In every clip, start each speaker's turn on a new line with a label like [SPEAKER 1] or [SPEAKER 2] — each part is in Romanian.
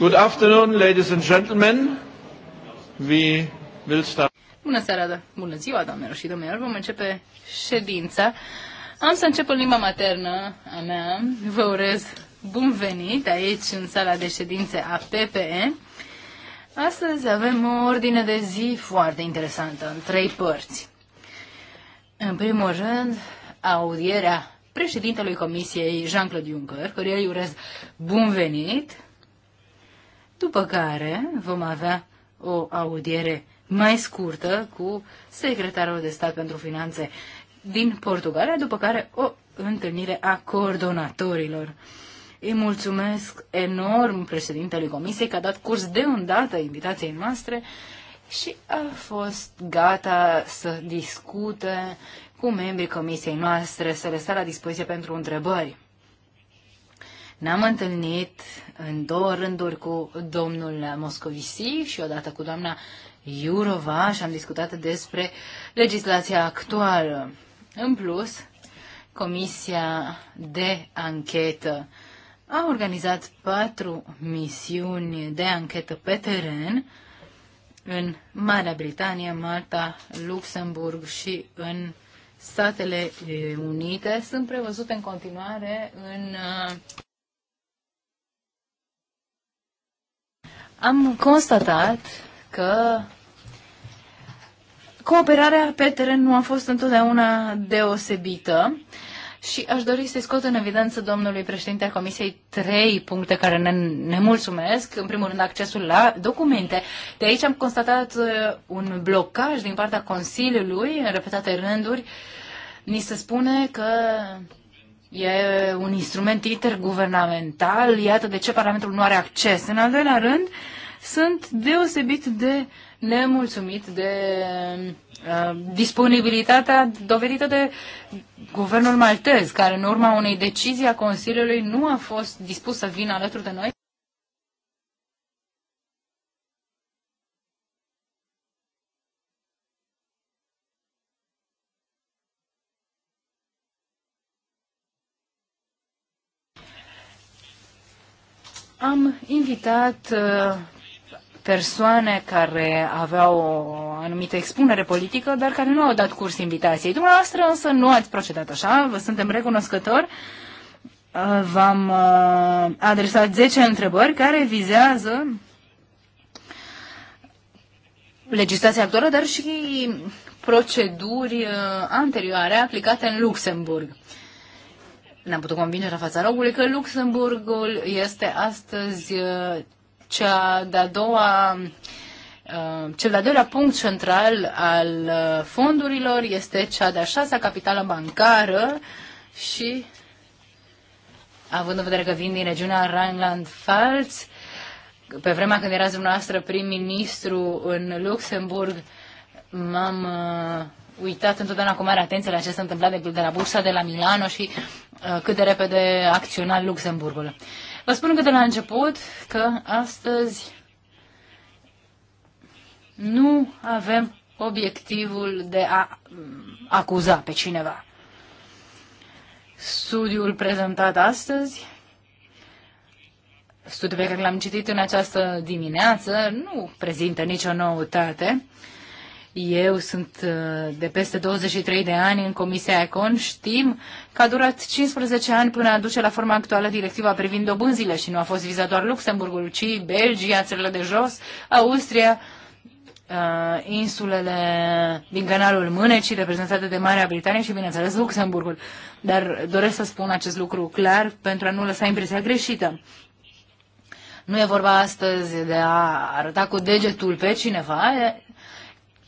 [SPEAKER 1] Good afternoon, ladies and gentlemen. We will start.
[SPEAKER 2] Bună seara, bună ziua, doamnelor și domnilor. Vom începe ședința. Am să încep în limba maternă a mea. Vă urez bun venit aici, în sala de ședințe a PPE. Astăzi avem o ordine de zi foarte interesantă, în trei părți. În primul rând, audierea președintelui Comisiei Jean-Claude Juncker, căruia îi urez bun venit, după care vom avea o audiere mai scurtă cu secretarul de stat pentru finanțe din Portugalia, după care o întâlnire a coordonatorilor. Îi mulțumesc enorm președintelui Comisiei că a dat curs de îndată invitației noastre și a fost gata să discute cu membrii Comisiei noastre, să le stea la dispoziție pentru întrebări. Ne-am întâlnit în două rânduri cu domnul Moscovici și odată cu doamna Iurova și am discutat despre legislația actuală. În plus, Comisia de Anchetă a organizat patru misiuni de anchetă pe teren în Marea Britanie, Malta, Luxemburg și în Statele Unite. Sunt prevăzute în continuare în uh, am constatat că cooperarea pe teren nu a fost întotdeauna deosebită și aș dori să-i scot în evidență domnului președinte al Comisiei trei puncte care ne, ne mulțumesc. În primul rând, accesul la documente. De aici am constatat uh, un blocaj din partea Consiliului, în repetate rânduri. Ni se spune că E un instrument interguvernamental, iată de ce Parlamentul nu are acces. În al doilea rând, sunt deosebit de nemulțumit de uh, disponibilitatea dovedită de guvernul maltez, care în urma unei decizii a Consiliului nu a fost dispus să vină alături de noi Am invitat uh, persoane care aveau o anumită expunere politică, dar care nu au dat curs invitației. Dumneavoastră însă nu ați procedat așa, vă suntem recunoscători. Uh, v-am uh, adresat 10 întrebări care vizează legislația actuală, dar și proceduri anterioare aplicate în Luxemburg ne-am putut convinge la fața locului că Luxemburgul este astăzi uh, cea de-a doua uh, cel de-al doilea punct central al uh, fondurilor este cea de-a șasea capitală bancară și, având în vedere că vin din regiunea Rheinland-Pfalz, pe vremea când erați dumneavoastră prim-ministru în Luxemburg, m-am uitat întotdeauna cu mare atenție la ce s-a întâmplat de, de la Bursa, de la Milano și uh, cât de repede acționa Luxemburgul. Vă spun că de la început că astăzi nu avem obiectivul de a mm, acuza pe cineva. Studiul prezentat astăzi, studiul pe care l-am citit în această dimineață, nu prezintă nicio noutate. Eu sunt uh, de peste 23 de ani în Comisia Econ. Știm că a durat 15 ani până a aduce la forma actuală directiva privind dobânzile și nu a fost vizat doar Luxemburgul, ci Belgia, țările de jos, Austria, uh, insulele din canalul Mânecii, reprezentate de Marea Britanie și, bineînțeles, Luxemburgul. Dar doresc să spun acest lucru clar pentru a nu lăsa impresia greșită. Nu e vorba astăzi de a arăta cu degetul pe cineva,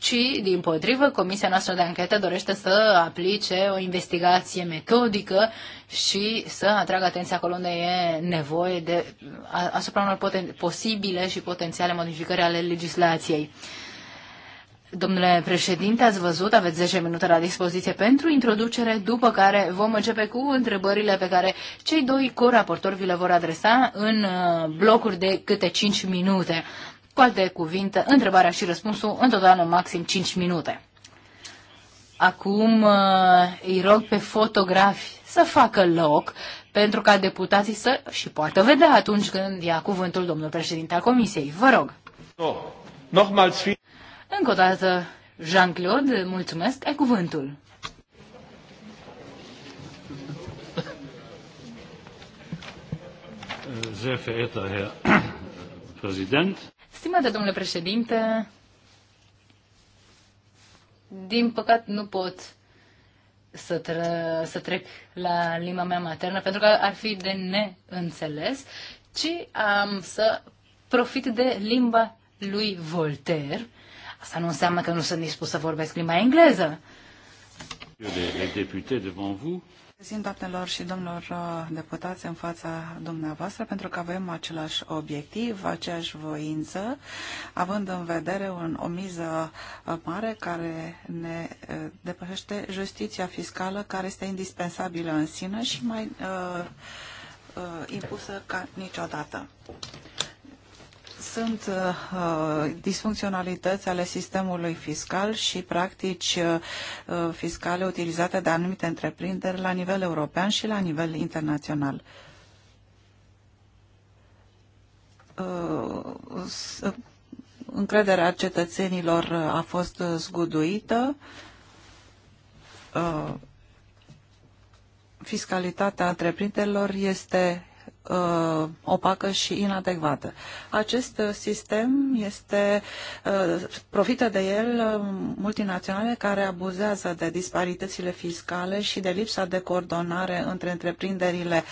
[SPEAKER 2] ci, din potrivă, Comisia noastră de anchetă dorește să aplice o investigație metodică și să atragă atenția acolo unde e nevoie de, asupra unor poten, posibile și potențiale modificări ale legislației. Domnule președinte, ați văzut, aveți 10 minute la dispoziție pentru introducere, după care vom începe cu întrebările pe care cei doi coraportori vi le vor adresa în uh, blocuri de câte 5 minute. Cu alte cuvinte, întrebarea și răspunsul în total în maxim 5 minute. Acum uh, îi rog pe fotografi să facă loc pentru ca deputații să și poată vedea atunci când ia cuvântul domnul președinte al comisiei. Vă rog. No. Nochmals Încă o dată, Jean-Claude, mulțumesc, ai cuvântul.
[SPEAKER 1] Sehr verehrter Herr Präsident,
[SPEAKER 2] Stimate domnule președinte, din păcat nu pot să, tră, să trec la limba mea maternă, pentru că ar fi de neînțeles, ci am să profit de limba lui Voltaire. Asta nu înseamnă că nu sunt dispus să vorbesc limba engleză.
[SPEAKER 1] devant vous
[SPEAKER 2] Prezint doamnelor și domnilor uh, deputați
[SPEAKER 1] în fața dumneavoastră pentru că avem același obiectiv, aceeași voință, având în vedere un, o miză uh, mare care ne uh, depășește justiția fiscală care este indispensabilă în sine și mai uh, uh, impusă ca niciodată sunt uh, uh, disfuncționalități ale sistemului fiscal și practici uh, uh, fiscale utilizate de anumite întreprinderi la nivel european și la nivel internațional. Uh, uh încrederea cetățenilor a fost zguduită, fiscalitatea întreprinderilor este uh, opacă și inadecvată. Acest uh, sistem este, uh, profită de el uh, multinaționale care abuzează de disparitățile fiscale și de lipsa de coordonare între întreprinderile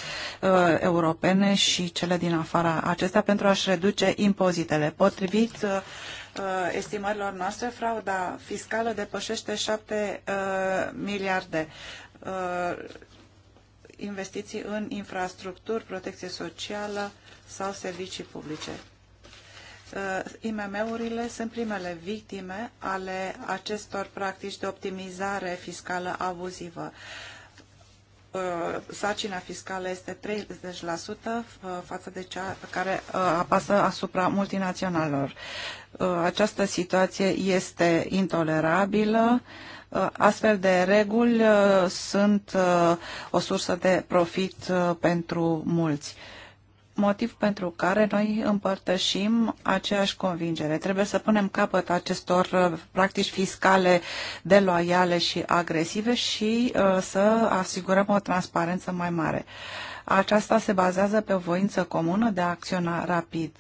[SPEAKER 1] uh, europene și cele din afara acestea pentru a-și reduce impozitele. Potrivit uh, uh estimărilor noastre, frauda fiscală depășește 7 uh, miliarde. Uh, investiții în infrastructuri, protecție socială sau servicii publice. Uh, IMM-urile sunt primele victime ale acestor practici de optimizare fiscală abuzivă. Uh, sarcina fiscală este 30% uh, față de cea care apasă asupra multinaționalelor. Această situație este intolerabilă Uh, astfel de reguli uh, sunt uh, o sursă de profit pentru mulți motiv pentru care noi împărtășim aceeași convingere. Trebuie să punem capăt acestor practici fiscale deloiale și agresive și să asigurăm o transparență mai mare. Aceasta se bazează pe o voință comună de a acționa rapid.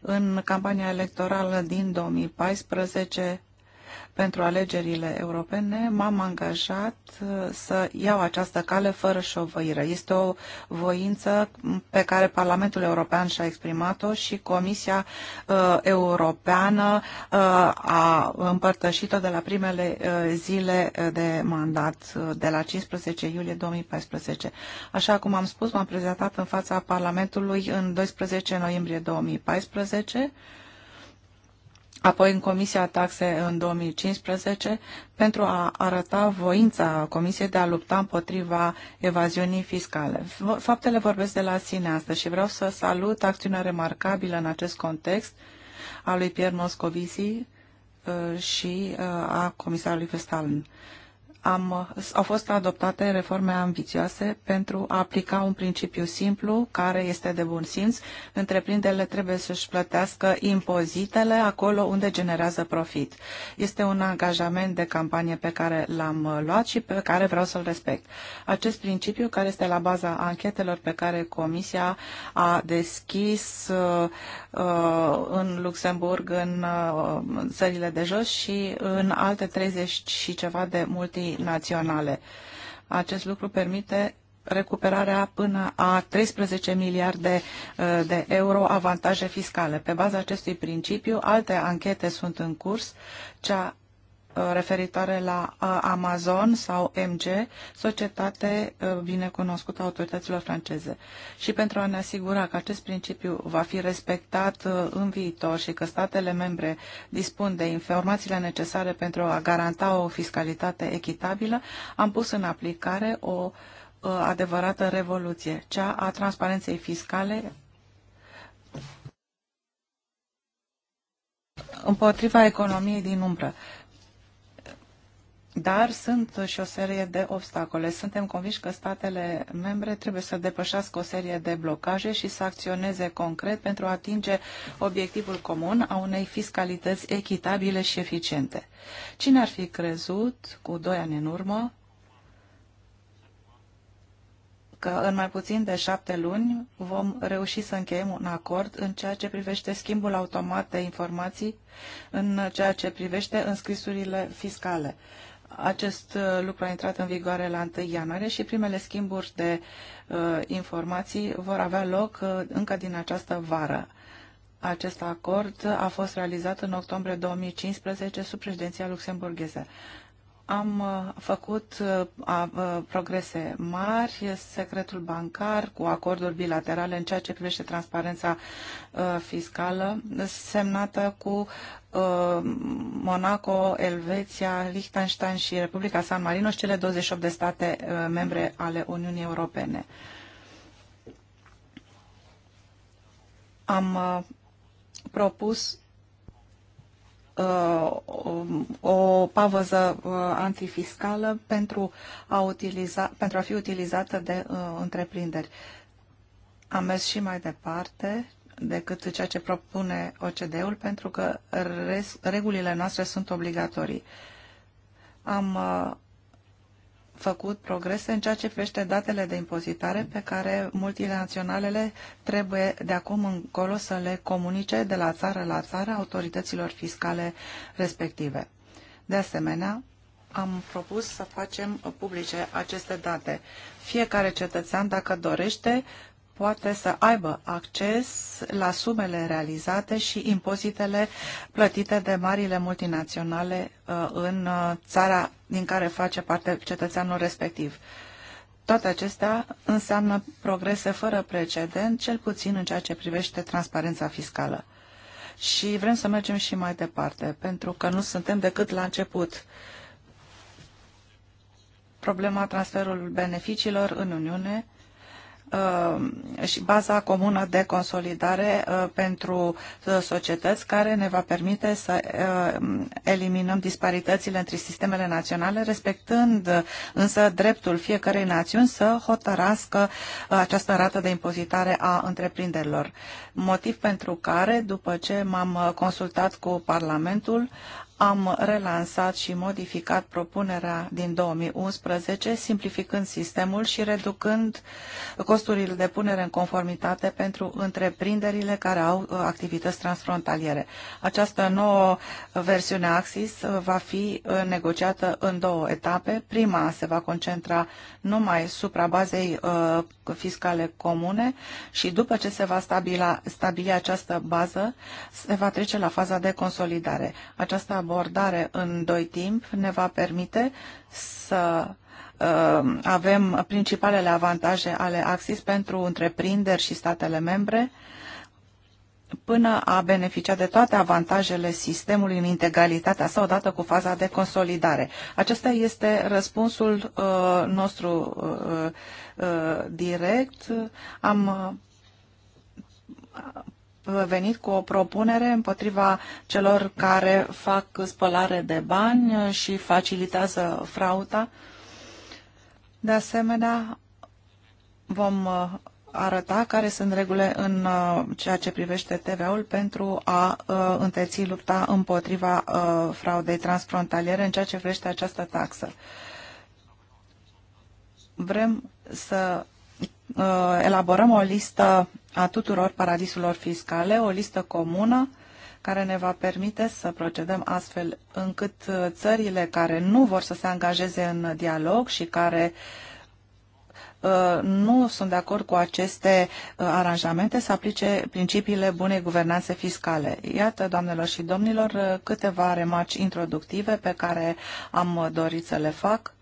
[SPEAKER 1] În campania electorală din 2014, pentru alegerile europene, m-am angajat uh, să iau această cale fără șovăire. Este o voință pe care Parlamentul European și-a exprimat-o și Comisia uh, Europeană uh, a împărtășit-o de la primele uh, zile de mandat, uh, de la 15 iulie 2014. Așa cum am spus, m-am prezentat în fața Parlamentului în 12 noiembrie 2014 apoi în Comisia Taxe în 2015 pentru a arăta voința Comisiei de a lupta împotriva evaziunii fiscale. Faptele vorbesc de la sine astăzi și vreau să salut acțiunea remarcabilă în acest context a lui Pierre Moscovici uh, și uh, a comisarului Vestalen am, au fost adoptate reforme ambițioase pentru a aplica un principiu simplu care este de bun simț. Întreprinderile trebuie să-și plătească impozitele acolo unde generează profit. Este un angajament de campanie pe care l-am luat și pe care vreau să-l respect. Acest principiu care este la baza anchetelor pe care Comisia a deschis uh, Uh, în Luxemburg, uh, în țările de jos și în alte 30 și ceva de multinaționale. Acest lucru permite recuperarea până a 13 miliarde uh, de euro avantaje fiscale. Pe baza acestui principiu, alte anchete sunt în curs, cea Uh, referitoare la uh, Amazon sau MG, societate uh, binecunoscută autorităților franceze. Și pentru a ne asigura că acest principiu va fi respectat în viitor și că statele membre dispun de informațiile necesare pentru a garanta o fiscalitate echitabilă, am pus în aplicare o adevărată revoluție, cea a transparenței fiscale împotriva economiei din umbră. Dar sunt și o serie de obstacole. Suntem convinși că statele membre trebuie să depășească o serie de blocaje și să acționeze concret pentru a atinge obiectivul comun a unei fiscalități echitabile și eficiente. Cine ar fi crezut cu doi ani în urmă că în mai puțin de șapte luni vom reuși să încheiem un acord în ceea ce privește schimbul automat de informații, în ceea ce privește înscrisurile fiscale. Acest uh, lucru a intrat în vigoare la 1 ianuarie și primele schimburi de uh, informații vor avea loc uh, încă din această vară. Acest acord a fost realizat în octombrie 2015 sub președinția luxemburgheză am uh, făcut uh, uh, progrese mari, secretul bancar cu acorduri bilaterale în ceea ce privește transparența fiscală, semnată cu Monaco, Elveția, Liechtenstein și Republica San Marino și cele 28 de state membre ale Uniunii Europene. Am propus Uh, o pavăză uh, antifiscală pentru a, utiliza, pentru a fi utilizată de uh, întreprinderi. Am mers și mai departe decât ceea ce propune OCDE-ul, pentru că regulile noastre sunt obligatorii. Am făcut progrese în ceea ce privește datele de impozitare pe care multinaționalele trebuie de acum încolo să le comunice de la țară la țară autorităților fiscale respective. De asemenea, am propus să facem publice aceste date. Fiecare cetățean, dacă dorește, poate să aibă acces la sumele realizate și impozitele plătite de marile multinaționale uh, în uh, țara din care face parte cetățeanul respectiv. Toate acestea înseamnă progrese fără precedent, cel puțin în ceea ce privește transparența fiscală. Și vrem să mergem și mai departe, pentru că nu suntem decât la început. Problema transferului beneficiilor în Uniune Um, și baza comună de consolidare uh, pentru uh, societăți care ne va permite să uh, eliminăm disparitățile între sistemele naționale, respectând însă dreptul fiecarei națiuni să hotărască această rată de impozitare a întreprinderilor. Motiv pentru care, după ce m-am consultat cu Parlamentul, am relansat și modificat propunerea din 2011, simplificând sistemul și reducând costurile de punere în conformitate pentru întreprinderile care au uh, activități transfrontaliere. Această nouă versiune Axis uh, va fi uh, negociată în două etape. Prima se va concentra numai supra bazei fiscale comune și după ce se va stabila, stabili această bază, se va trece la faza de consolidare. Aceasta abordare în doi timp ne va permite să uh, avem principalele avantaje ale Axis pentru întreprinderi și statele membre până a beneficia de toate avantajele sistemului în integralitatea sau odată cu faza de consolidare. Acesta este răspunsul uh, nostru uh, uh, direct. Am venit cu o propunere împotriva celor care fac spălare de bani și facilitează frauda. De asemenea, vom uh, arăta care sunt regulile în uh, ceea ce privește TVA-ul pentru a uh, înteți lupta împotriva fraudei transfrontaliere în ceea ce privește această taxă. Vrem să Uh, elaborăm o listă a tuturor paradisurilor fiscale, o listă comună care ne va permite să procedăm astfel încât uh, țările care nu vor să se angajeze în dialog și care uh, nu sunt de acord cu aceste aranjamente să aplice principiile bunei guvernanțe fiscale. Iată, doamnelor și domnilor, câteva remarci introductive pe care am dorit să le fac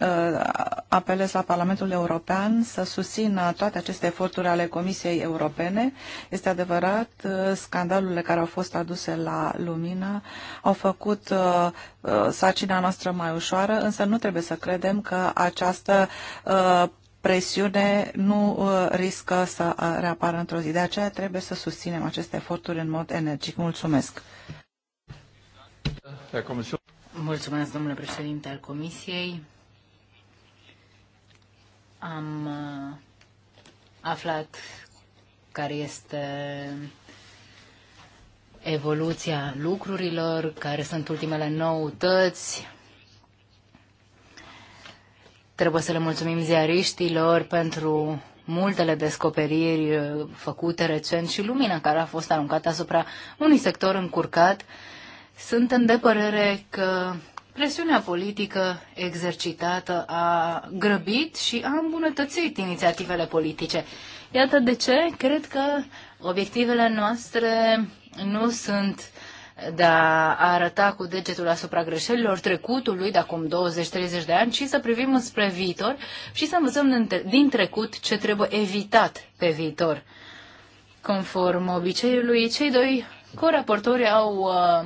[SPEAKER 1] Uh, apelez la Parlamentul European să susțină toate aceste eforturi ale Comisiei Europene. Este adevărat, uh, scandalurile care au fost aduse la lumină au făcut uh, sarcina noastră mai ușoară, însă nu trebuie să credem că această presiune nu riscă să reapară într-o zi. De aceea trebuie să susținem aceste eforturi în mod energic. Mulțumesc!
[SPEAKER 2] Mulțumesc, domnule președinte al Comisiei. Am uh, aflat care este evoluția lucrurilor, care sunt ultimele noutăți. Trebuie să le mulțumim ziariștilor pentru multele descoperiri uh, făcute recent și lumina care a fost aruncată asupra unui sector încurcat. Sunt în depărere că Presiunea politică exercitată a grăbit și a îmbunătățit inițiativele politice. Iată de ce cred că obiectivele noastre nu sunt de a arăta cu degetul asupra greșelilor trecutului de acum 20-30 de ani, ci să privim înspre viitor și să învățăm din trecut ce trebuie evitat pe viitor. Conform obiceiului, cei doi coraportori au uh,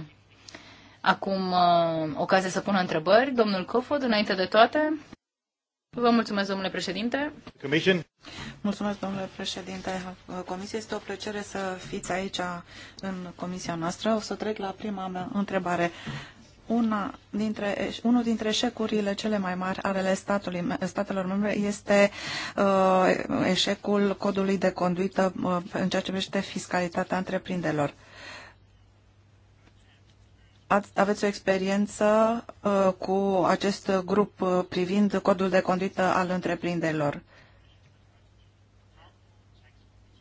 [SPEAKER 2] acum uh, ocazia să pună întrebări. Domnul Cofod, înainte de toate. Vă mulțumesc, domnule președinte. Commission. Mulțumesc, domnule președinte. Comisia este o plăcere să fiți
[SPEAKER 1] aici în comisia noastră. O să trec la prima mea întrebare. Una dintre, unul dintre eșecurile cele mai mari ale statului, statelor membre este uh, eșecul codului de conduită uh, în ceea ce privește fiscalitatea întreprinderilor. Uh, aveți o experiență uh, cu acest grup uh, privind codul de conduită al întreprinderilor.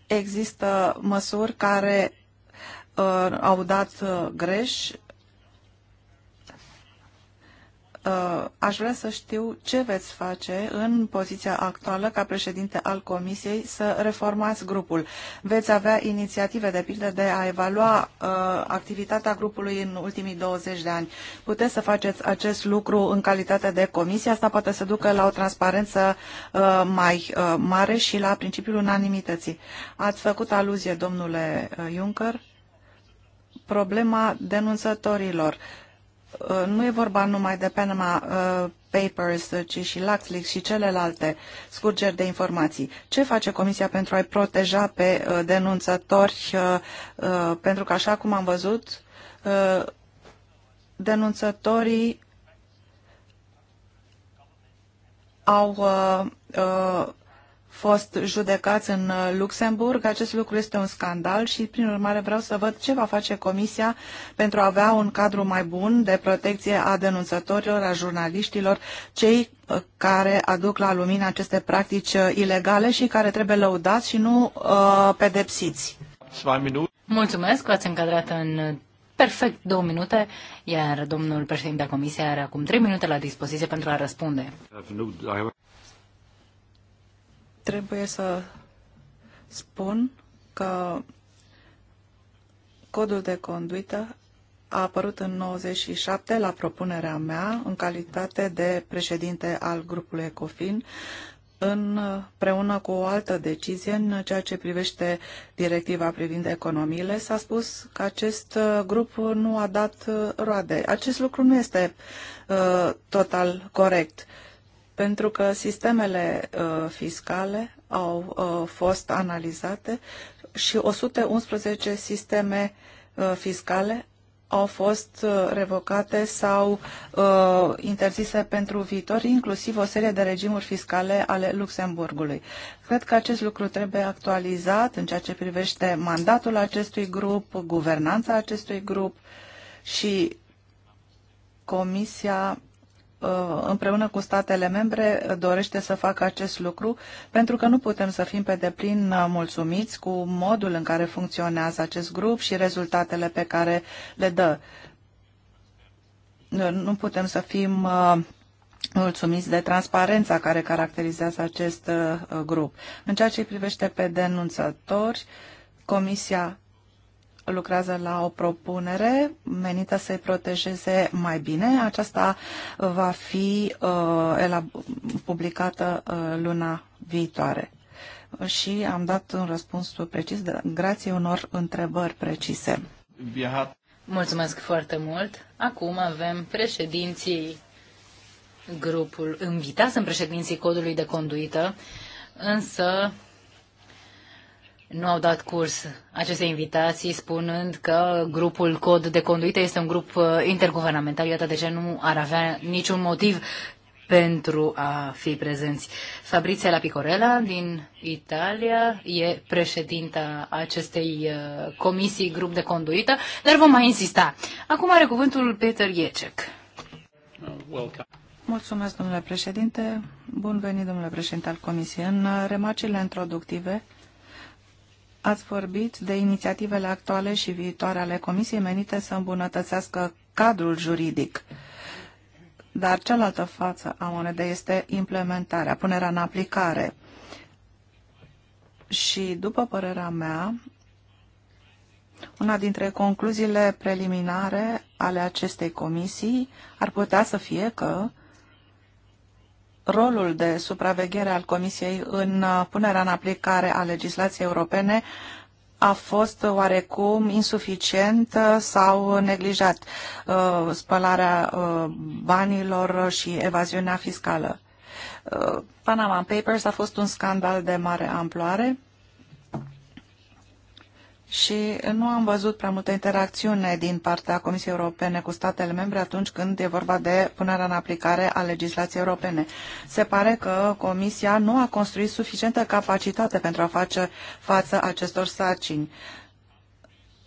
[SPEAKER 1] Există măsuri care uh, au dat greș Uh, aș vrea să știu ce veți face în poziția actuală ca președinte al Comisiei să reformați grupul. Veți avea inițiative de pildă de a evalua uh, activitatea grupului în ultimii 20 de ani. Puteți să faceți acest lucru în calitate de comisie. Asta poate să ducă la o transparență uh, mai mare și la principiul unanimității. Ați făcut aluzie, domnule Juncker, problema denunțătorilor. Uh, Uh, nu e vorba numai de Panama uh, Papers, uh, ci și LuxLeaks și celelalte scurgeri de informații. Ce face Comisia pentru a-i proteja pe denunțători? Pentru că, așa cum am văzut, denunțătorii au fost judecați în uh, Luxemburg. Acest lucru este un scandal și, prin urmare, vreau să văd ce va face Comisia pentru a avea un cadru mai bun de protecție a denunțătorilor, a jurnaliștilor, cei uh, care aduc la lumină aceste
[SPEAKER 2] practici uh, ilegale și care trebuie lăudați și nu uh, pedepsiți. Mulțumesc că ați încadrat în perfect două minute, iar domnul președinte al Comisiei are acum trei minute la dispoziție pentru a răspunde. Trebuie să spun că
[SPEAKER 1] codul de conduită a apărut în 97 la propunerea mea în calitate de președinte al grupului ECOFIN împreună cu o altă decizie în ceea ce privește directiva privind economiile, s-a spus că acest uh, grup nu a dat uh, roade. Acest lucru nu este uh, total corect. Uh, pentru că sistemele uh, fiscale au uh, fost analizate și 111 sisteme uh, fiscale au fost uh, revocate sau uh, interzise pentru viitor, inclusiv o serie de regimuri fiscale ale Luxemburgului. Cred că acest lucru trebuie actualizat în ceea ce privește mandatul acestui grup, guvernanța acestui grup și Comisia Uh, împreună cu statele membre dorește să facă acest lucru pentru că nu putem să fim pe deplin uh, mulțumiți cu modul în care funcționează acest grup și rezultatele pe care le dă. Nu putem să fim uh, mulțumiți de transparența care caracterizează acest grup. În ceea ce privește pe denunțători, Comisia lucrează la o propunere menită să-i protejeze mai bine. Aceasta va fi uh, publicată uh, luna viitoare. Și am dat un răspuns precis, grație unor întrebări
[SPEAKER 2] precise. Mulțumesc foarte mult. Acum avem președinții grupul, invitați în președinții codului de conduită, însă nu au dat curs aceste invitații, spunând că grupul Cod de Conduită este un grup uh, interguvernamental, iată de ce nu ar avea niciun motiv pentru a fi prezenți. Fabrizia La Picorella din Italia e președinta acestei uh, comisii grup de conduită, dar vom mai insista. Acum are cuvântul Peter Iecek.
[SPEAKER 1] Welcome. Mulțumesc, domnule președinte. Bun venit, domnule președinte al Comisiei. În remarcile introductive, Ați vorbit de inițiativele actuale și viitoare ale Comisiei menite să îmbunătățească cadrul juridic. Dar cealaltă față a monedei este implementarea, punerea în aplicare. Și, după părerea mea, una dintre concluziile preliminare ale acestei comisii ar putea să fie că rolul de supraveghere al Comisiei în uh, punerea în aplicare a legislației europene a fost oarecum insuficient uh, sau neglijat uh, spălarea banilor și evaziunea fiscală. Panama Papers a fost un scandal de mare amploare și nu am văzut prea multă interacțiune din partea Comisiei Europene cu statele membre atunci când e vorba de punerea în aplicare a legislației europene. Se pare că Comisia nu a construit suficientă capacitate pentru a face față acestor sarcini.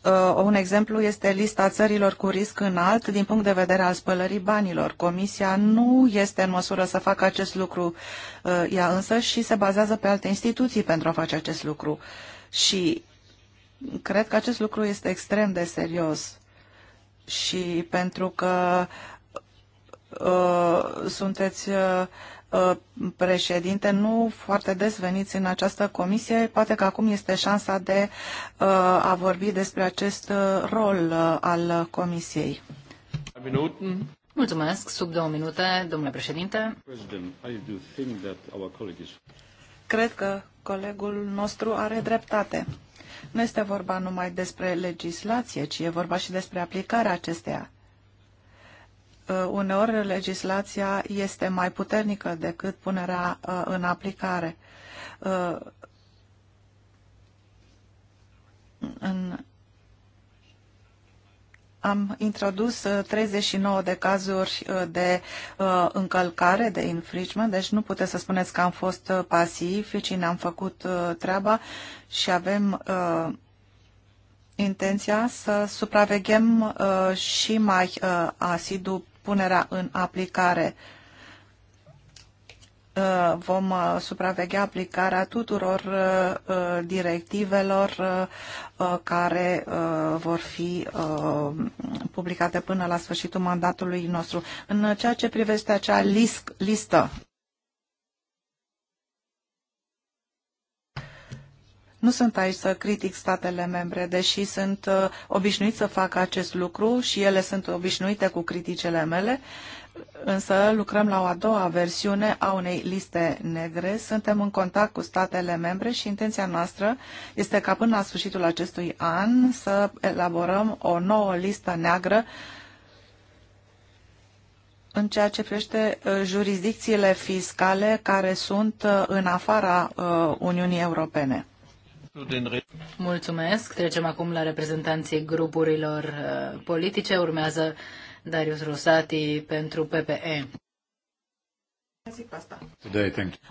[SPEAKER 1] Uh, un exemplu este lista țărilor cu risc înalt din punct de vedere al spălării banilor. Comisia nu este în măsură să facă acest lucru uh, ea însă și se bazează pe alte instituții pentru a face acest lucru. Și Cred că acest lucru este extrem de serios și pentru că uh, sunteți uh, uh, președinte, nu foarte des veniți în această comisie, poate că acum este șansa de uh, a vorbi despre acest uh, rol uh, al comisiei.
[SPEAKER 2] Minuten.
[SPEAKER 1] Mulțumesc. Sub
[SPEAKER 2] două minute, domnule președinte.
[SPEAKER 1] Cred că colegul nostru are dreptate. Nu este vorba numai despre legislație, ci e vorba și despre aplicarea acesteia. Uh, uneori legislația este mai puternică decât punerea uh, în aplicare. Uh, în am introdus 39 uh, de cazuri uh, de uh, încălcare, de infringement, deci nu puteți să spuneți că am fost pasivi, ci ne-am făcut treaba și avem intenția să supraveghem și mai asidu punerea în aplicare Uh, vom uh, supraveghea aplicarea tuturor uh, directivelor care vor fi publicate până la sfârșitul mandatului nostru. În ceea ce privește acea list, listă, Nu sunt aici să critic statele membre, deși sunt obișnuit să fac acest lucru și ele sunt obișnuite cu criticele mele însă lucrăm la o a doua versiune a unei liste negre. Suntem în contact cu statele membre și intenția noastră este ca până la sfârșitul acestui an să elaborăm o nouă listă neagră în ceea ce privește uh, jurisdicțiile fiscale care sunt uh, în afara
[SPEAKER 2] uh, Uniunii Europene. Mulțumesc. Trecem acum la reprezentanții grupurilor politice. Urmează Darius Rosati pentru PPE.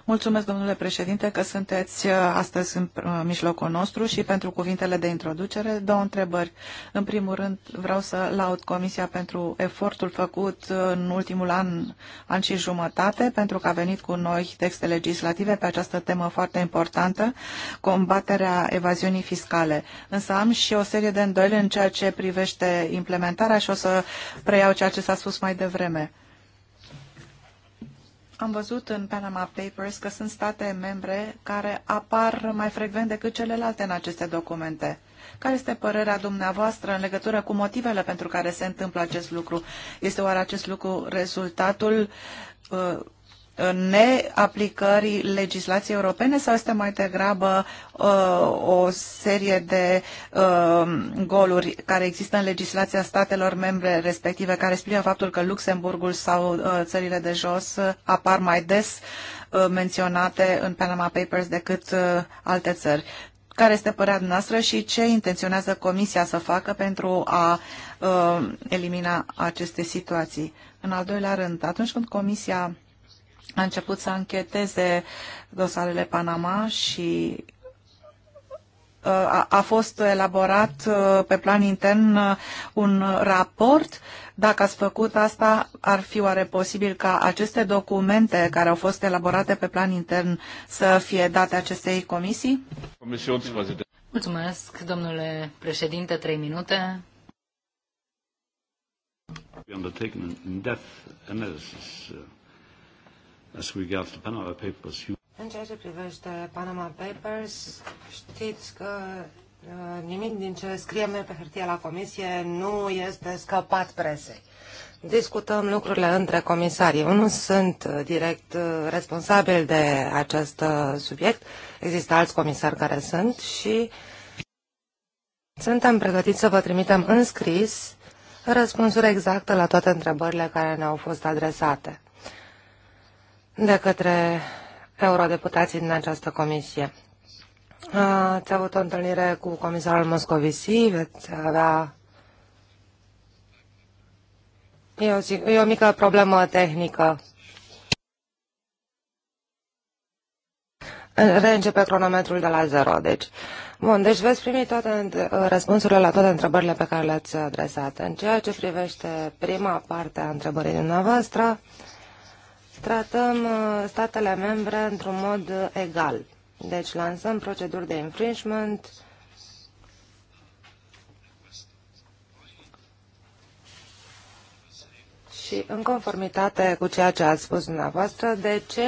[SPEAKER 1] Mulțumesc, domnule președinte, că sunteți uh, astăzi în uh, mijlocul nostru și pentru cuvintele de introducere. Două întrebări. În primul rând, vreau să laud Comisia pentru efortul făcut uh, în ultimul an, an și jumătate, pentru că a venit cu noi texte legislative pe această temă foarte importantă, combaterea evaziunii fiscale. Însă am și o serie de îndoieli în ceea ce privește implementarea și o să preiau ceea ce s-a spus mai devreme am văzut în Panama Papers că sunt state membre care apar mai frecvent decât celelalte în aceste documente. Care este părerea dumneavoastră în legătură cu motivele pentru care se întâmplă acest lucru? Este oare acest lucru rezultatul uh, neaplicării legislației europene sau este mai degrabă uh, o serie de uh, goluri care există în legislația statelor membre respective care explică faptul că Luxemburgul sau uh, țările de jos uh, apar mai des uh, menționate în Panama Papers decât uh, alte țări. Care este părerea noastră și ce intenționează Comisia să facă pentru a elimina aceste situații? În al doilea rând, atunci când Comisia a început să ancheteze dosarele Panama și uh, a, a fost elaborat uh, pe plan intern uh, un raport. Dacă ați făcut asta, ar fi oare posibil ca aceste documente care au fost elaborate pe plan intern să
[SPEAKER 2] fie date acestei comisii? Mulțumesc, domnule președinte, trei minute.
[SPEAKER 1] We undertaken in depth analysis as regards the Panama Papers. You...
[SPEAKER 2] În ceea ce
[SPEAKER 3] privește Panama Papers, știți că uh, nimic din ce scriem noi pe hârtie la comisie nu este scăpat presei. Discutăm lucrurile între comisarii. Unul sunt uh, direct uh, responsabil de acest uh, subiect, există alți comisari care sunt și suntem pregătiți să vă trimitem în scris răspunsuri exacte la toate întrebările care ne-au fost adresate de către eurodeputații din această comisie. Ați avut o întâlnire cu comisarul Moscovici, veți avea... E o, e o mică problemă tehnică. Reîncepe cronometrul de la zero, deci. Bun, deci veți primi toate răspunsurile la toate întrebările pe care le-ați adresat. În ceea ce privește prima parte a întrebării dumneavoastră, tratăm uh, statele membre într-un mod uh, egal. Deci lansăm proceduri de infringement, Și în conformitate cu ceea ce ați spus dumneavoastră, de ce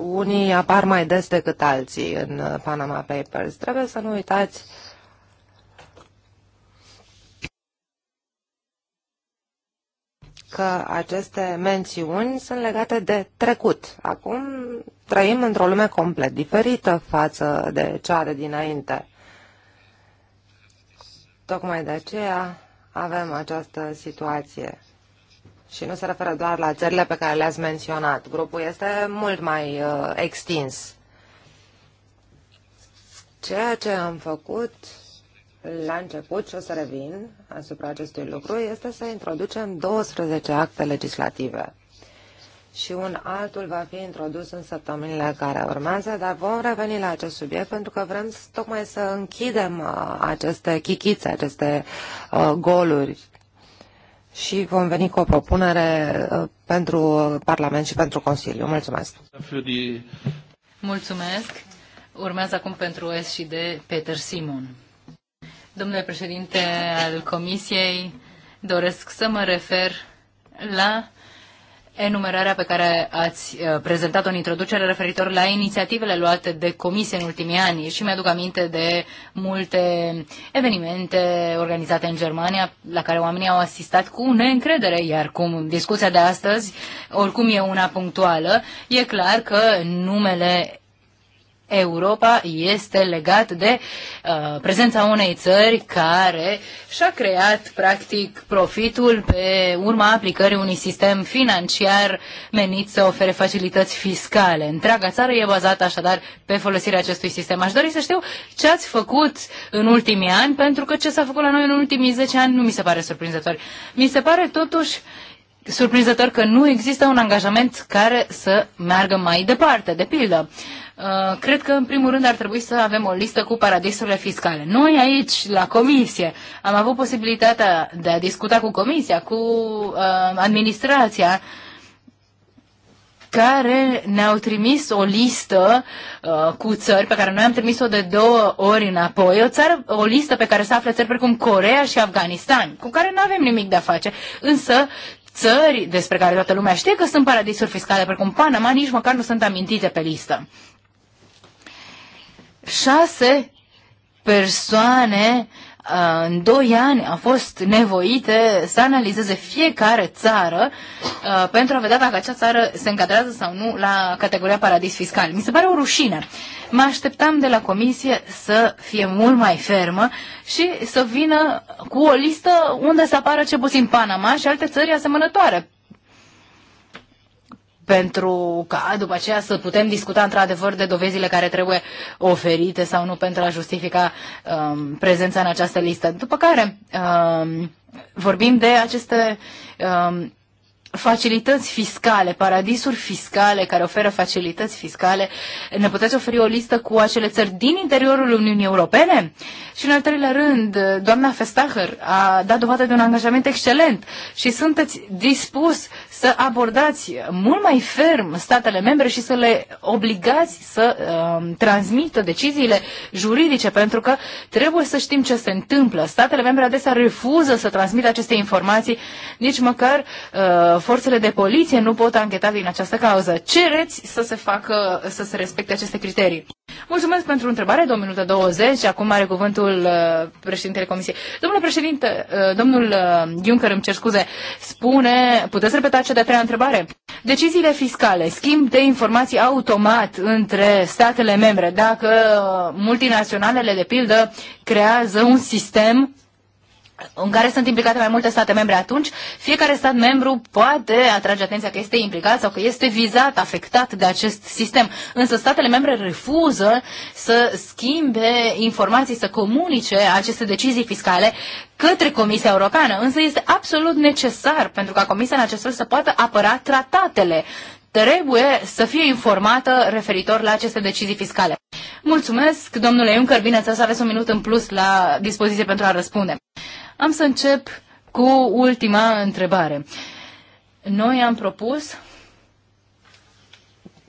[SPEAKER 3] unii apar mai des decât alții în uh, Panama Papers? Trebuie să nu uitați uh, că aceste mențiuni sunt legate de trecut. Acum trăim într-o lume complet diferită față de cea de dinainte. Tocmai de aceea avem această situație. Și nu se referă doar la țările pe care le-ați menționat. Grupul este mult mai uh, extins. Ceea ce am făcut la început, și o să revin asupra acestui lucru, este să introducem 12 acte legislative. Și un altul va fi introdus în săptămânile care urmează, dar vom reveni la acest subiect pentru că vrem tocmai să închidem uh, aceste chichițe, aceste uh, goluri și vom veni cu o propunere uh, pentru Parlament și pentru Consiliu. Mulțumesc!
[SPEAKER 2] Mulțumesc! Urmează acum pentru S și de Peter Simon. Domnule președinte al Comisiei, doresc să mă refer la enumerarea pe care ați uh, prezentat-o în introducere referitor la inițiativele luate de comisie în ultimii ani și mi-aduc aminte de multe evenimente organizate în Germania la care oamenii au asistat cu neîncredere, iar cum discuția de astăzi oricum e una punctuală, e clar că numele Europa este legat de uh, prezența unei țări care și-a creat practic profitul pe urma aplicării unui sistem financiar menit să ofere facilități fiscale. Întreaga țară e bazată așadar pe folosirea acestui sistem. Aș dori să știu ce ați făcut în ultimii ani, pentru că ce s-a făcut la noi în ultimii 10 ani nu mi se pare surprinzător. Mi se pare totuși surprinzător că nu există un angajament care să meargă mai departe. De pildă, Uh, cred că, în primul rând, ar trebui să avem o listă cu paradisurile fiscale. Noi aici, la comisie, am avut posibilitatea de a discuta cu comisia, cu uh, administrația, care ne-au trimis o listă uh, cu țări pe care noi am trimis-o de două ori înapoi, o, țară, o listă pe care se află țări precum Corea și Afganistan, cu care nu avem nimic de a face, însă țări despre care toată lumea știe că sunt paradisuri fiscale, precum Panama, nici măcar nu sunt amintite pe listă șase persoane uh, în doi ani a fost nevoite să analizeze fiecare țară uh, pentru a vedea dacă acea țară se încadrează sau nu la categoria paradis fiscal. Mi se pare o rușine. Mă așteptam de la comisie să fie mult mai fermă și să vină cu o listă unde să apară ce puțin Panama și alte țări asemănătoare pentru ca după aceea să putem discuta într-adevăr de dovezile care trebuie oferite sau nu pentru a justifica um, prezența în această listă. După care um, vorbim de aceste um, facilități fiscale, paradisuri fiscale care oferă facilități fiscale. Ne puteți oferi o listă cu acele țări din interiorul Uniunii Europene? Și în al treilea rând, doamna Festacher a dat dovadă de un angajament excelent și sunteți dispus să abordați mult mai ferm statele membre și să le obligați să uh, transmită deciziile juridice, pentru că trebuie să știm ce se întâmplă. Statele membre adesea refuză să transmită aceste informații, nici măcar uh, forțele de poliție nu pot ancheta din această cauză. Cereți să se facă, să se respecte aceste criterii. Mulțumesc pentru întrebare, două minute 20. Acum are cuvântul uh, președintele Comisiei. Domnule președinte, uh, domnul uh, Juncker, îmi cer scuze, spune, puteți repeta cea de-a treia întrebare? Deciziile fiscale, schimb de informații automat între statele membre, dacă multinaționalele, de pildă, creează un sistem în care sunt implicate mai multe state membre atunci, fiecare stat membru poate atrage atenția că este implicat sau că este vizat, afectat de acest sistem. Însă statele membre refuză să schimbe informații, să comunice aceste decizii fiscale către Comisia Europeană. Însă este absolut necesar pentru ca Comisia în acest fel să poată apăra tratatele trebuie să fie informată referitor la aceste decizii fiscale. Mulțumesc, domnule Juncker, bineînțeles aveți un minut în plus la dispoziție pentru a răspunde. Am să încep cu ultima întrebare. Noi am propus,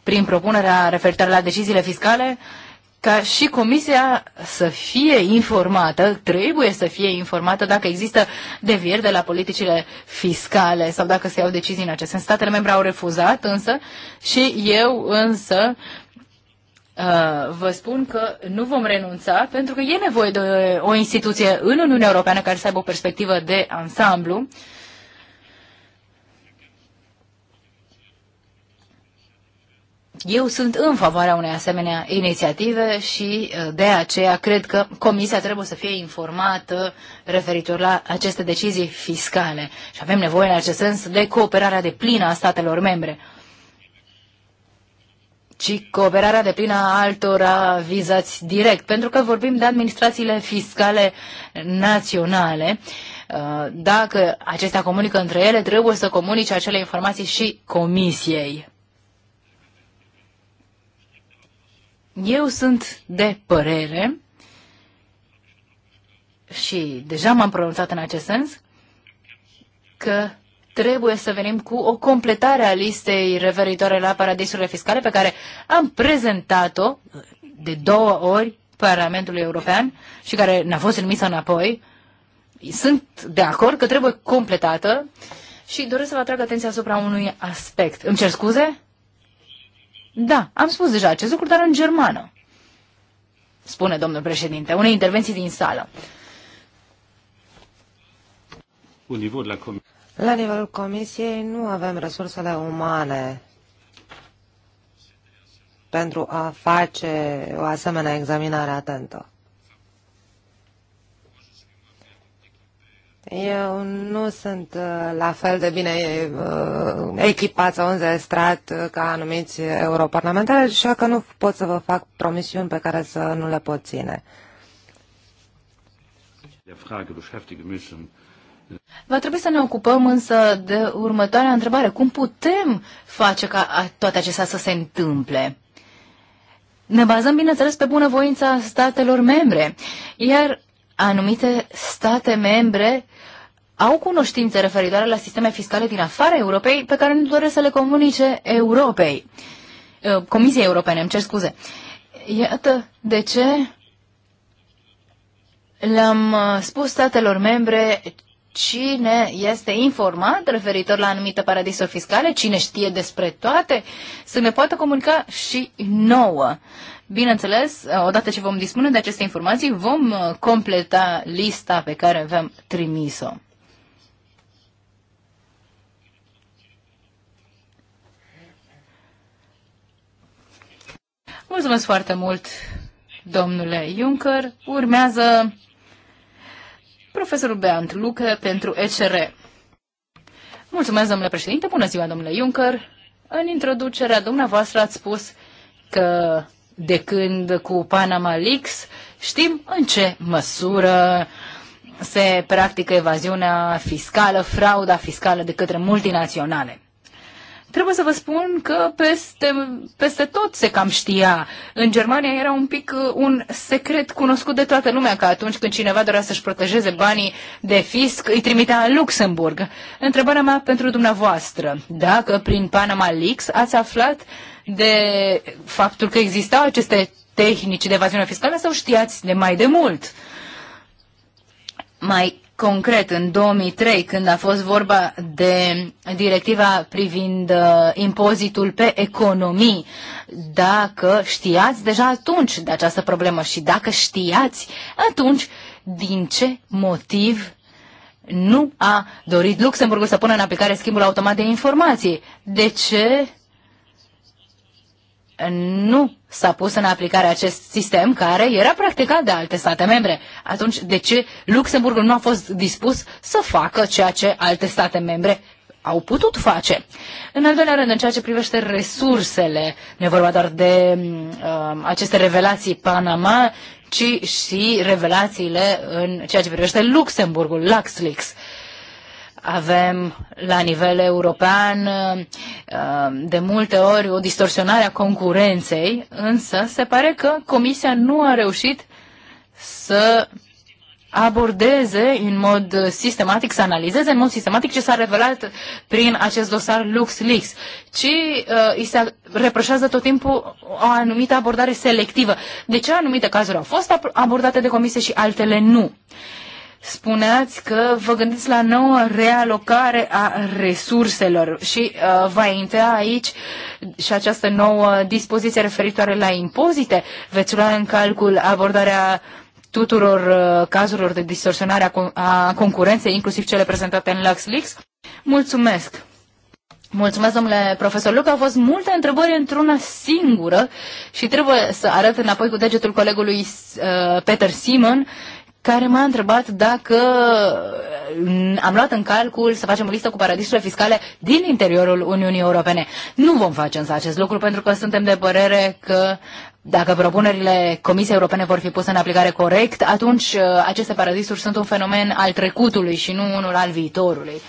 [SPEAKER 2] prin propunerea referitoare la deciziile fiscale, ca și comisia să fie informată, trebuie să fie informată dacă există devieri de la politicile fiscale sau dacă se iau decizii în acest sens. Statele membre au refuzat însă și eu însă Uh, vă spun că nu vom renunța pentru că e nevoie de o instituție în Uniunea Europeană care să aibă o perspectivă de ansamblu. Eu sunt în favoarea unei asemenea inițiative și uh, de aceea cred că Comisia trebuie să fie informată referitor la aceste decizii fiscale și avem nevoie în acest sens de cooperarea de plină a statelor membre ci cooperarea de plină a altora vizați direct, pentru că vorbim de administrațiile fiscale naționale. Uh, dacă acestea comunică între ele, trebuie să comunice acele informații și comisiei. Eu sunt de părere și deja m-am pronunțat în acest sens, că trebuie să venim cu o completare a listei referitoare la paradisurile fiscale pe care am prezentat-o de două ori Parlamentului European și care n a fost trimisă înapoi. Sunt de acord că trebuie completată și doresc să vă atrag atenția asupra unui aspect. Îmi cer scuze? Da, am spus deja acest lucru, dar în germană, spune domnul președinte, unei intervenții din sală.
[SPEAKER 1] Un nivel la comisie.
[SPEAKER 2] La nivelul Comisiei nu avem resursele
[SPEAKER 3] umane pentru a face o asemenea examinare atentă. Eu nu sunt uh, la fel de bine uh, echipat sau înzestrat ca anumiți europarlamentari, așa că nu pot să vă fac promisiuni pe care să nu le pot ține.
[SPEAKER 1] Frage müssen,
[SPEAKER 2] Va trebui să ne ocupăm însă de următoarea întrebare. Cum putem face ca toate acestea să se întâmple? Ne bazăm, bineînțeles, pe bunăvoința statelor membre, iar anumite state membre au cunoștințe referitoare la sisteme fiscale din afara Europei pe care nu doresc să le comunice Europei. Uh, Comisiei Europene, îmi cer scuze. Iată de ce le-am uh, spus statelor membre cine este informat referitor la anumite paradisuri fiscale, cine știe despre toate, să ne poată comunica și nouă. Bineînțeles, odată ce vom dispune de aceste informații, vom uh, completa lista pe care avem am trimis-o. Mulțumesc foarte mult, domnule Juncker. Urmează Profesorul Beant Lucă pentru ECR. Mulțumesc, domnule președinte. Bună ziua, domnule Juncker. În introducerea dumneavoastră ați spus că de când cu Panama Leaks știm în ce măsură se practică evaziunea fiscală, frauda fiscală de către multinaționale. Trebuie să vă spun că peste, peste tot se cam știa. În Germania era un pic uh, un secret cunoscut de toată lumea că atunci când cineva dorea să-și protejeze banii de fisc, îi trimitea în Luxemburg. Întrebarea mea pentru dumneavoastră, dacă prin Panama Leaks ați aflat de faptul că existau aceste tehnici de evaziune fiscală sau știați de mai de mult? Mai concret în 2003, când a fost vorba de directiva privind uh, impozitul pe economii, dacă știați deja atunci de această problemă și dacă știați, atunci din ce motiv nu a dorit Luxemburgul să pună în aplicare schimbul automat de informații? De ce nu s-a pus în aplicare acest sistem care era practicat de alte state membre. Atunci, de ce Luxemburgul nu a fost dispus să facă ceea ce alte state membre au putut face. În al doilea rând, în ceea ce privește resursele, nu e vorba doar de mm, uh, aceste revelații Panama, ci și revelațiile în ceea ce privește Luxemburgul, LuxLeaks. Uh, avem la nivel european uh, de multe ori o distorsionare a concurenței, însă se pare că Comisia nu a reușit să abordeze în mod sistematic, să analizeze în mod sistematic ce s-a revelat prin acest dosar LuxLeaks, ci uh, îi se reproșează tot timpul o anumită abordare selectivă. De ce anumite cazuri au fost abordate de comisie și altele nu? Uh, spuneați că vă gândiți la nouă realocare a resurselor și uh, va intra aici și această nouă dispoziție referitoare la impozite. Veți lua în calcul abordarea tuturor uh, cazurilor de distorsionare a, con a concurenței, inclusiv cele prezentate în LuxLeaks. Mulțumesc! Mulțumesc, domnule profesor Luca. Au fost multe întrebări într-una singură și trebuie să arăt înapoi cu degetul colegului uh, Peter Simon care m-a întrebat dacă mm, am luat în calcul să facem o listă cu paradisurile fiscale din interiorul Uniunii Europene. Nu vom face însă acest lucru pentru că suntem de părere că dacă propunerile Comisiei Europene vor fi puse în aplicare corect, atunci uh, aceste paradisuri sunt un fenomen al trecutului și nu unul al viitorului.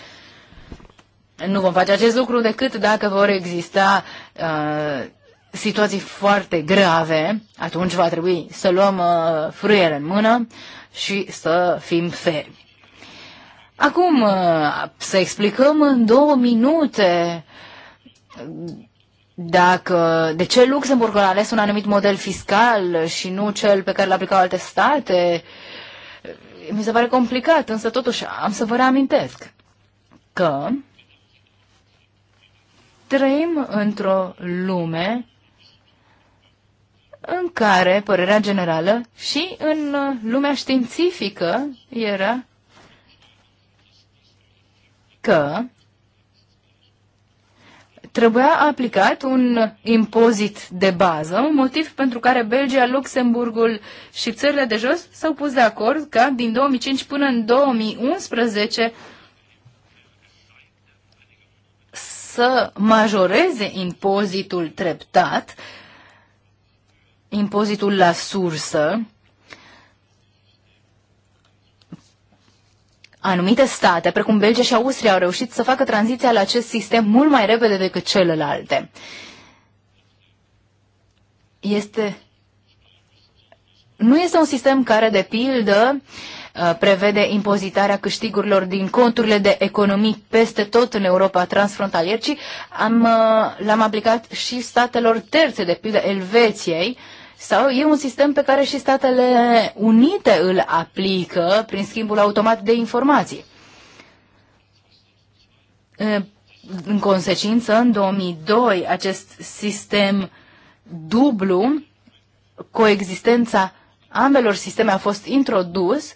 [SPEAKER 2] Nu vom face acest lucru decât dacă vor exista uh, situații foarte grave, atunci va trebui să luăm uh, frâiere în mână, uh, și să fim fermi. Acum, uh, să explicăm în două minute dacă, de ce Luxemburg a ales un anumit model fiscal și nu cel pe care l-a aplicat alte state, mi se pare complicat, însă totuși am să vă reamintesc că trăim într-o lume în care părerea generală și în uh, lumea științifică era că trebuia aplicat un impozit de bază, motiv pentru care Belgia, Luxemburgul și țările de jos s-au pus de acord ca din 2005 până în 2011 să majoreze impozitul treptat uh, impozitul la sursă, anumite state, precum Belgia și Austria, au reușit să facă tranziția la acest sistem mult mai repede decât celelalte. Este... Nu este un sistem care, de pildă, uh, prevede impozitarea câștigurilor din conturile de economii peste tot în Europa transfrontalier, ci am, uh, l-am aplicat și statelor terțe, de pildă Elveției, sau e un sistem pe care și Statele Unite îl aplică prin schimbul automat de informații. În consecință, în 2002, acest sistem dublu, coexistența ambelor sisteme a fost introdus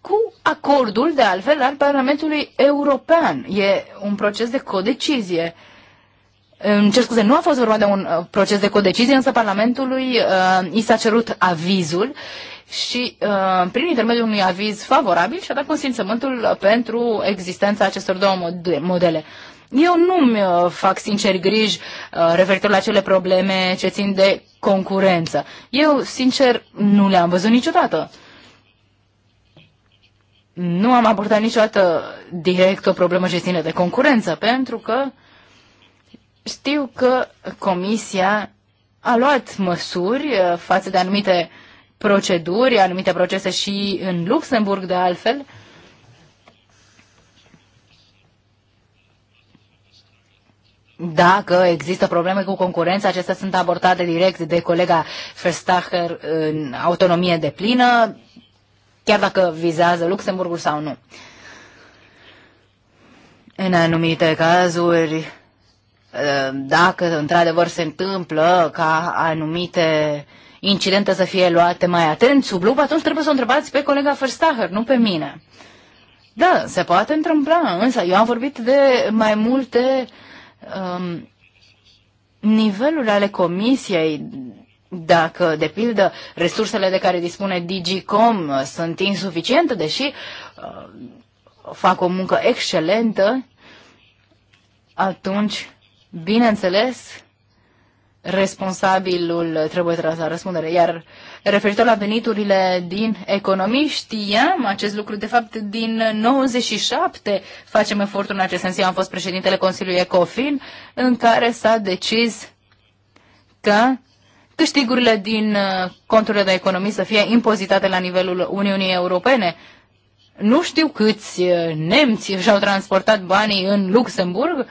[SPEAKER 2] cu acordul, de altfel, al Parlamentului European. E un proces de codecizie. Îmi cer scuze, nu a fost vorba de un uh, proces de codecizie, însă Parlamentului uh, i s-a cerut avizul și uh, prin intermediul unui aviz favorabil și-a dat consimțământul pentru existența acestor două modele. Eu nu-mi uh, fac sincer griji uh, referitor la cele probleme ce țin de concurență. Eu, sincer, nu le-am văzut niciodată. Nu am abordat niciodată direct o problemă ce ține de concurență, pentru că uh, știu că Comisia a luat măsuri uh, față de anumite proceduri, anumite procese și în Luxemburg, de altfel. Dacă există probleme cu concurența, acestea sunt abordate direct de colega Verstacher în autonomie de plină, chiar dacă vizează Luxemburgul sau nu. În anumite cazuri, Ehm, dacă într-adevăr se întâmplă ca anumite incidente să fie luate mai atent sub lup, atunci trebuie să o întrebați pe colega Verstager, nu pe mine. Da, se poate întâmpla, însă eu am vorbit de mai multe um, niveluri ale comisiei. Dacă, de pildă, resursele de care dispune Digicom sunt insuficiente, deși uh, fac o muncă excelentă, atunci Bineînțeles, responsabilul trebuie tras la răspundere. Iar referitor la veniturile din economii, știam acest lucru. De fapt, din 97 facem efortul în acest sens. Eu am fost președintele Consiliului Ecofin, în care s-a decis că câștigurile din uh, conturile de economii să fie impozitate la nivelul Uniunii Europene. Nu știu câți uh, nemți și-au transportat banii în Luxemburg,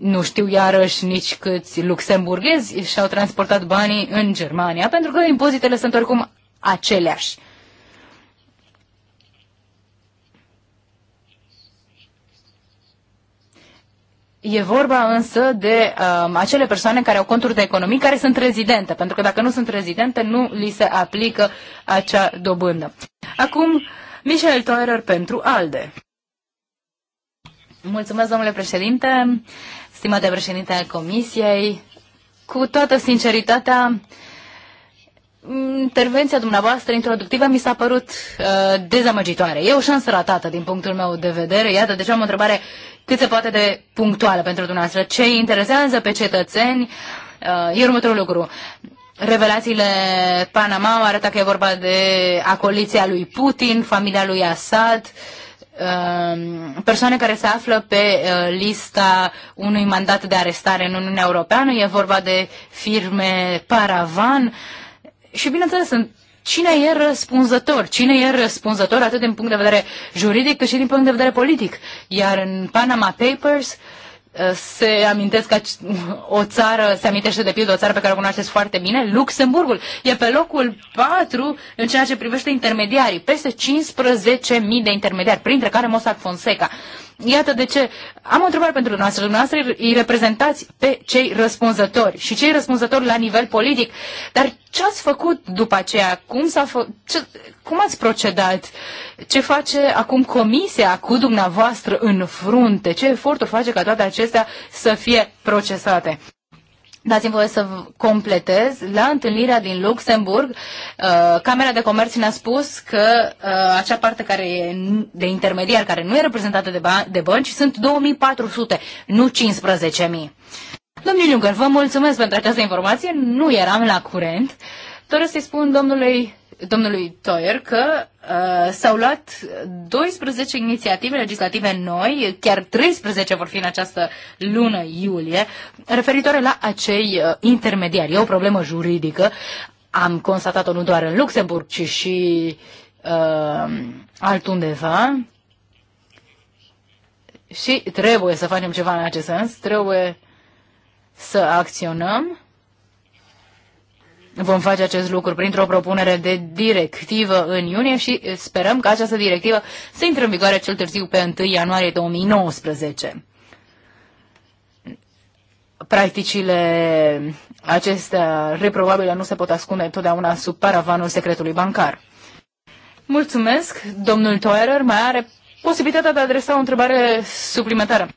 [SPEAKER 2] nu știu iarăși nici câți luxemburghezi și-au transportat banii în Germania, pentru că impozitele sunt oricum aceleași. E vorba însă de um, acele persoane care au conturi de economii care sunt rezidente, pentru că dacă nu sunt rezidente, nu li se aplică acea dobândă. Acum, Michel Toerer pentru ALDE. Mulțumesc, domnule președinte stimate președinte al Comisiei, cu toată sinceritatea, intervenția dumneavoastră introductivă mi s-a părut uh, dezamăgitoare. E o șansă ratată din punctul meu de vedere. Iată, deja deci am o întrebare cât se poate de punctuală pentru dumneavoastră. Ce interesează pe cetățeni uh, e următorul lucru. Revelațiile Panama arată că e vorba de acoliția lui Putin, familia lui Assad, uh, Um, persoane care se află pe uh, lista unui mandat de arestare în Uniunea Europeană, e vorba de firme paravan și bineînțeles sunt cine e răspunzător, cine e răspunzător atât din punct de vedere juridic cât și din punct de vedere politic. Iar în Panama Papers uh, se amintesc că o țară, se amintește de pildă o țară pe care o cunoașteți foarte bine, Luxemburgul. E pe locul 4 în ceea ce privește intermediarii. Peste 15.000 de intermediari, printre care Mossack Fonseca. Uh, Iată de ce am o întrebare pentru dumneavoastră. Dumneavoastră îi reprezentați pe cei răspunzători și cei răspunzători la nivel politic. Dar ce ați făcut după aceea? Cum, s-a fă... ce... Cum ați procedat? Ce face acum comisia cu dumneavoastră în frunte? Ce eforturi face ca toate acestea să fie procesate? Dați-mi voie să completez. La întâlnirea din Luxemburg, uh, Camera de Comerț ne-a spus că uh, acea parte care e de intermediar, care nu e reprezentată de, ban- de bănci, sunt 2400, nu 15.000. Domnul Juncker, vă mulțumesc pentru această informație, nu eram la curent. Doresc să-i spun domnului domnului Toier că uh, s-au luat 12 inițiative legislative noi, chiar 13 vor fi în această lună iulie, referitoare la acei uh, intermediari. E o problemă juridică, am constatat-o nu doar în Luxemburg, ci și uh, altundeva. Și trebuie să facem ceva în acest sens, trebuie să acționăm Vom face acest lucru printr-o propunere de directivă în iunie și sperăm că această directivă să intre în vigoare cel târziu pe 1 ianuarie 2019. Practicile acestea reprobabile nu se pot ascunde totdeauna sub paravanul secretului bancar. Mulțumesc, domnul Toerer mai are posibilitatea de a adresa o întrebare suplimentară.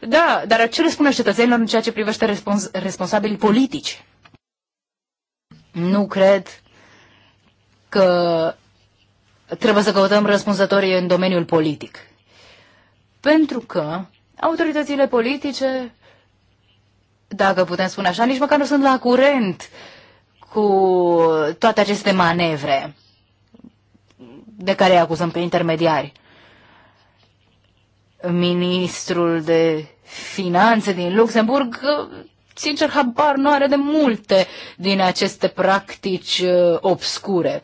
[SPEAKER 2] Da, dar ce răspunde cetățenilor în ceea ce privește respons- responsabilii politici? Nu cred că trebuie să căutăm răspunzătorii în domeniul politic. Pentru că autoritățile politice, dacă putem spune așa, nici măcar nu sunt la curent cu toate aceste manevre de care îi acuzăm pe intermediari. Ministrul de Finanțe din Luxemburg sincer, habar nu are de multe din aceste practici uh, obscure.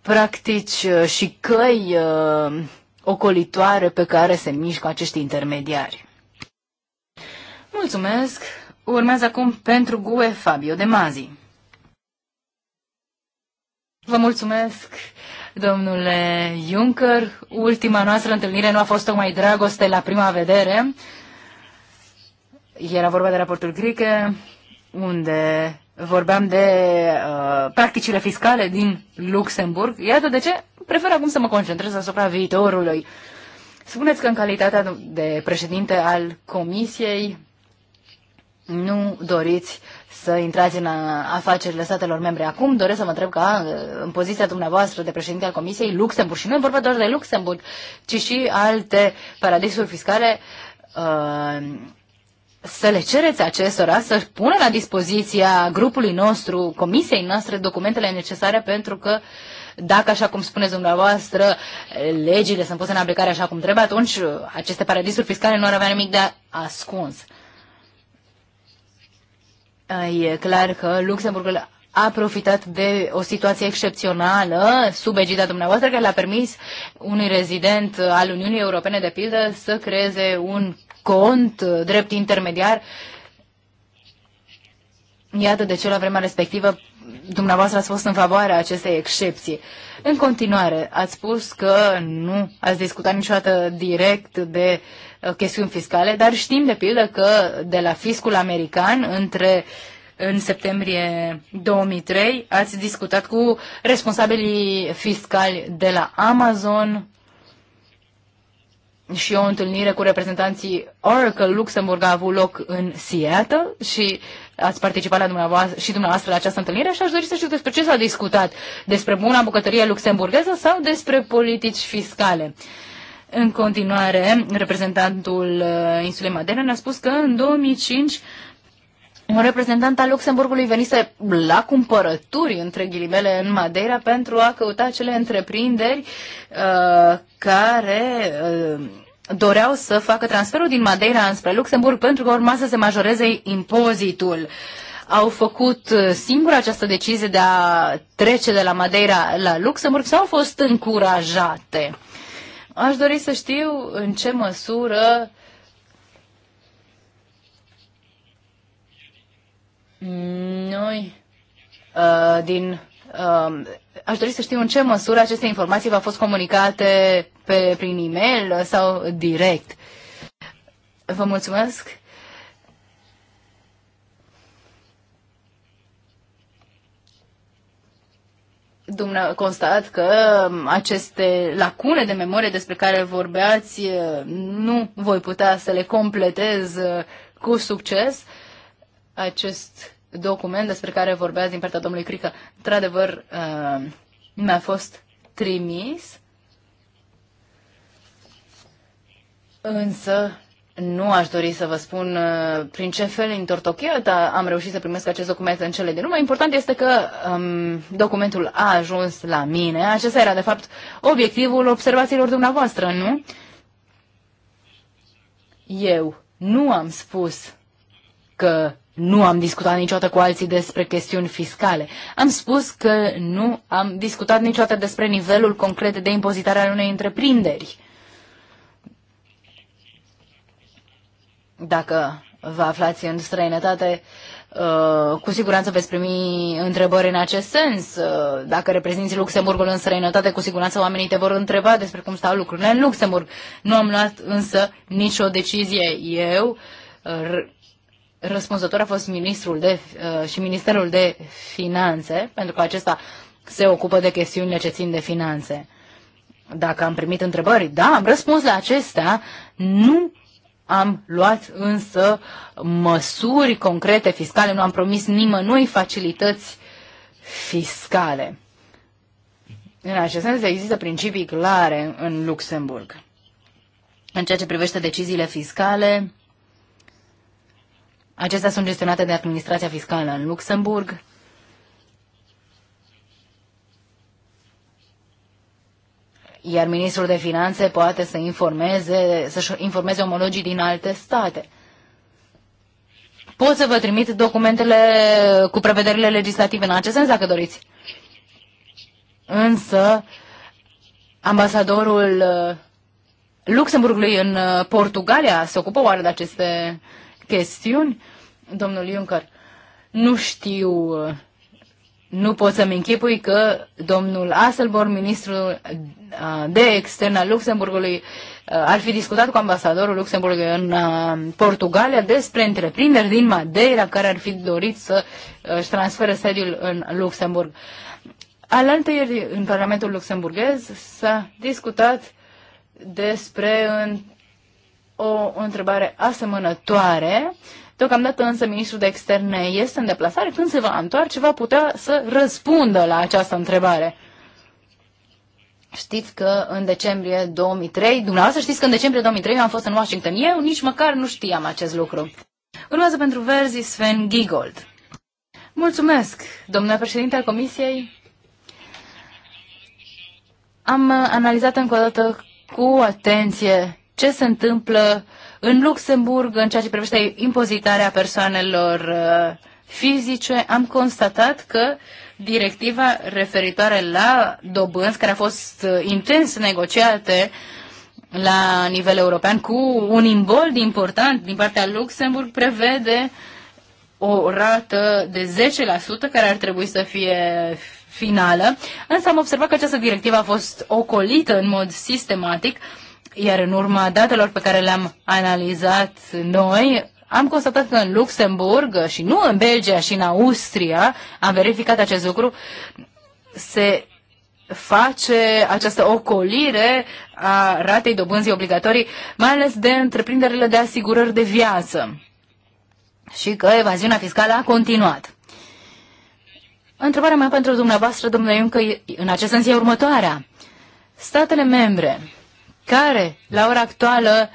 [SPEAKER 2] Practici uh, și căi uh, ocolitoare pe care se mișcă acești intermediari. Mulțumesc! Urmează acum pentru GUE Fabio De Mazi. Vă mulțumesc! Domnule Juncker, ultima noastră întâlnire nu a fost tocmai dragoste la prima vedere. Era vorba de raportul Griche, unde vorbeam de uh, practicile fiscale din Luxemburg. Iată de ce prefer acum să mă concentrez asupra viitorului. Spuneți că în calitatea de președinte al Comisiei nu doriți să intrați în uh, afacerile statelor membre acum. Doresc să vă întreb ca uh, în poziția dumneavoastră de președinte al Comisiei Luxemburg, și nu e vorba doar de Luxemburg, ci și alte paradisuri fiscale, uh, să le cereți acestora să pună la dispoziția grupului nostru, comisiei noastre, documentele necesare pentru că dacă, așa cum spuneți dumneavoastră, legile sunt puse în aplicare așa cum trebuie, atunci aceste paradisuri fiscale nu ar avea nimic de ascuns. E clar că Luxemburgul a profitat de o situație excepțională sub egida dumneavoastră care l a permis unui rezident al Uniunii Europene, de pildă, să creeze un cont drept intermediar. Iată de ce la vremea respectivă dumneavoastră ați fost în favoarea acestei excepții. În continuare, ați spus că nu ați discutat niciodată direct de uh, Uh, chestiuni fiscale, dar știm de pildă că de la fiscul american între în septembrie 2003 ați discutat cu responsabilii fiscali de la Amazon și o întâlnire cu reprezentanții Oracle Luxemburg a avut loc în Seattle și ați participat la dumneavoastră, și dumneavoastră la această întâlnire și aș dori să știu despre ce s-a discutat, despre buna bucătărie luxemburgheză sau despre politici fiscale. Uh, în continuare, reprezentantul uh, insulei Madeira ne-a spus că în 2005 un reprezentant al Luxemburgului venise la cumpărături, între ghilimele, în Madeira pentru a căuta acele întreprinderi uh, care uh, doreau să facă transferul din Madeira înspre Luxemburg pentru că urma să se majoreze impozitul. Au făcut uh, singur această decizie de a trece de la Madeira la Luxemburg sau au fost încurajate? Aș dori să știu în ce măsură noi uh, din um, aș dori să știu în ce măsură aceste informații v-au fost comunicate pe, prin e-mail sau direct. Vă mulțumesc. constat că um, aceste lacune de memorie despre care vorbeați uh, nu voi putea să le completez uh, cu succes. Acest document despre care vorbeați din partea domnului Crică, într-adevăr, um, mi-a fost trimis, însă nu aș dori să vă spun uh, prin ce fel în dar am reușit să primesc acest document în cele din urmă. Important este că um, documentul a ajuns la mine. Acesta era, de fapt, obiectivul observațiilor dumneavoastră, nu? Eu nu am spus că nu am discutat niciodată cu alții despre chestiuni fiscale. Am spus că nu am discutat niciodată despre nivelul concret de impozitare al unei întreprinderi. Dacă vă aflați în străinătate, uh, cu siguranță veți primi întrebări în acest sens. Uh, dacă reprezinți Luxemburgul în străinătate, cu siguranță oamenii te vor întreba despre cum stau lucrurile în Luxemburg. Nu am luat însă nicio decizie eu. Uh, răspunzător a fost ministrul de, și Ministerul de Finanțe, pentru că acesta se ocupă de chestiunile ce țin de finanțe. Dacă am primit întrebări, da, am răspuns la acestea. Nu am luat însă măsuri concrete fiscale, nu am promis nimănui facilități fiscale. În acest sens există principii clare în Luxemburg. În ceea ce privește deciziile fiscale, acestea sunt gestionate de administrația fiscală în Luxemburg. iar ministrul de finanțe poate să informeze, să informeze omologii din alte state. Pot să vă trimit documentele cu prevederile legislative în acest sens, dacă doriți. Însă, ambasadorul uh, Luxemburgului în uh, Portugalia se ocupă oare de aceste chestiuni? Domnul Juncker, nu știu uh, nu pot să-mi închipui că domnul Asselborn, ministrul uh, de extern al Luxemburgului, uh, ar fi discutat cu ambasadorul Luxemburgului în uh, Portugalia despre întreprinderi din Madeira care ar fi dorit să își transfere sediul în Luxemburg. Alaltăieri, în Parlamentul luxemburghez, s-a discutat despre o întrebare asemănătoare Deocamdată însă ministrul de externe este în deplasare. Când se va întoarce, va putea să răspundă la această întrebare. Știți că în decembrie 2003, dumneavoastră știți că în decembrie 2003 eu am fost în Washington. Eu nici măcar nu știam acest lucru. Urmează pentru verzi Sven Giegold. Mulțumesc, domnule președinte al Comisiei. Am analizat încă o dată cu atenție ce se întâmplă în Luxemburg, în ceea ce privește impozitarea persoanelor uh, fizice, am constatat că directiva referitoare la dobânzi, care a fost uh, intens negociate la nivel european cu un imbold important din partea Luxemburg, prevede o rată de 10% care ar trebui să fie finală, însă am observat că această directivă a fost ocolită în mod sistematic iar în urma datelor pe care le-am analizat noi, am constatat că în Luxemburg și nu în Belgia și în Austria, am verificat acest lucru, se face această ocolire a ratei dobânzii obligatorii, mai ales de întreprinderile de asigurări de viață și că evaziunea fiscală a continuat. Întrebarea mea pentru dumneavoastră, domnule Iuncă, în acest sens e următoarea. Statele membre care, la ora actuală,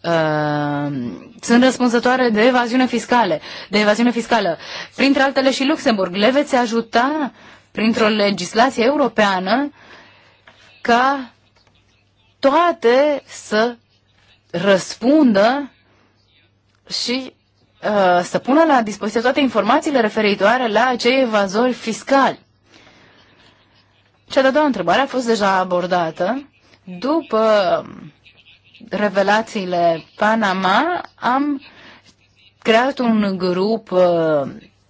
[SPEAKER 2] uh, sunt răspunzătoare de evaziune fiscale, de evaziune fiscală. Printre altele și Luxemburg. Le veți ajuta printr-o legislație europeană ca toate să răspundă și uh, să pună la dispoziție toate informațiile referitoare la cei evazori fiscali. Cea de-a doua întrebare a fost deja abordată. După revelațiile Panama, am creat un grup uh,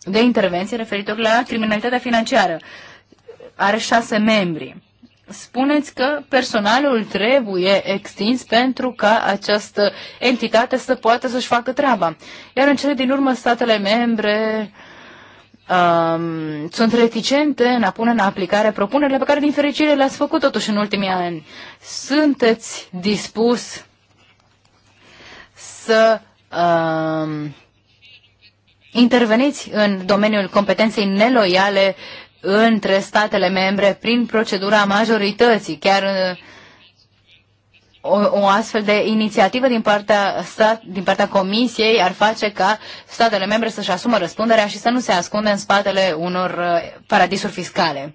[SPEAKER 2] de intervenție referitor la criminalitatea financiară. Are șase membri. Spuneți că personalul trebuie extins pentru ca această entitate să poată să-și facă treaba. Iar în cele din urmă, statele membre uh, um, sunt reticente în a pune în aplicare propunerile pe care, din fericire, le-ați făcut totuși în ultimii ani. Sunteți dispus să um, interveniți în domeniul competenței neloiale între statele membre prin procedura majorității, chiar o, o astfel de inițiativă din partea, stat, din partea Comisiei ar face ca statele membre să-și asumă răspunderea și să nu se ascunde în spatele unor uh, paradisuri fiscale.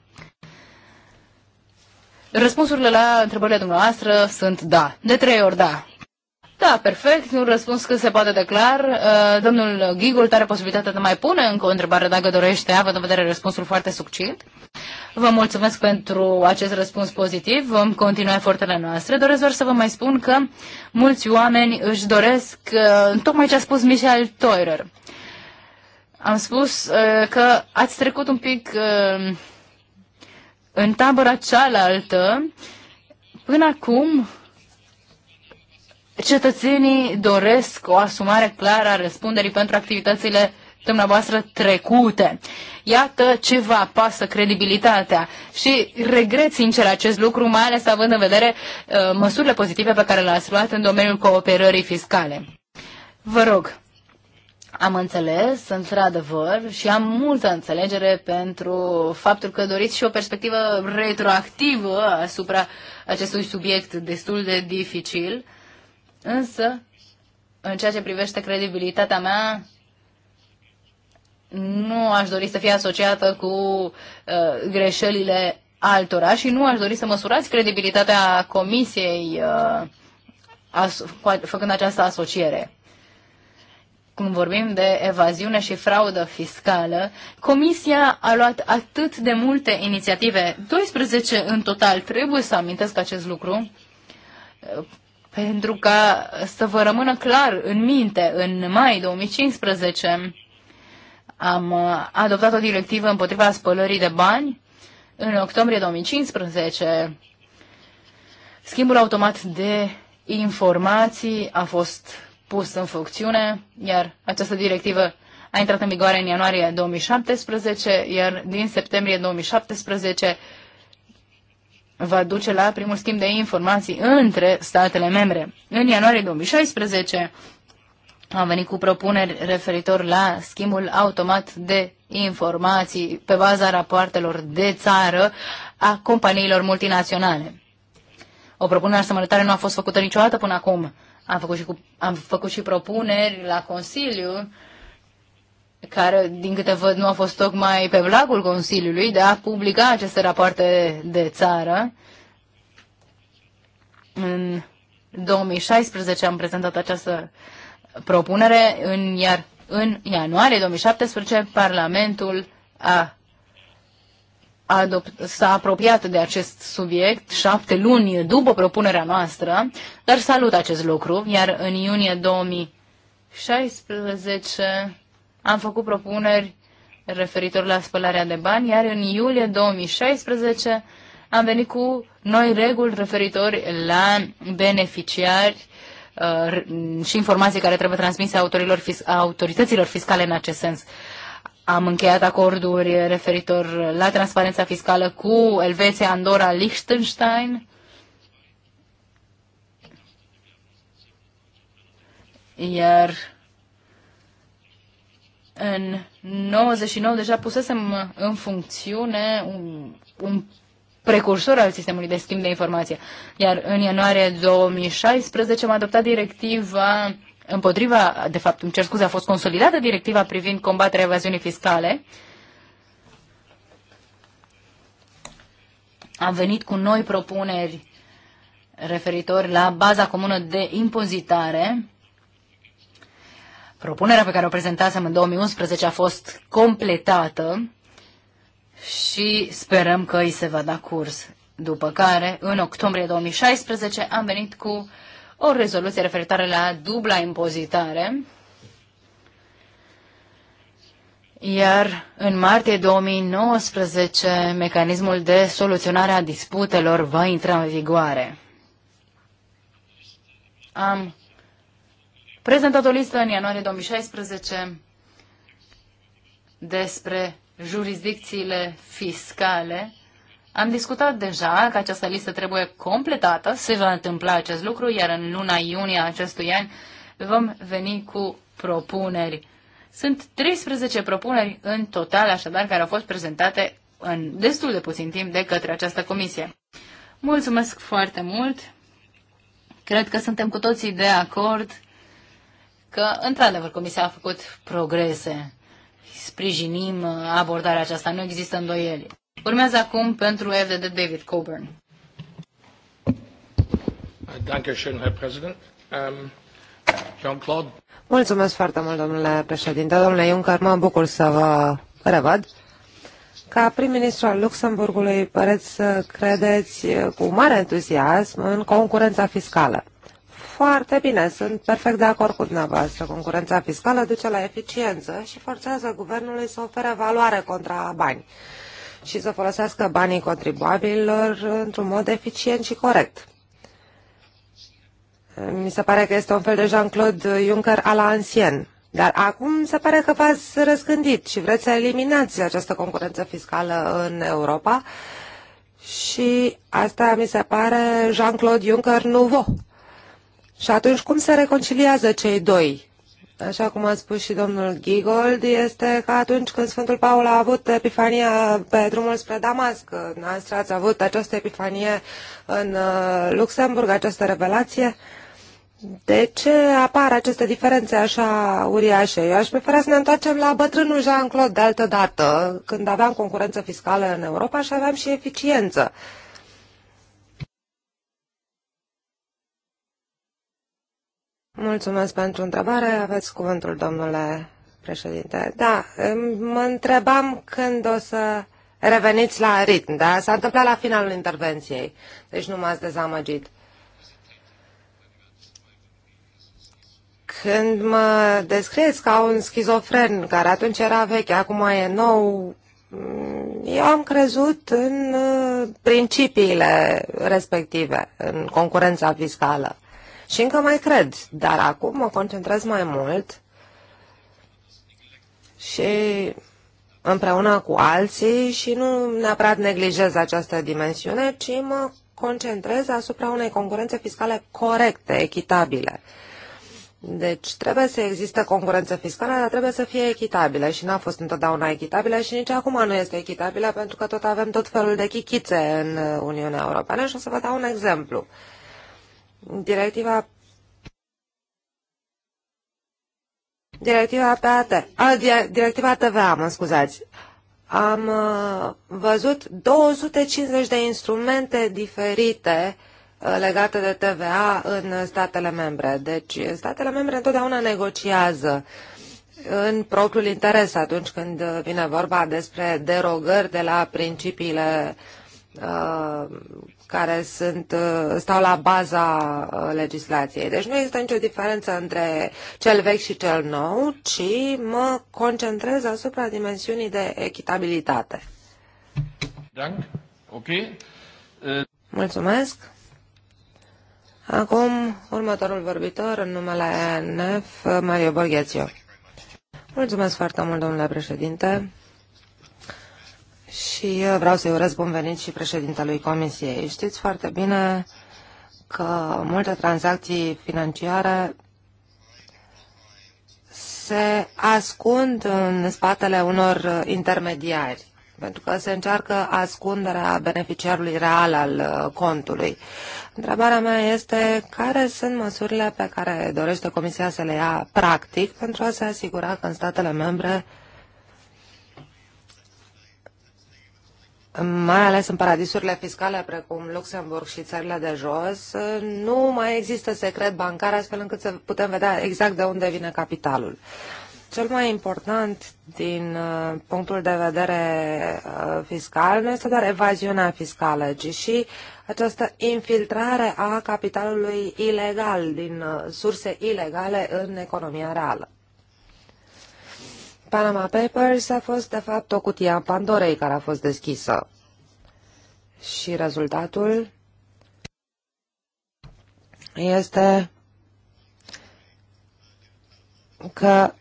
[SPEAKER 2] Răspunsurile la întrebările dumneavoastră sunt da. De trei ori da. Da, perfect, un răspuns cât se poate de clar. Uh, domnul Ghigul are posibilitatea de mai pune încă o întrebare dacă dorește, având în vedere răspunsul foarte succint. Vă mulțumesc pentru acest răspuns pozitiv. Vom continua efortele noastre. Doresc doar să vă mai spun că mulți oameni își doresc uh, tocmai ce a spus Michel Teurer. Am spus uh, că ați trecut un pic uh, în tabăra cealaltă. Până acum, cetățenii doresc o asumare clară a răspunderii pentru activitățile uh, dumneavoastră trecute. Iată ce vă apasă credibilitatea și regret sincer acest lucru, mai ales având în vedere uh, măsurile pozitive pe care le-ați luat în domeniul cooperării fiscale. Vă rog, am înțeles, într-adevăr, și am multă înțelegere pentru faptul că doriți și o perspectivă retroactivă asupra acestui subiect destul de dificil, însă, în ceea ce privește credibilitatea mea, nu aș dori să fie asociată cu uh, greșelile altora și nu aș dori să măsurați credibilitatea comisiei uh, as, făcând această asociere. Când vorbim de evaziune și fraudă fiscală, Comisia a luat atât de multe inițiative, 12 în total, trebuie să amintesc acest lucru, uh, pentru ca să vă rămână clar în minte, în mai 2015, am uh, adoptat o directivă împotriva spălării de bani în octombrie 2015. Schimbul automat de informații a fost pus în funcțiune, iar această directivă a intrat în vigoare în ianuarie 2017, iar din septembrie 2017 va duce la primul schimb de informații între statele membre. În ianuarie 2016, am venit cu propuneri referitor la schimbul automat de informații pe baza rapoartelor de țară a companiilor multinaționale. O propunere asemănătoare nu a fost făcută niciodată până acum. Am făcut și, cu, am făcut și propuneri la Consiliu care, din câte văd, nu a fost tocmai pe blagul Consiliului de a publica aceste rapoarte de țară. În 2016 am prezentat această uh, propunere, în, iar în ianuarie 2017 Parlamentul a s-a apropiat de acest subiect șapte luni după propunerea noastră, dar salut acest lucru, iar în iunie 2016 am făcut propuneri referitor la spălarea de bani, iar în iulie 2016 am venit cu noi reguli referitor la beneficiari Uh, și informații care trebuie transmise autorilor, autorităților fiscale în acest sens. Am încheiat acorduri referitor la transparența fiscală cu Elveția, Andorra, Liechtenstein. Iar în 99 deja pusesem în funcțiune un, un precursor al sistemului de schimb de informație. Iar în ianuarie 2016 am adoptat directiva împotriva, de fapt, îmi cer scuze, a fost consolidată directiva privind combaterea evaziunii fiscale. Am venit cu noi propuneri referitor la baza comună de impozitare. Propunerea pe care o prezentasem în 2011 a fost completată și sperăm că îi se va da curs. După care, în octombrie 2016, am venit cu o rezoluție referitoare la dubla impozitare, iar în martie 2019 mecanismul de soluționare a disputelor va intra în vigoare. Am prezentat o listă în ianuarie 2016 despre jurisdicțiile fiscale. Am discutat deja că această listă trebuie completată, se va întâmpla acest lucru, iar în luna iunie acestui an vom veni cu propuneri. Sunt 13 propuneri în total, așadar, care au fost prezentate în destul de puțin timp de către această comisie. Mulțumesc foarte mult! Cred că suntem cu toții de acord că, într-adevăr, Comisia a făcut progrese sprijinim uh, abordarea aceasta. Nu există îndoieli. Urmează acum pentru FDD David Coburn.
[SPEAKER 3] Ähm, Mulțumesc foarte mult, domnule președinte. Domnule Juncker, mă bucur să vă revăd. Ca prim-ministru al Luxemburgului, păreți să credeți cu mare entuziasm în concurența fiscală foarte bine, sunt perfect de acord cu dumneavoastră. Concurența fiscală duce la eficiență și forțează guvernului să ofere valoare contra bani și să folosească banii contribuabililor într-un mod eficient și corect. Mi se pare că este un fel de Jean-Claude Juncker a la ancien. Dar acum se pare că v-ați răscândit și vreți să eliminați această concurență fiscală în Europa. Și asta mi se pare Jean-Claude Juncker nouveau. Și atunci cum se reconciliază cei doi? Așa cum a spus și domnul Gigold, este că atunci când Sfântul Paul a avut epifania pe drumul spre Damasc, noastră ați avut această epifanie în uh, Luxemburg, această revelație, de ce apar aceste diferențe așa uriașe? Eu aș prefera să ne întoarcem la bătrânul Jean-Claude de altă dată, când aveam concurență fiscală în Europa și aveam și eficiență. Uh, Mulțumesc pentru întrebare. Aveți cuvântul, domnule președinte. Da, mă întrebam când o să reveniți la ritm, da? S-a întâmplat la finalul intervenției, deci nu m-ați dezamăgit. Când mă descrieți ca un schizofren, care atunci era vechi, acum e nou, mm, eu am crezut în uh, principiile respective, în concurența fiscală. Și încă mai cred, dar acum mă concentrez mai mult și împreună cu alții și nu neapărat neglijez această dimensiune, ci mă concentrez asupra unei concurențe fiscale corecte, echitabile. Deci trebuie să existe concurență fiscală, dar trebuie să fie echitabilă și n-a fost întotdeauna echitabilă și nici acum nu este echitabilă pentru că tot avem tot felul de chichițe în Uniunea Europeană și o să vă dau un exemplu. Uh, Directiva Directiva PAT, a, directiva TVA, mă scuzați. Am uh, văzut 250 de instrumente diferite uh, legate de TVA în statele membre. Deci statele membre întotdeauna negociază în propriul interes atunci când vine vorba despre derogări de la principiile uh, care sunt, uh, stau la baza uh, legislației. Deci nu există nicio diferență între cel vechi și cel nou, ci mă concentrez asupra dimensiunii de echitabilitate.
[SPEAKER 1] Dank. ok.
[SPEAKER 3] Mulțumesc. Acum, următorul vorbitor, în numele ANF, Mario Borghețiu. Mulțumesc foarte mult, domnule președinte. Și vreau să-i urez bun venit și președintelui Comisiei. Știți foarte bine că multe tranzacții financiare se ascund în spatele unor intermediari, pentru că se încearcă ascunderea beneficiarului real al uh, contului. Întrebarea mea este care sunt măsurile pe care dorește Comisia să le ia practic pentru a se asigura că în statele membre mai ales în paradisurile fiscale precum Luxemburg și țările de jos, nu mai există secret bancar astfel încât să putem vedea exact de unde vine capitalul. Cel mai important din uh, punctul de vedere uh, fiscal nu este doar evaziunea fiscală, ci și această infiltrare a capitalului ilegal din uh, surse ilegale în economia reală. Panama Papers a fost, de fapt, o cutie a Pandorei care a fost deschisă. Și rezultatul este că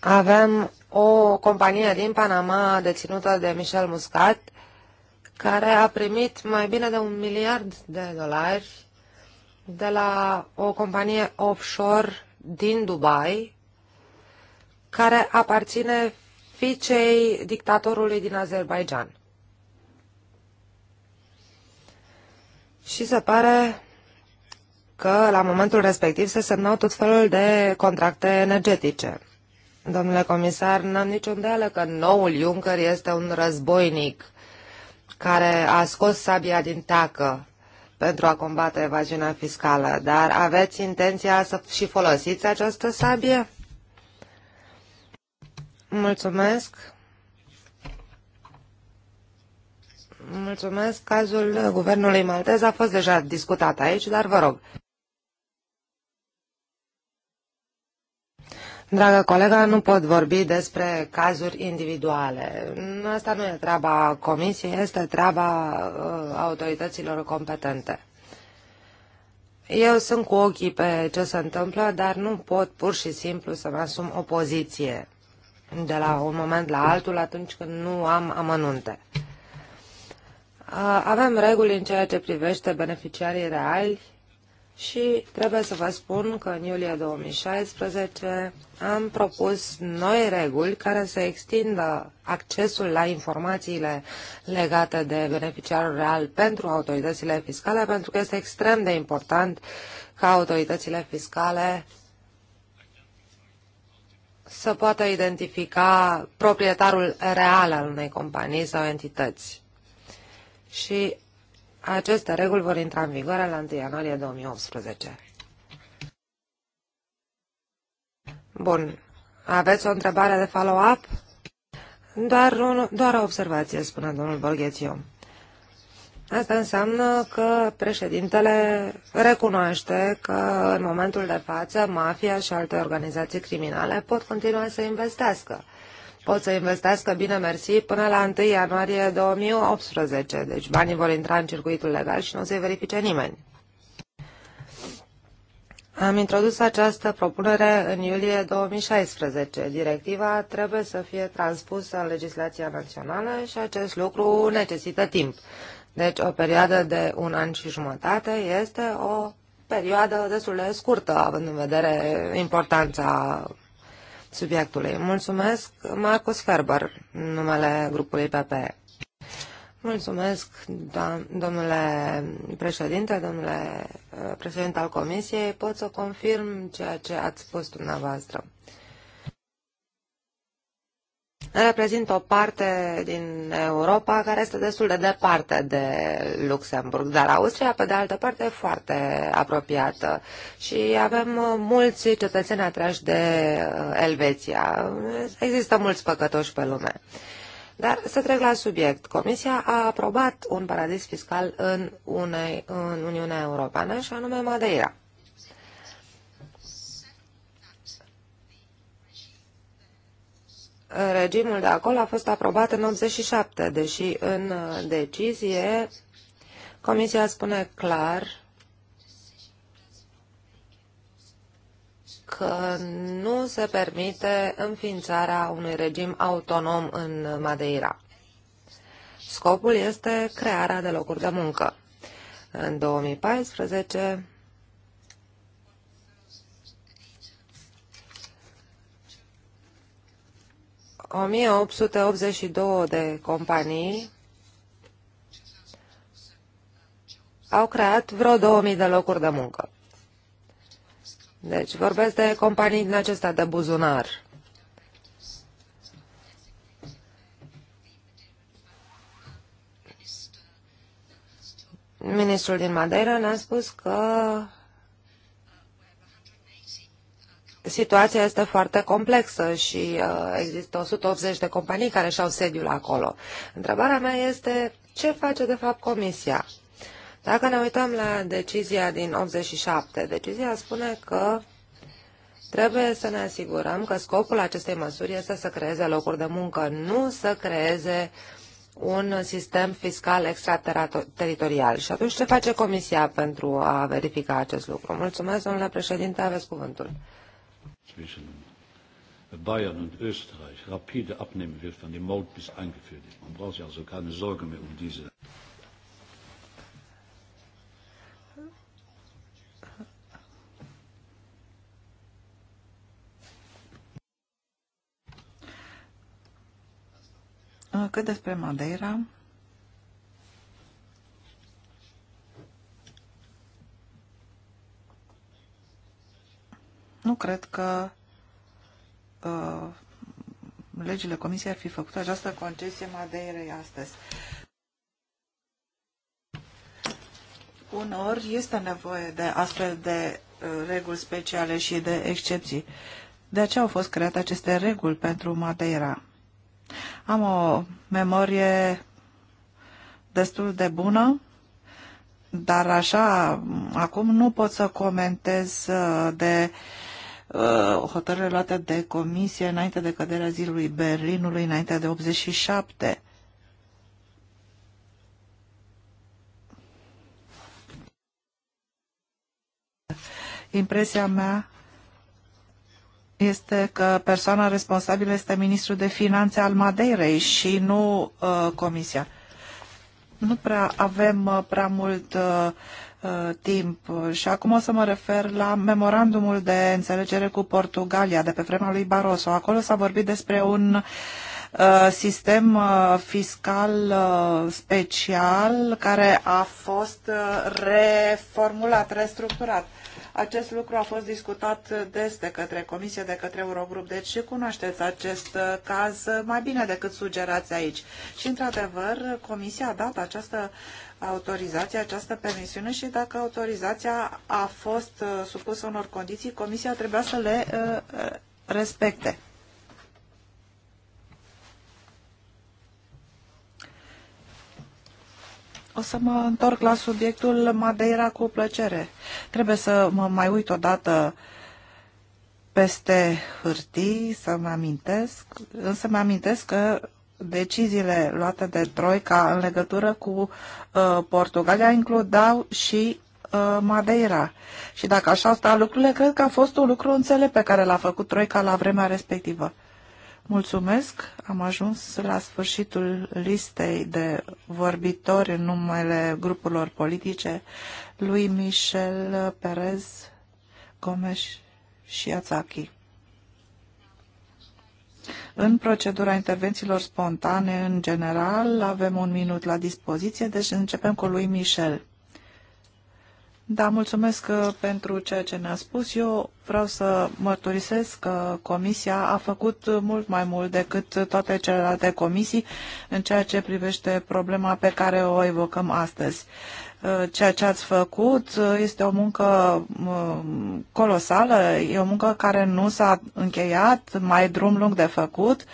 [SPEAKER 3] avem o companie din Panama deținută de Michel Muscat, care a primit mai bine de un miliard de dolari de la o companie offshore din Dubai, care aparține fiicei dictatorului din Azerbaijan. Și se pare că la momentul respectiv se semnau tot felul de contracte energetice. Domnule comisar, n-am nicio îndoială că noul Juncker este un războinic care a scos sabia din tacă pentru a combate evaziunea fiscală, dar aveți intenția să și folosiți această sabie? Mulțumesc. Mulțumesc. Cazul guvernului maltez a fost deja discutat aici, dar vă rog. Dragă colega, nu pot vorbi despre cazuri individuale. Asta nu e treaba comisiei, este treaba uh, autorităților competente. Eu sunt cu ochii pe ce se întâmplă, dar nu pot pur și simplu să-mi asum o poziție de la un moment la altul atunci când nu am amănunte. Avem reguli în ceea ce privește beneficiarii reali și trebuie să vă spun că în iulie 2016 am propus noi reguli care să extindă accesul la informațiile legate de beneficiarul real pentru autoritățile fiscale, pentru că este extrem de important ca autoritățile fiscale să poată identifica proprietarul real al unei companii sau entități. Și aceste reguli vor intra în vigoare la 1 ianuarie 2018. Bun. Aveți o întrebare de follow-up? Doar, doar o observație, spune domnul Borghețiu. Asta înseamnă că președintele recunoaște că în momentul de față mafia și alte organizații criminale pot continua să investească. Pot să investească, bine mersi, până la 1 ianuarie 2018, deci banii vor intra în circuitul legal și nu se verifice nimeni. Am introdus această propunere în iulie 2016. Directiva trebuie să fie transpusă în legislația națională și acest lucru necesită timp. Deci o perioadă de un an și jumătate este o perioadă destul de scurtă, având în vedere importanța subiectului. Mulțumesc, Marcus Ferber, numele grupului PPE. Mulțumesc, domnule președinte, domnule eh, președinte al Comisiei. Pot să confirm ceea ce ați spus dumneavoastră reprezintă o parte din Europa care este destul de departe de Luxemburg, dar Austria, pe de altă parte, e foarte apropiată și avem uh, mulți cetățeni atrași de uh, Elveția. Există mulți păcătoși pe lume. Dar să trec la subiect. Comisia a aprobat un paradis fiscal în, une, în Uniunea Europeană și anume Madeira. regimul de acolo a fost aprobat în 87, deși în uh, decizie Comisia spune clar că nu se permite înființarea unui regim autonom în Madeira. Scopul este crearea de locuri de muncă. În 2014, 1882 de companii au creat vreo 2000 de locuri de muncă. Deci vorbesc de companii din acestea de buzunar. Ministrul din Madeira ne-a spus că situația este foarte complexă și uh, există 180 de companii care și-au sediul acolo. Întrebarea mea este ce face de fapt Comisia? Dacă ne uităm la decizia din 87, decizia spune că Trebuie să ne asigurăm că scopul acestei măsuri este să creeze locuri de muncă, nu să creeze un sistem fiscal extrateritorial. Și atunci ce face Comisia pentru a verifica acest lucru? Mulțumesc, domnule președinte, aveți cuvântul
[SPEAKER 1] zwischen Bayern und Österreich rapide abnehmen wird, wenn die Maut bis eingeführt ist. Man braucht sich also keine Sorge mehr um diese. Cât despre Madeira, Nu cred că uh, legile Comisiei ar fi făcut această concesie Madeirei astăzi. Unor este nevoie de astfel de uh, reguli speciale și de excepții. De aceea au fost create aceste reguli pentru Madeira. Am o memorie destul de bună, dar așa, acum nu pot să comentez uh, de uh, Uh, hotărâre luată de comisie înainte de căderea zilului Berlinului, înainte de 87. Impresia mea este că persoana responsabilă este ministrul de finanțe al Madeirei și nu uh, comisia. Nu prea avem uh, prea mult uh, Uh, timp. Și acum o să mă refer la memorandumul de înțelegere cu Portugalia de pe vremea lui Barroso. Acolo s-a vorbit despre un uh, sistem uh, fiscal special care a fost reformulat, restructurat. Acest lucru a fost discutat des de către Comisie, de către Eurogrup, deci cunoașteți acest uh, caz mai bine decât sugerați aici. Și, într-adevăr, Comisia a dat această autorizație, această permisiune și dacă autorizația a fost uh, supusă unor condiții, Comisia trebuia să le uh, respecte. O să mă întorc la subiectul Madeira cu plăcere. Trebuie să mă mai uit odată peste hârtii, să-mi amintesc, însă mă amintesc că deciziile luate de Troica în legătură cu uh, Portugalia includau și uh, Madeira. Și dacă așa stau lucrurile, cred că a fost un lucru înțelept pe care l-a făcut Troica la vremea respectivă. Mulțumesc. Am ajuns la sfârșitul listei de vorbitori în numele grupurilor politice lui Michel Perez, Gomes și Ațachi. În procedura intervențiilor spontane, în general, avem un minut la dispoziție, deci începem cu lui Michel. Da, mulțumesc uh, pentru ceea ce ne-a spus. Eu vreau să mărturisesc că Comisia a făcut mult mai mult decât toate celelalte comisii în ceea ce privește problema pe care o evocăm astăzi. Uh, ceea ce ați făcut uh, este o muncă colosală, e o muncă care nu s-a încheiat, mai drum lung de făcut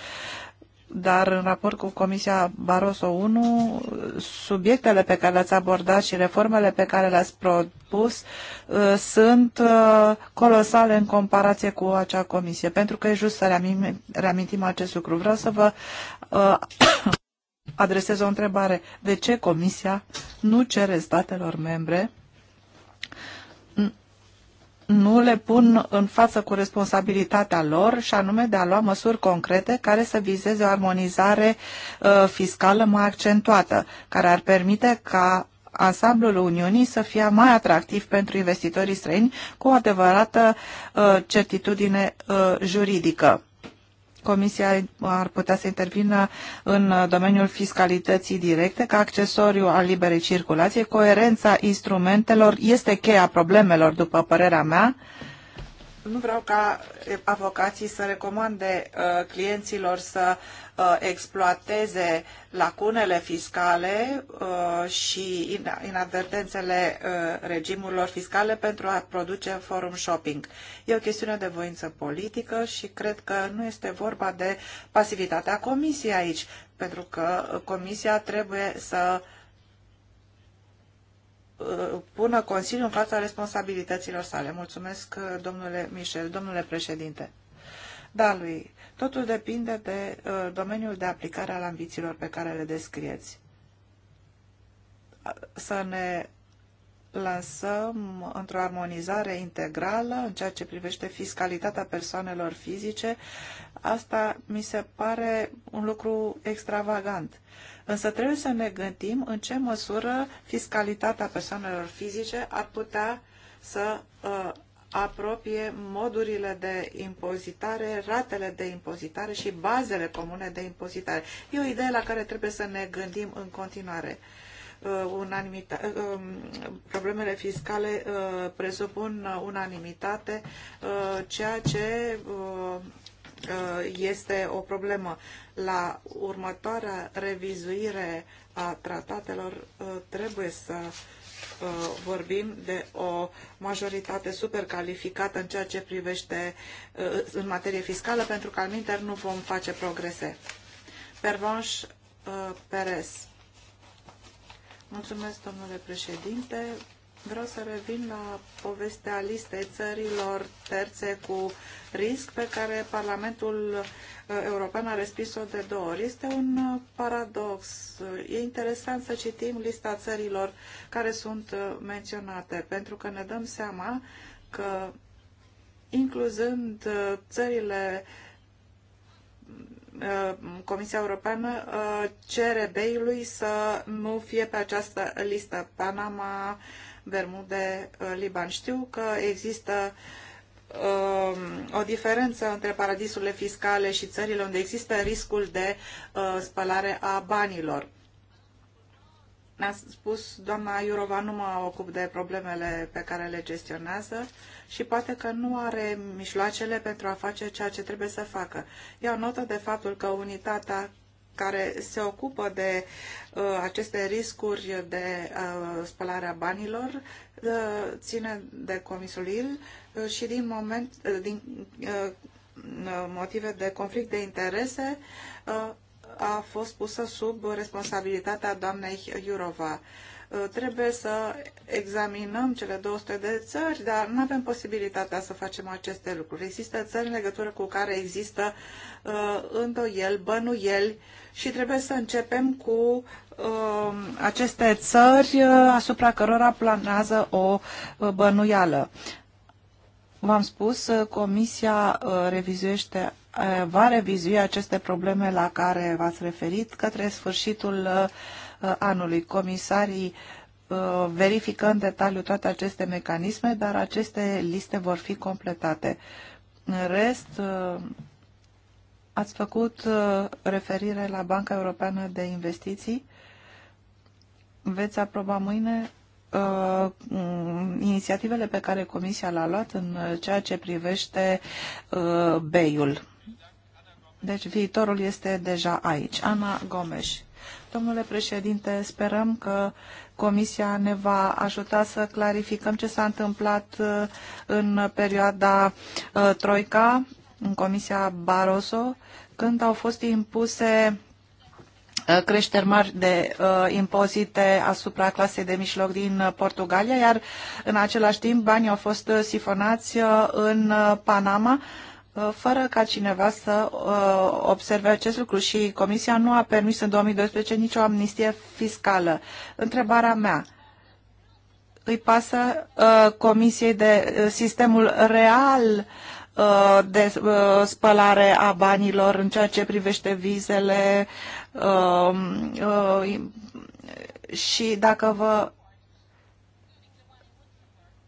[SPEAKER 1] dar în raport cu Comisia Barroso 1, subiectele pe care le-ați abordat și reformele pe care le-ați propus uh, sunt uh, colosale în comparație cu acea comisie, pentru că e just să reamim, reamintim acest lucru. Vreau să vă uh, adresez o întrebare. De ce Comisia nu cere statelor membre nu le pun în față cu responsabilitatea lor și anume de a lua măsuri concrete care să vizeze o armonizare uh, fiscală mai accentuată, care ar permite ca ansamblul Uniunii să fie mai atractiv pentru investitorii străini cu o adevărată uh, certitudine uh, juridică. Comisia ar putea să intervină în domeniul fiscalității directe ca accesoriu al liberei circulație. Coerența instrumentelor este cheia problemelor, după părerea mea. Uh, nu vreau ca avocații să recomande uh, clienților să uh, exploateze lacunele fiscale uh, și inadvertențele uh, regimurilor fiscale pentru a produce forum shopping. E o chestiune de voință politică și cred că nu este vorba de pasivitatea comisiei aici, pentru că uh, comisia trebuie să uh, Uh, pună Consiliul în fața responsabilităților sale. Mulțumesc, uh, domnule Michel, domnule președinte. Da, lui, totul depinde de uh, domeniul de aplicare al ambițiilor pe care le descrieți. Să ne lansăm într-o armonizare integrală în ceea ce privește fiscalitatea persoanelor fizice, asta mi se pare un lucru extravagant. Uh, Însă trebuie să ne gândim în ce măsură fiscalitatea persoanelor fizice ar putea să uh, apropie modurile de impozitare, ratele de impozitare și bazele comune de impozitare. E o idee la care trebuie să ne gândim în continuare. Uh, unanimita uh, um, problemele fiscale uh, presupun unanimitate, ceea ce Uh, este o problemă. La următoarea revizuire a tratatelor uh, trebuie să uh, vorbim de o majoritate supercalificată în ceea ce privește în materie fiscală, pentru că al minter nu vom face progrese. Pervanș Perez. Mulțumesc, domnule președinte. Vreau să revin la povestea listei țărilor terțe cu risc pe care Parlamentul uh, European a respins-o de două ori. Este un uh, paradox. E interesant să citim lista țărilor care sunt uh, menționate, pentru că ne dăm seama că incluzând țările Comisia Europeană cere bei să nu fie pe această listă. Panama, Bermude, uh, Liban. Știu că există um, o diferență între paradisurile fiscale și țările unde există riscul de uh, spălare a banilor. Ne-a spus doamna Iurova, nu mă ocup de problemele pe care le gestionează și poate că nu are mișloacele pentru a face ceea ce trebuie să facă. Iau notă de faptul că unitatea care se ocupă de uh, aceste riscuri de uh, spălare a banilor uh, ține de comisul IL uh, și din moment uh, din uh, uh motive de conflict de interese uh, a fost pusă sub responsabilitatea doamnei Iurova. Uh, Uh, trebuie să examinăm cele 200 de țări, dar nu avem posibilitatea să facem aceste lucruri. Există țări în legătură cu care există uh, îndoieli, bănuieli și trebuie să începem cu uh, aceste țări uh, asupra cărora planează o uh, bănuială. V-am spus, uh, Comisia uh, revizuiește, va revizui aceste probleme la care v-ați referit către sfârșitul Uh, anului. Comisarii uh, verifică în detaliu toate aceste mecanisme, dar aceste liste vor fi completate. În rest, uh, ați făcut referire la Banca Europeană de Investiții. Veți aproba mâine mm, inițiativele pe care Comisia le-a luat în ceea ce privește BEI-ul. Deci viitorul este deja aici. Ana Gomes. Domnule președinte, sperăm că Comisia ne va ajuta să clarificăm ce s-a întâmplat uh, în perioada uh, Troica, în Comisia Barroso, când au fost impuse uh, creșteri mari de uh, impozite asupra clasei de mijloc din Portugalia, iar în același timp banii au fost sifonați uh, în Panama Uh, fără ca cineva să uh, observe acest lucru și Comisia nu a permis în 2012 nicio amnistie fiscală. Întrebarea mea, îi pasă uh, Comisiei de sistemul real de spălare a banilor în ceea ce privește vizele um, și dacă vă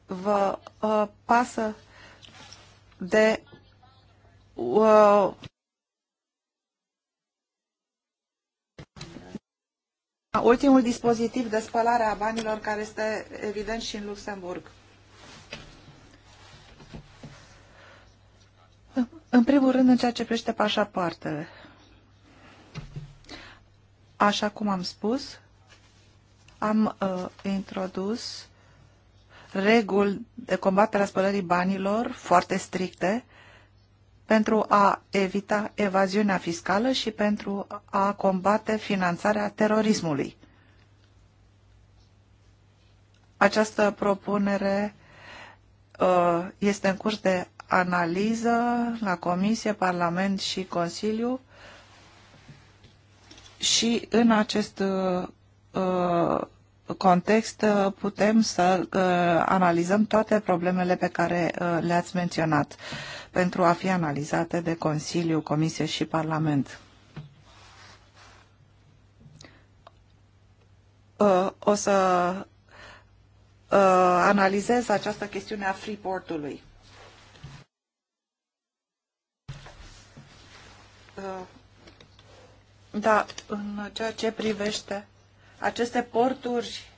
[SPEAKER 1] vă pasă de Well, ultimul dispozitiv de spălare a banilor care este evident și în Luxemburg. În primul rând, în ceea ce privește pașapoartele. Așa cum am spus, am uh, introdus reguli de combatere a spălării banilor foarte stricte pentru a evita evaziunea fiscală și pentru a combate finanțarea terorismului. Această propunere uh, este în curs de analiză la Comisie, Parlament și Consiliu și în acest uh, uh context uh, putem să uh, analizăm toate problemele pe care uh, le-ați menționat pentru a fi analizate de Consiliu, Comisie și Parlament. O să analizez această chestiune a Freeportului. Da, în ceea ce privește aceste porturi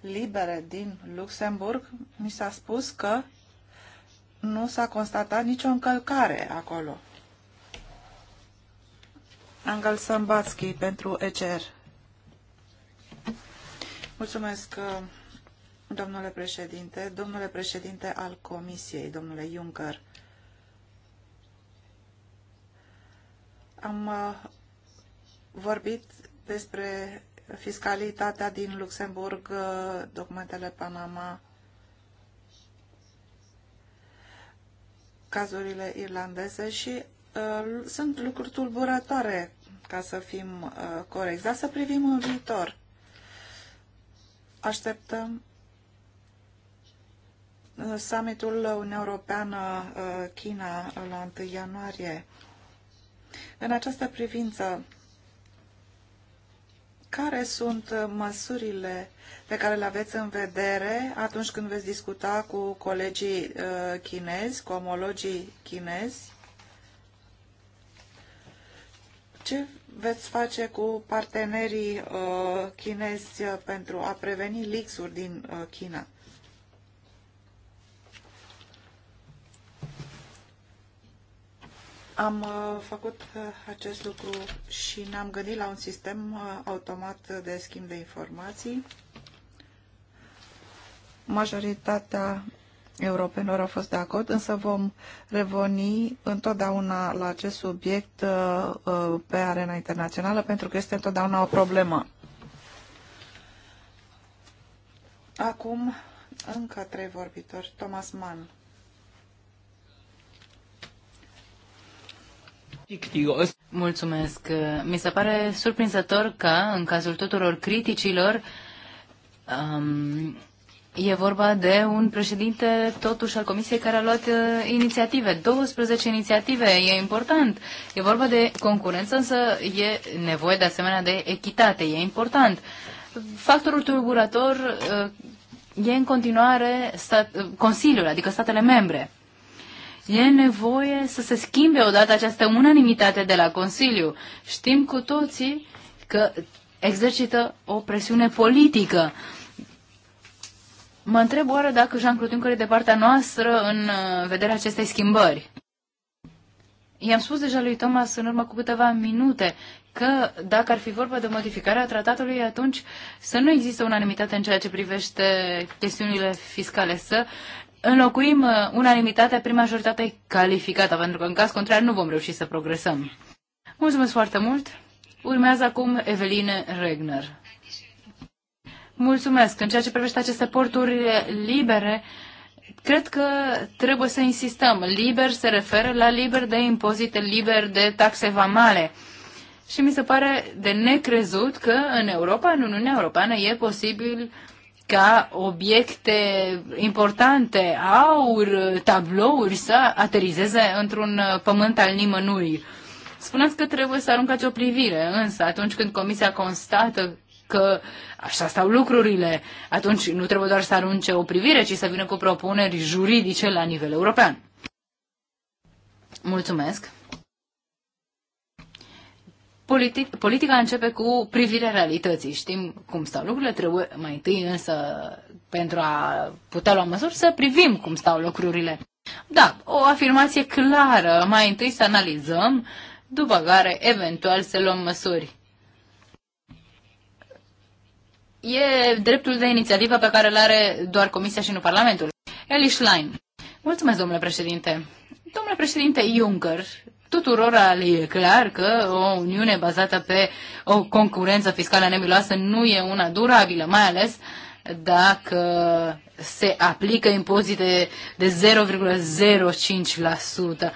[SPEAKER 1] libere din Luxemburg, mi s-a spus că nu s-a constatat nicio încălcare acolo. Angel Sambatski pentru ECR. Mulțumesc, domnule președinte, domnule președinte al Comisiei, domnule Juncker. Am uh, vorbit despre fiscalitatea din Luxemburg, uh, documentele Panama, cazurile irlandeze și uh, sunt lucruri tulburătoare, ca să fim uh, corecți, dar să privim în viitor. Așteptăm uh, summitul Uniunea Europeană-China uh, la 1 ianuarie. În această privință, care sunt uh, măsurile pe care le aveți în vedere atunci când veți discuta cu colegii uh, chinezi, cu omologii chinezi? Ce veți face cu partenerii uh, chinezi pentru a preveni lixuri din China? Am uh, făcut uh, acest lucru și ne-am gândit la un sistem uh, automat de schimb de informații. Majoritatea europenilor au fost de acord, însă vom reveni întotdeauna la acest subiect pe arena internațională, pentru că este întotdeauna o problemă. Acum, încă trei vorbitori. Thomas Mann.
[SPEAKER 2] Mulțumesc. Mi se pare surprinzător că, în cazul tuturor criticilor, um, e vorba de un președinte, totuși, al Comisiei care a luat uh, inițiative. 12 inițiative, e important. E vorba de concurență, însă e nevoie, de asemenea, de echitate. E important. Factorul tulburător uh, e în continuare stat, uh, Consiliul, adică statele membre. E nevoie să se schimbe odată această unanimitate de la Consiliu. Știm cu toții că exercită o presiune politică. Mă întreb oare dacă Jean-Claude Juncker e de partea noastră în uh, vederea acestei schimbări. I-am spus deja lui Thomas în urmă cu câteva minute că dacă ar fi vorba de modificarea tratatului, atunci să nu există unanimitate în ceea ce privește chestiunile fiscale, să înlocuim uh, unanimitatea prin majoritate calificată, pentru că în caz contrar nu vom reuși să progresăm. Mulțumesc foarte mult. Urmează acum Eveline Regner. Mulțumesc. În ceea ce privește aceste porturi libere, cred că trebuie să insistăm. Liber se referă la liber de impozite, liber de taxe vamale. Și mi se pare de necrezut că în Europa, în Uniunea Europeană, e posibil ca obiecte importante, aur, tablouri, să aterizeze într-un pământ al nimănui. Spuneți că trebuie să aruncați o privire, însă atunci când comisia constată că așa stau lucrurile, atunci nu trebuie doar să arunce o privire, ci să vină cu propuneri juridice la nivel european. Mulțumesc! politic, politica începe cu privirea realității. Știm cum stau lucrurile, trebuie mai întâi însă, pentru a putea lua măsuri, să privim cum stau lucrurile. Da, o afirmație clară, mai întâi să analizăm, după care eventual să luăm măsuri. E dreptul de inițiativă pe care îl are doar Comisia și nu Parlamentul. Eli Schlein. Mulțumesc, domnule președinte. Domnule președinte Juncker, tuturora le e clar că o uniune bazată pe o concurență fiscală nebuloasă nu e una durabilă, mai ales dacă se aplică impozite de 0,05%.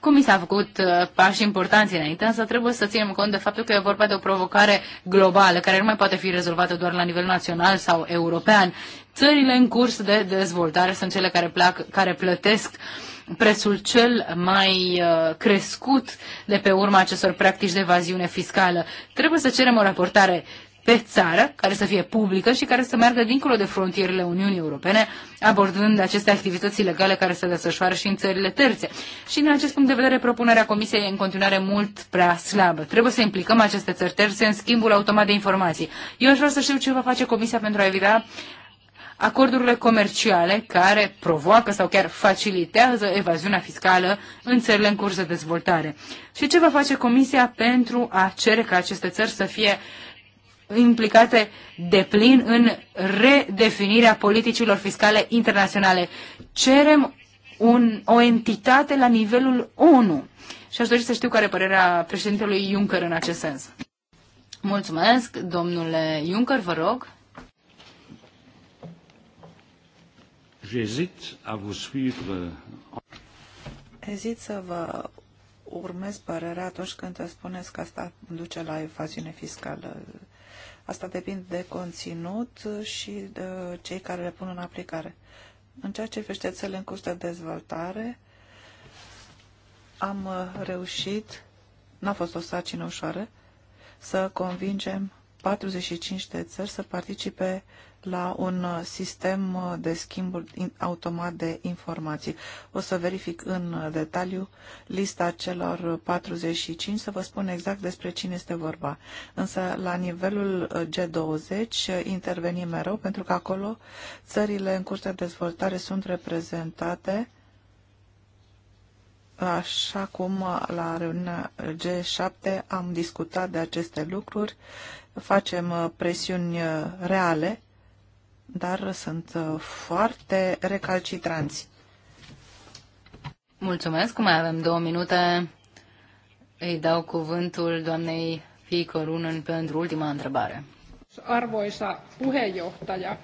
[SPEAKER 2] Cum mi s-a făcut uh, pași importanți înainte, însă trebuie să ținem cont de faptul că e vorba de o provocare globală, care nu mai poate fi rezolvată doar la nivel național sau european. Țările în curs de dezvoltare sunt cele care, plac, care plătesc uh, prețul cel mai uh, crescut de pe urma acestor practici de evaziune fiscală. Trebuie să cerem o raportare pe țară, care să fie publică și care să meargă dincolo de frontierele Uniunii Europene, abordând aceste activități ilegale care se desfășoară și în țările terțe. Și din acest punct de vedere, propunerea Comisiei e în continuare mult prea slabă. Trebuie să implicăm aceste țări terțe în schimbul automat de informații. Eu aș vrea să știu ce va face Comisia pentru a evita acordurile comerciale care provoacă sau chiar facilitează evaziunea fiscală în țările în curs de dezvoltare. Și ce va face Comisia pentru a cere ca aceste țări să fie implicate de plin în redefinirea politicilor fiscale internaționale. Cerem un, o entitate la nivelul ONU. Și aș dori să știu care e părerea președintelui Juncker în acest sens. Mulțumesc, domnule Juncker, vă rog.
[SPEAKER 1] J'hésite à vous suivre. Ezit să vă urmez părerea atunci când spuneți că asta duce la evaziune fiscală. Asta depinde de conținut și de cei care le pun în aplicare. În ceea ce privește țele în curs de dezvoltare, am reușit, n-a fost o sacină ușoară, să convingem 45 de țări să participe la un uh, sistem uh, de schimb automat de informații. O să verific în uh, detaliu lista celor 45 să vă spun exact despre cine este vorba. Însă la nivelul G20 intervenim mereu pentru că acolo țările în curs de dezvoltare sunt reprezentate Așa cum la reuniunea G7 am discutat de aceste lucruri, facem presiuni reale
[SPEAKER 2] dar sunt uh, foarte recalcitranți. Mulțumesc, mai avem două minute. Îi dau cuvântul doamnei Fico Runen pentru ultima întrebare. Arvoisa puheenjohtaja,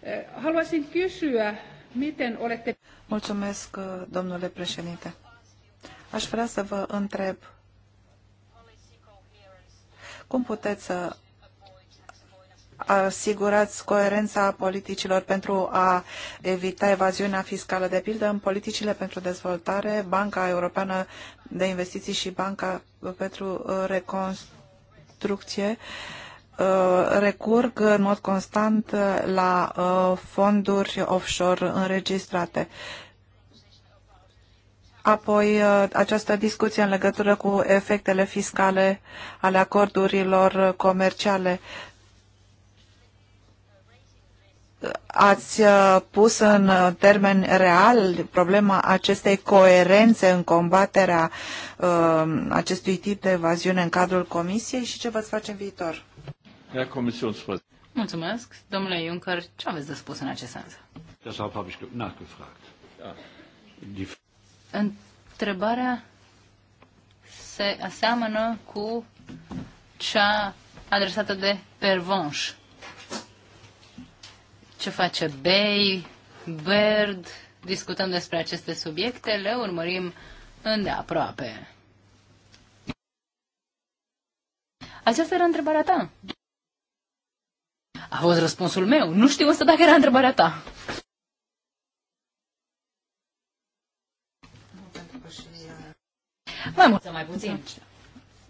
[SPEAKER 1] eh, haluaisin kysyä, miten olette... Mulțumesc, eh, domnule președinte. Aș vrea să vă întreb cum puteți să asigurați coerența politicilor pentru a evita evaziunea fiscală. De pildă, în politicile pentru dezvoltare, Banca Europeană de Investiții și Banca pentru uh, Reconstrucție uh, recurg în mod constant uh, la fonduri offshore înregistrate. Apoi, această discuție în legătură cu efectele fiscale ale acordurilor comerciale ați uh, pus în uh, termen real problema acestei coerențe în combaterea uh, acestui tip de evaziune în cadrul Comisiei și ce veți face în viitor? Mulțumesc.
[SPEAKER 2] Domnule Juncker, ce aveți de spus în acest sens?
[SPEAKER 1] Deshalb habe ich nachgefragt.
[SPEAKER 2] Întrebarea se aseamănă cu cea adresată de Pervonș ce face Bay, Bird, discutăm despre aceste subiecte, le urmărim îndeaproape. Aceasta era întrebarea ta. A fost răspunsul meu. Nu știu însă dacă era întrebarea ta. Mai mult sau mai puțin.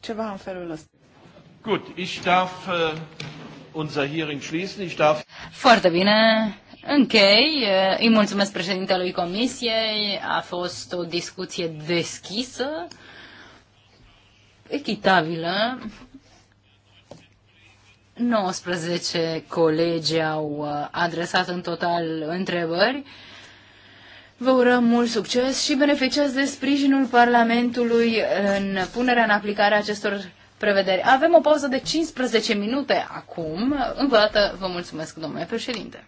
[SPEAKER 2] Ceva în felul ăsta.
[SPEAKER 1] Gut, ich darf uh, unser Hearing schließen.
[SPEAKER 2] Ich darf foarte bine. Închei. Îi mulțumesc președintelui Comisiei. A fost o discuție deschisă, echitabilă. 19 colegi au uh, adresat în total întrebări. Vă urăm mult succes și beneficiați de sprijinul Parlamentului în punerea în aplicare acestor prevederi. Avem o pauză de 15 minute acum. Încă o dată vă mulțumesc, domnule președinte.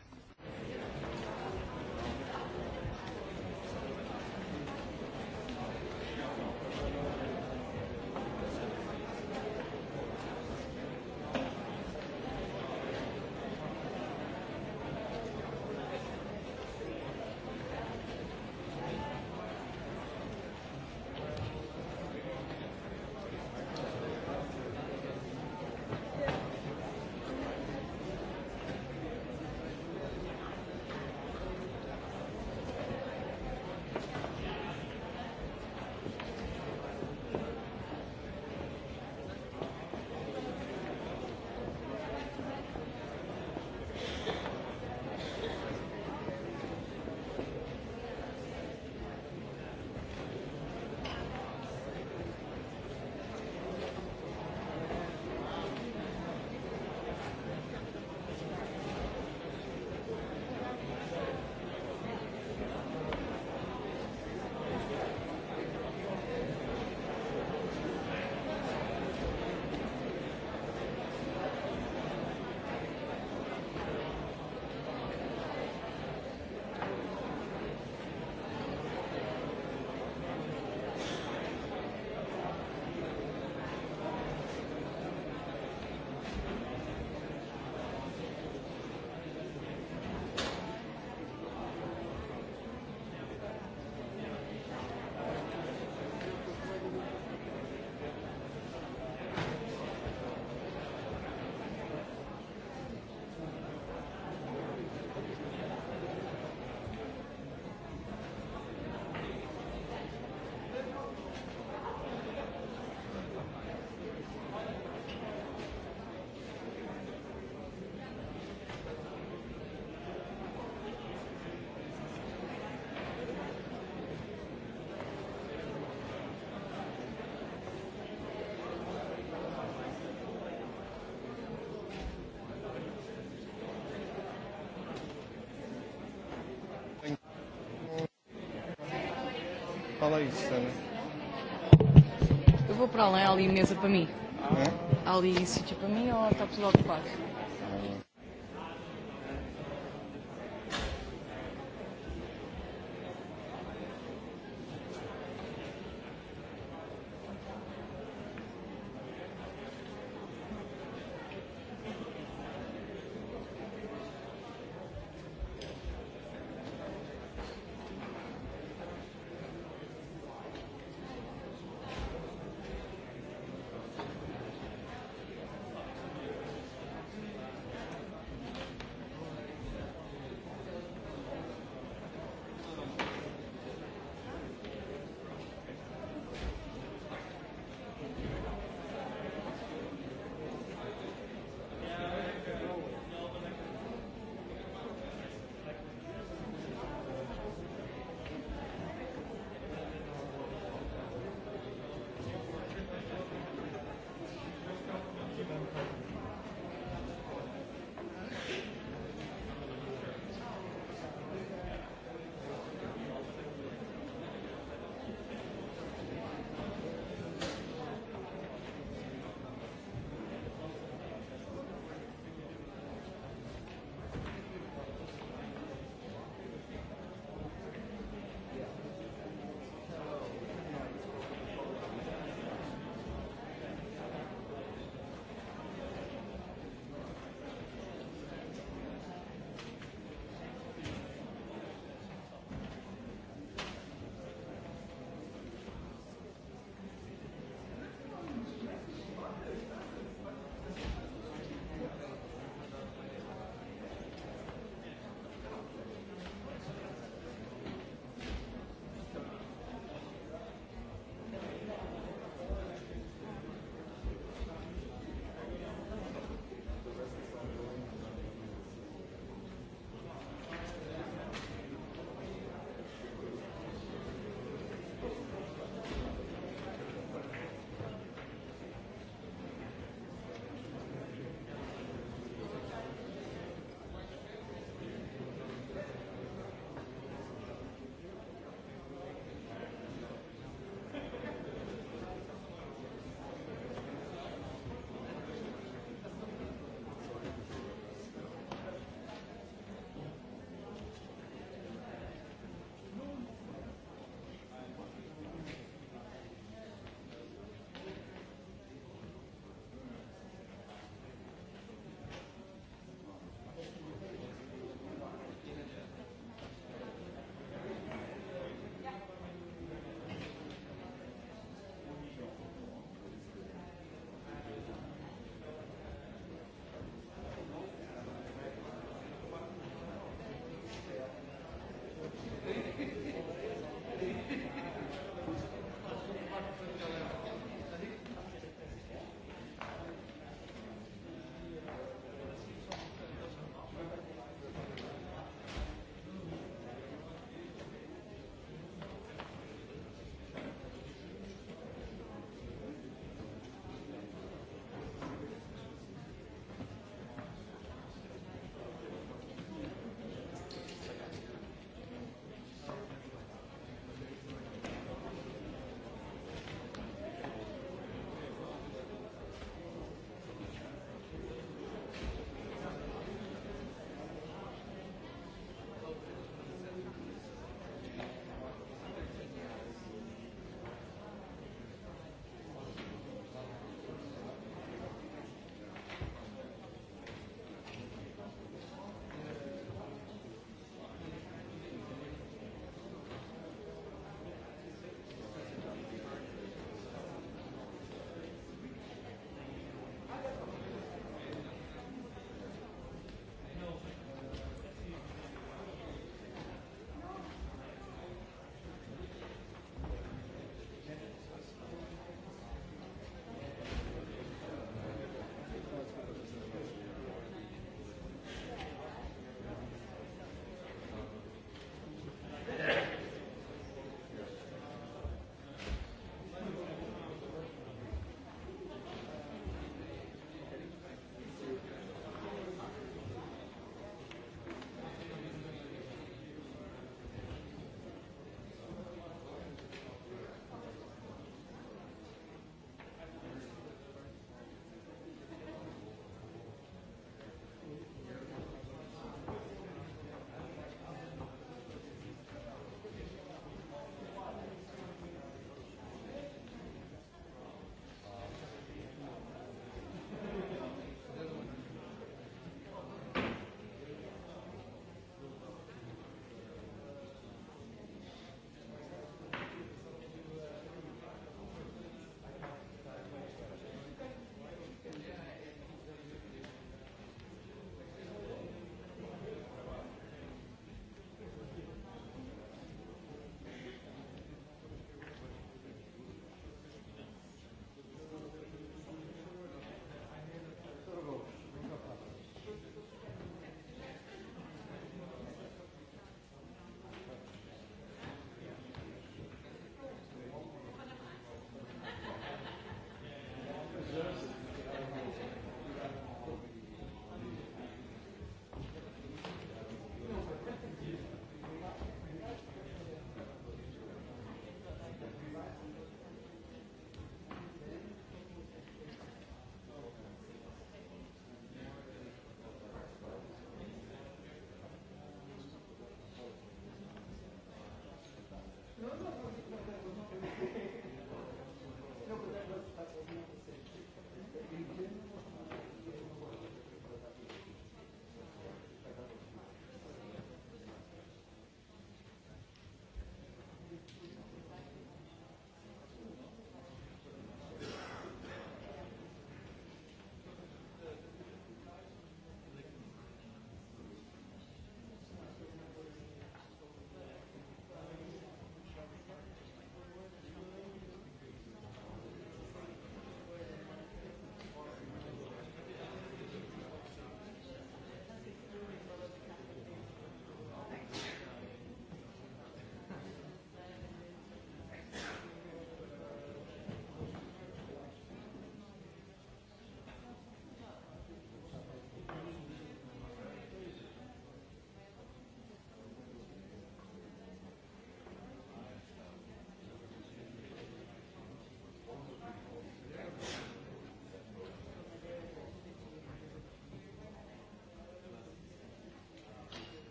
[SPEAKER 2] fala isso, sabe? Eu vou para lá, é ali mesa para mim. É? Há ali sítio para mim ou está tudo ocupado?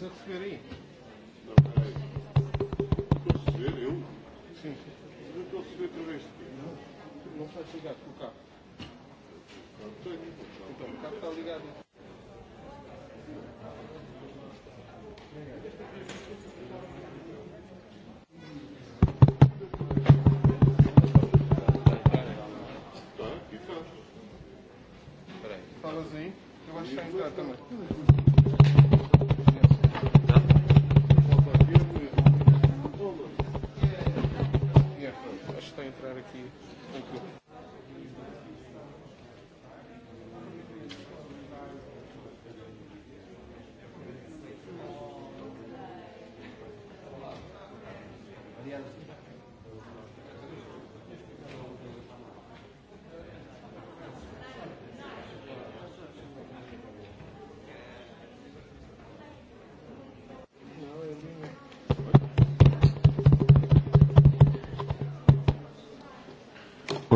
[SPEAKER 3] mas eu Nu Não, peraí. Receber eu? Sim. Mas eu estou a receber através de Não, não está ligado com o cabo. Então, o cabo está ligado.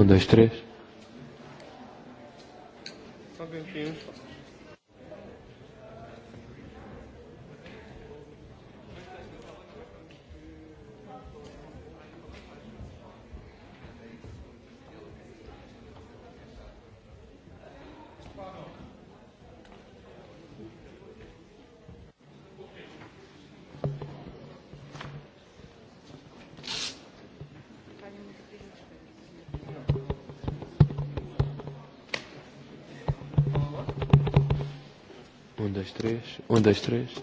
[SPEAKER 2] 2, 3. unde-și trăiești? Unde-și trăiești?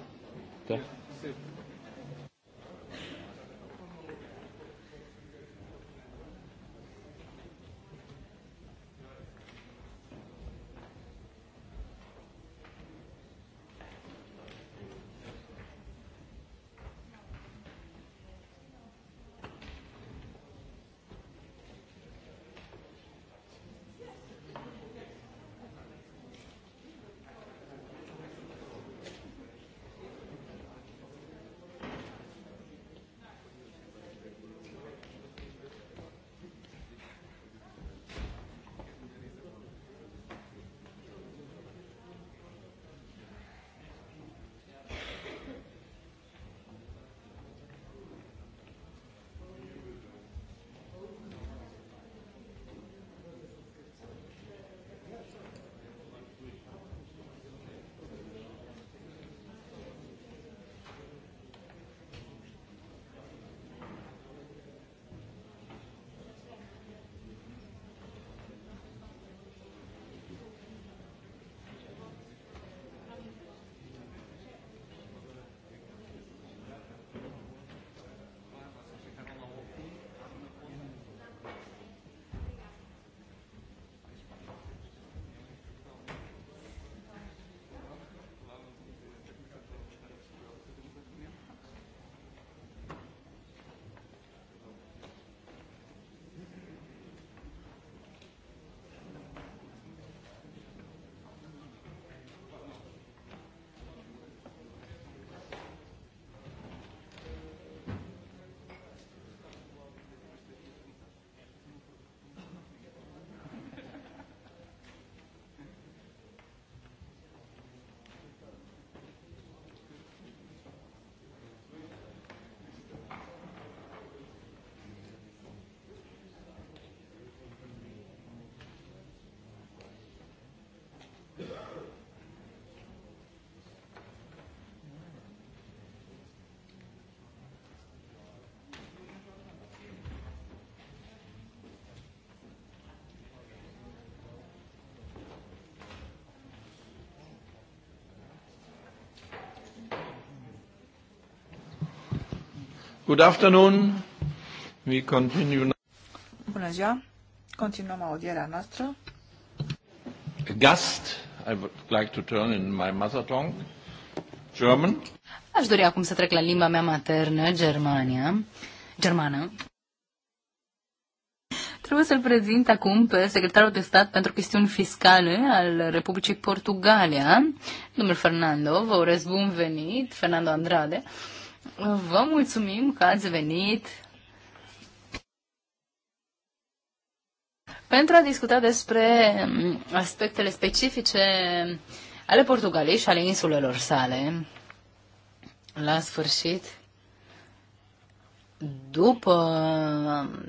[SPEAKER 1] Good afternoon. We continue Bună
[SPEAKER 2] ziua. Continuăm audierea noastră.
[SPEAKER 1] Gast, I would like to turn in my mother tongue, German.
[SPEAKER 2] Aș dori acum să trec la limba mea maternă, Germania, germană. Trebuie să-l prezint acum pe secretarul de stat pentru chestiuni fiscale al Republicii Portugalia, domnul Fernando. Vă urez bun venit, Fernando Andrade. Uh, Vă mulțumim că ați venit pentru a discuta despre mm, aspectele specifice ale Portugaliei și ale insulelor sale. La sfârșit, după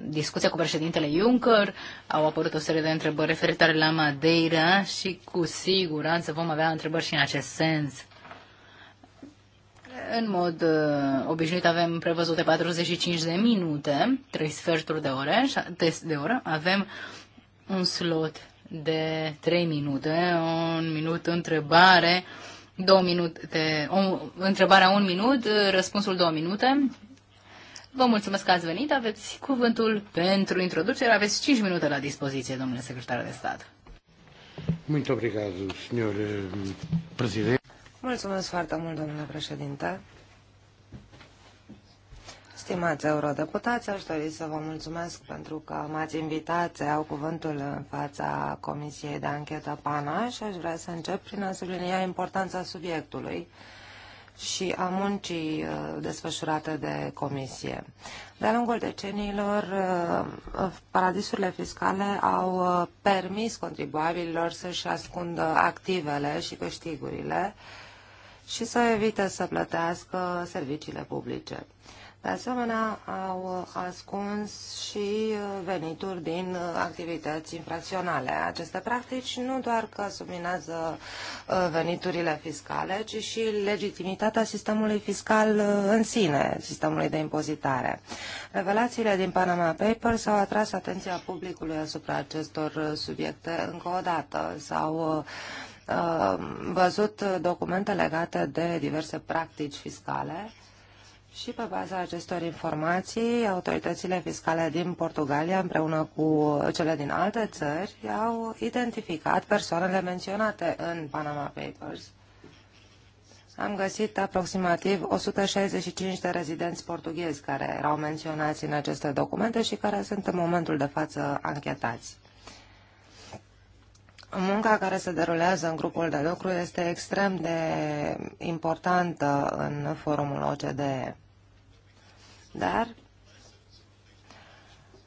[SPEAKER 2] discuția cu președintele Juncker, au apărut o serie de întrebări referitoare la Madeira și cu siguranță vom avea întrebări și în acest sens. În mod uh, obișnuit avem prevăzute 45 de minute, 3 sferturi de, ore, de oră. Avem un slot de 3 minute, un minut întrebare, două minute, o, întrebarea un minut, răspunsul două minute. Vă mulțumesc că ați venit, aveți cuvântul pentru introducere, aveți 5 minute la dispoziție, domnule secretar de stat. Muito obrigado, senhor eh, presidente. Mulțumesc foarte mult, domnule președinte.
[SPEAKER 3] Stimați eurodeputați, aș dori să vă mulțumesc pentru că m-ați invitat să iau cuvântul în fața Comisiei de Anchetă PANA și aș vrea să încep prin a sublinia importanța subiectului și a muncii uh, desfășurate de comisie. De-a lungul deceniilor, uh, uh, paradisurile fiscale au permis contribuabililor să-și ascundă activele și câștigurile, și să evite să plătească serviciile publice. De asemenea, au ascuns și venituri din activități infracționale. Aceste practici nu doar că subminează uh, veniturile fiscale, ci și legitimitatea sistemului fiscal uh, în sine, sistemului de impozitare. Revelațiile din Panama Papers au atras atenția publicului asupra acestor uh, subiecte încă o dată. S-au uh, văzut documente legate de diverse practici fiscale și pe baza acestor informații, autoritățile fiscale din Portugalia, împreună cu cele din alte țări, au identificat persoanele menționate în Panama Papers. Am găsit aproximativ 165 de rezidenți portughezi care erau menționați în aceste documente și care sunt în momentul de față anchetați. Munca care se derulează în grupul de lucru este extrem de importantă în forumul OCDE. Dar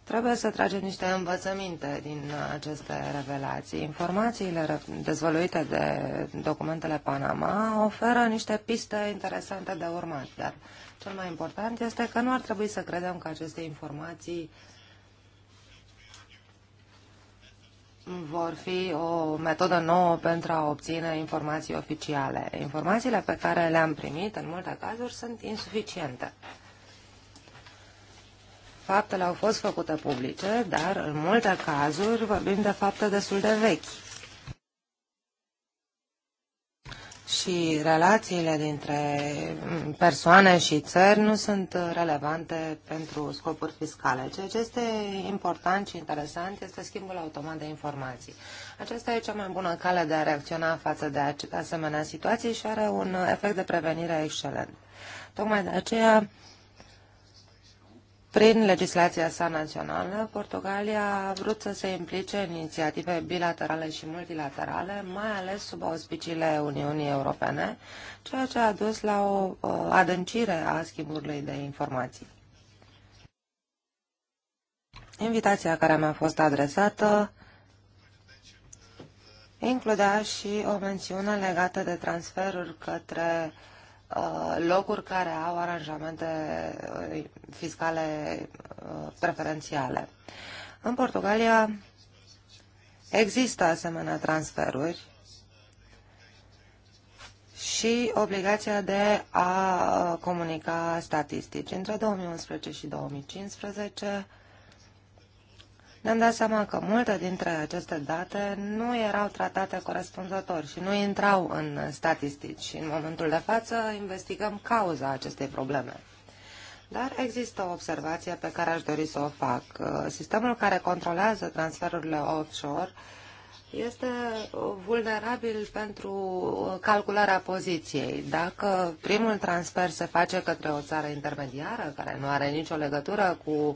[SPEAKER 3] Trebuie să tragem niște învățăminte din aceste revelații. Informațiile dezvăluite de documentele Panama oferă niște piste interesante de urmat, dar cel mai important este că nu ar trebui să credem că aceste informații uh, vor fi o metodă nouă pentru a obține informații oficiale. Informațiile pe care le-am primit, în multe cazuri, sunt insuficiente. Faptele au fost făcute publice, dar în multe cazuri vorbim de fapte destul de vechi. și relațiile dintre persoane și țări nu sunt relevante pentru scopuri fiscale. Ceea ce este important și interesant este schimbul automat de informații. Aceasta e cea mai bună cale de a reacționa față de asemenea situații și are un efect de prevenire excelent. Tocmai de aceea prin legislația sa națională, Portugalia a vrut să se implice în inițiative bilaterale și multilaterale, mai ales sub auspiciile Uniunii Europene, ceea ce a dus la o adâncire a schimburilor de informații. Invitația care mi-a fost adresată includea și o mențiune legată de transferuri către uh, Uh, locuri care au aranjamente uh, fiscale uh, preferențiale. În Portugalia există asemenea transferuri și obligația de a comunica statistici. Între 2011 și 2015 ne-am dat seama că multe dintre aceste date nu erau tratate corespunzător și nu intrau în statistici și în momentul de față investigăm cauza acestei probleme. Dar există o observație pe care aș dori să o fac. Sistemul care controlează transferurile offshore uh, este vulnerabil pentru calcularea poziției. Dacă primul transfer se face către o țară intermediară, care nu are nicio legătură cu uh,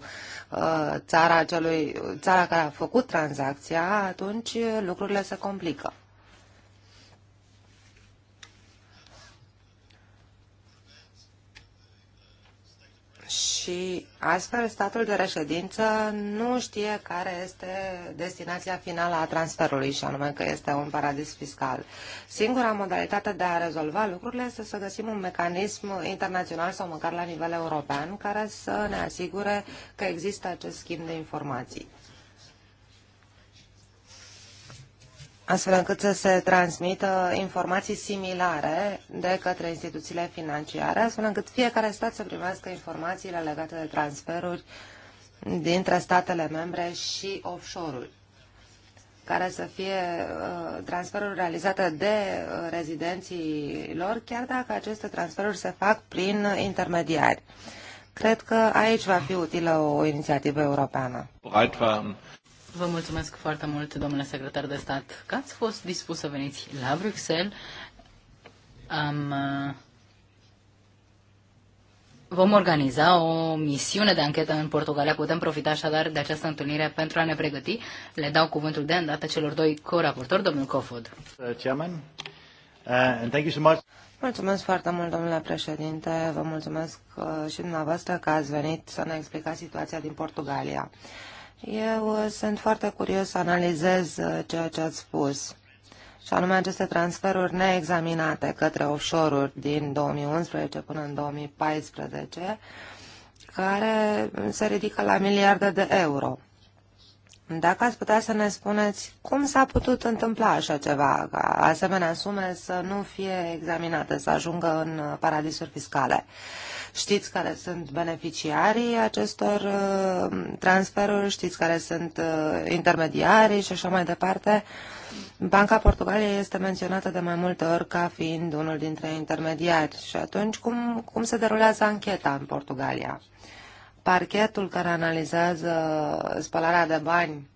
[SPEAKER 3] țara, celui, țara care a făcut tranzacția, atunci lucrurile se complică. și astfel statul de reședință nu știe care este destinația finală a transferului și anume că este un paradis fiscal. Singura modalitate de a rezolva lucrurile este să găsim un mecanism internațional sau măcar la nivel european care să ne asigure că există acest schimb de informații. astfel încât să se transmită informații similare de către instituțiile financiare, astfel încât fiecare stat să primească informațiile legate de transferuri dintre statele membre și offshore-uri, care să fie uh, transferuri realizate de uh, rezidenții lor, chiar dacă aceste transferuri se fac prin intermediari. Cred că aici va fi utilă o inițiativă europeană.
[SPEAKER 2] Vă mulțumesc foarte mult, domnule secretar de stat, că ați fost dispus să veniți la Bruxelles. Am, uh, vom organiza o misiune de anchetă în Portugalia. Putem profita așadar de această întâlnire pentru a ne pregăti. Le dau cuvântul de îndată celor doi co-raportori, domnul Cofod. Uh, chairman, uh,
[SPEAKER 1] and thank you so much.
[SPEAKER 2] Mulțumesc foarte mult, domnule președinte. Vă mulțumesc
[SPEAKER 3] și dumneavoastră că ați venit să ne explicați situația din Portugalia. Eu uh, sunt foarte curios să analizez uh, ceea ce ați spus, și anume aceste transferuri neexaminate către offshore-uri din 2011 până în 2014, care se ridică la miliarde de euro. Dacă ați putea să ne spuneți cum s-a putut întâmpla așa ceva, ca asemenea sume să nu fie examinate, să ajungă în paradisuri fiscale. Știți care sunt beneficiarii acestor uh, transferuri, știți care sunt uh, intermediarii și așa mai departe. Banca Portugaliei este menționată de mai multe ori ca fiind unul dintre intermediari și atunci cum, cum se derulează ancheta în Portugalia? parchetul care analizează spălarea de bani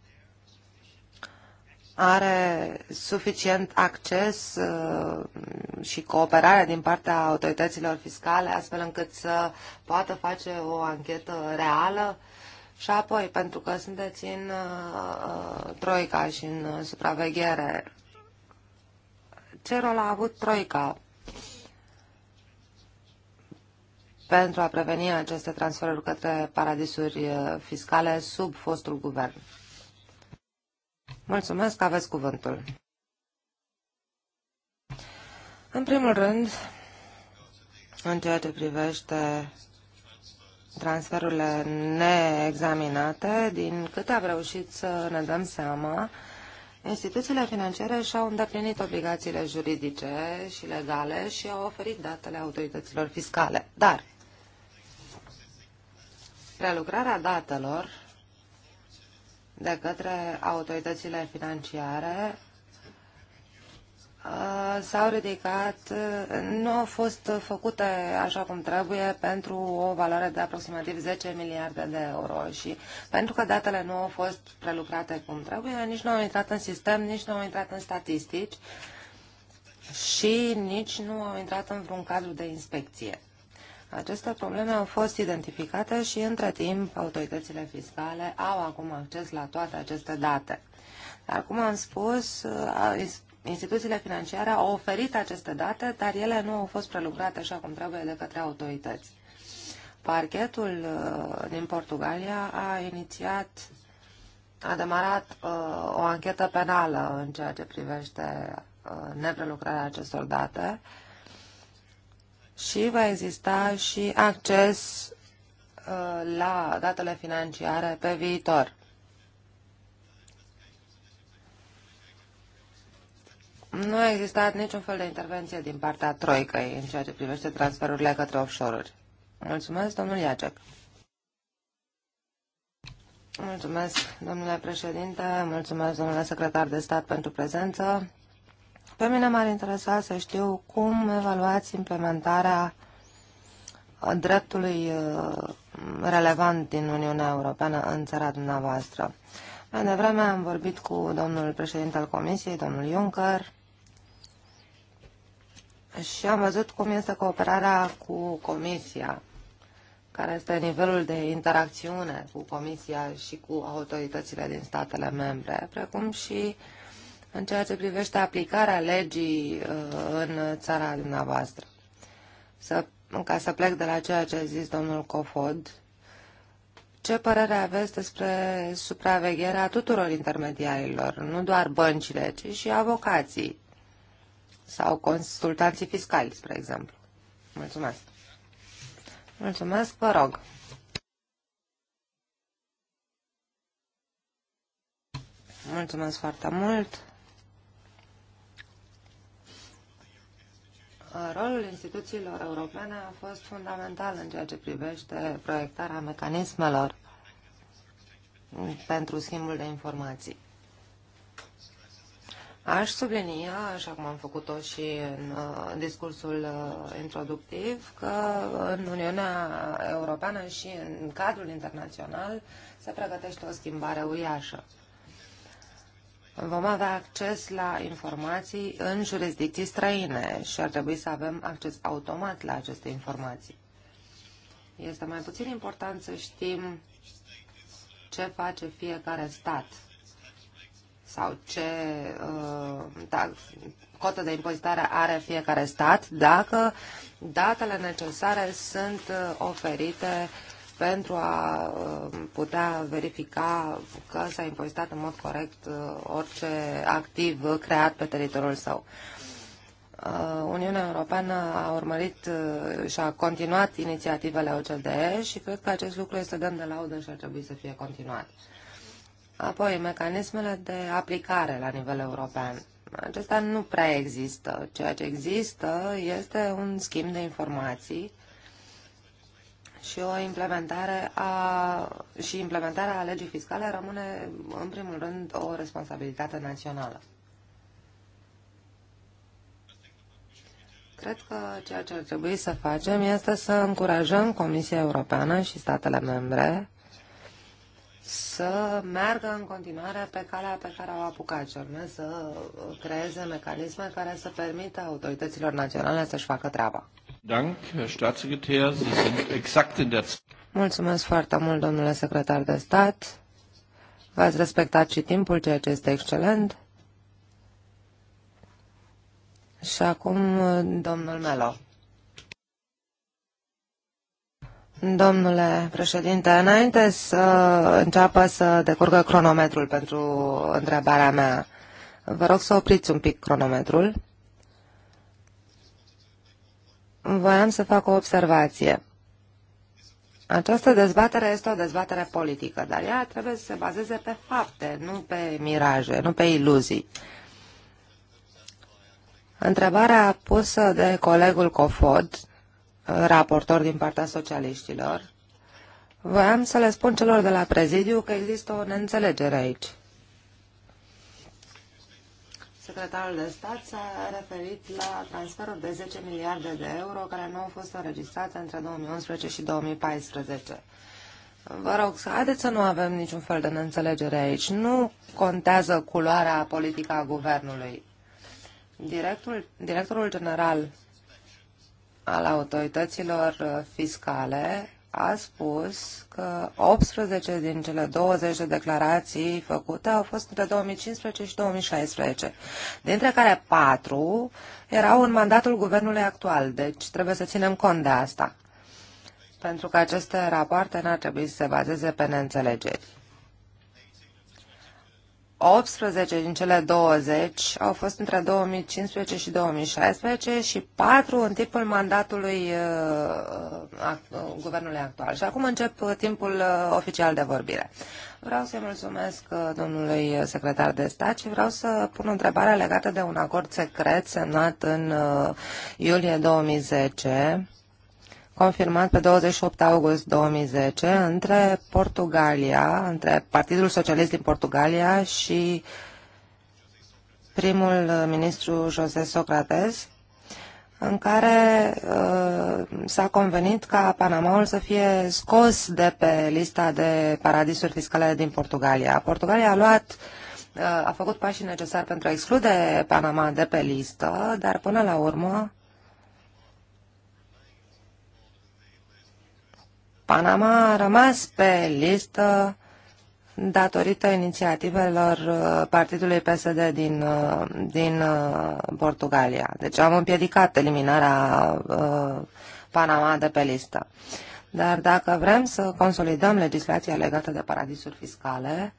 [SPEAKER 3] are suficient acces uh, și cooperare din partea autorităților fiscale, astfel încât să poată face o anchetă reală? Și apoi, pentru că sunteți în uh, uh Troica și în supraveghere, ce rol a avut Troica pentru a preveni aceste transferuri către paradisuri uh, fiscale sub fostul guvern. Mulțumesc, aveți cuvântul. În primul rând, în ceea ce privește transferurile neexaminate, din câte am reușit să ne dăm seama, instituțiile financiare și-au îndeplinit obligațiile juridice și legale și au oferit datele autorităților fiscale. Dar prelucrarea datelor de către autoritățile financiare uh, s-au ridicat, uh, nu au fost făcute așa cum trebuie pentru o valoare de aproximativ 10 miliarde de euro și pentru că datele nu au fost prelucrate cum trebuie, nici nu au intrat în sistem, nici nu au intrat în statistici și nici nu au intrat în vreun cadru de inspecție. Aceste probleme au fost identificate și între timp autoritățile fiscale au acum acces la toate aceste date. Dar cum am spus, instituțiile financiare au oferit aceste date, dar ele nu au fost prelucrate așa cum trebuie de către autorități. Parchetul uh, din Portugalia a inițiat, a demarat uh, o anchetă penală în ceea ce privește uh, neprelucrarea acestor date și va exista și acces uh, la datele financiare pe viitor. Nu a existat niciun fel de intervenție din partea Troicăi în ceea ce privește transferurile către offshore-uri. Mulțumesc, domnul Iacek. Mulțumesc, domnule președinte, mulțumesc, domnule secretar de stat, pentru prezență. Pe mine m-ar interesa să știu cum evaluați implementarea dreptului uh, relevant din Uniunea Europeană în țara dumneavoastră. Mai devreme am vorbit cu domnul președinte al Comisiei, domnul Juncker, și am văzut cum este cooperarea cu Comisia, care este nivelul de interacțiune cu Comisia și cu autoritățile din statele membre, precum și uh, în ceea ce privește aplicarea legii uh, în țara dumneavoastră. Să, ca să plec de la ceea ce a zis domnul Cofod, ce părere aveți despre supravegherea tuturor intermediarilor, nu doar băncile, ci și avocații sau consultanții fiscali, spre exemplu? Mulțumesc. Mulțumesc, vă rog. Mulțumesc foarte mult. rolul instituțiilor europene a fost fundamental în ceea ce privește proiectarea mecanismelor pentru schimbul de informații. Aș sublinia, așa cum am făcut-o și în uh, discursul uh, introductiv, că în Uniunea Europeană și în cadrul internațional se pregătește o schimbare uriașă vom avea acces la informații în jurisdicții străine și ar trebui să avem acces automat la aceste informații. Este mai puțin important să știm ce face fiecare stat sau ce uh, da, cotă de impozitare are fiecare stat dacă datele necesare sunt uh, oferite pentru a uh, putea verifica că s-a impozitat în mod corect uh, orice activ creat pe teritoriul său. Uh, Uniunea Europeană a urmărit și a continuat inițiativele OCDE și cred că acest lucru este dăm de laudă și ar trebui să fie continuat. Apoi, mecanismele de aplicare la nivel european. Acesta nu prea există. Ceea ce există este un schimb de informații și o implementare a, și implementarea a legii fiscale rămâne în primul rând o responsabilitate națională. Cred că ceea ce ar trebui să facem este să încurajăm Comisia Europeană și statele membre să meargă în continuare pe calea pe care au apucat și urme să creeze mecanisme care să permită autorităților naționale să-și facă treaba.
[SPEAKER 1] Dank, Herr Staatssekretär. Sie sind in der
[SPEAKER 3] Mulțumesc foarte mult, domnule secretar de stat. V-ați respectat și timpul, ceea ce este excelent. Și acum, domnul Melo. Domnule președinte, înainte să înceapă să decurgă cronometrul pentru întrebarea mea, vă rog să opriți un pic cronometrul voiam să fac o observație. Această dezbatere este o dezbatere politică, dar ea trebuie să se bazeze pe fapte, nu pe miraje, nu pe iluzii. Întrebarea pusă de colegul Cofod, raportor din partea socialiștilor, voiam să le spun celor de la prezidiu că există o neînțelegere aici secretarul de stat s-a referit la transferuri de 10 miliarde de euro care nu au fost înregistrate între 2011 și 2014. Vă rog, să haideți să nu avem niciun fel de neînțelegere aici. Nu contează culoarea politică a guvernului. Directul, directorul general al autorităților uh, fiscale a spus că 18 din cele 20 de declarații făcute au fost între 2015 și 2016, dintre care 4 erau în mandatul guvernului actual, deci trebuie să ținem cont de asta, pentru că aceste rapoarte n-ar trebui să se bazeze pe neînțelegeri. 18 din cele 20 au fost între 2015 și 2016 și 4 în timpul mandatului uh, act, uh, guvernului actual. Și acum încep uh, timpul oficial de vorbire. Vreau să-i mulțumesc domnului secretar de stat și vreau să pun o întrebare legată de un acord secret semnat în iulie 2010 confirmat pe 28 august 2010 între Portugalia, între Partidul Socialist din Portugalia și primul ministru José Socrates, în care uh, s-a convenit ca Panamaul să fie scos de pe lista de paradisuri fiscale din Portugalia. Portugalia a luat uh, a făcut pașii necesari pentru a exclude Panama de pe listă, dar până la urmă Panama a rămas pe listă datorită inițiativelor uh, partidului PSD din, uh, din uh, Portugalia. Deci am împiedicat eliminarea Panama de pe listă. Dar dacă vrem să consolidăm legislația legată de paradisuri fiscale,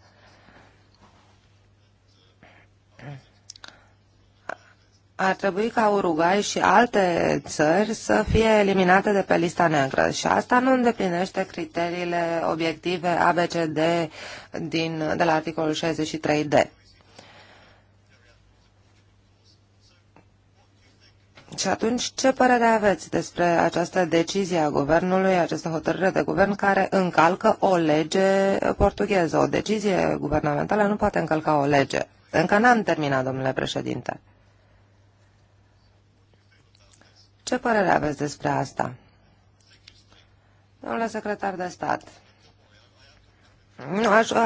[SPEAKER 3] ar trebui ca Uruguay și alte țări să fie eliminate de pe lista neagră și asta nu îndeplinește criteriile obiective ABCD din, de la articolul 63D. Și atunci, ce părere aveți despre această decizie a guvernului, această hotărâre de guvern care încalcă o lege portugheză? O decizie guvernamentală nu poate încălca o lege. Încă n-am terminat, domnule președinte. Ce părere aveți despre asta? Domnule secretar de stat,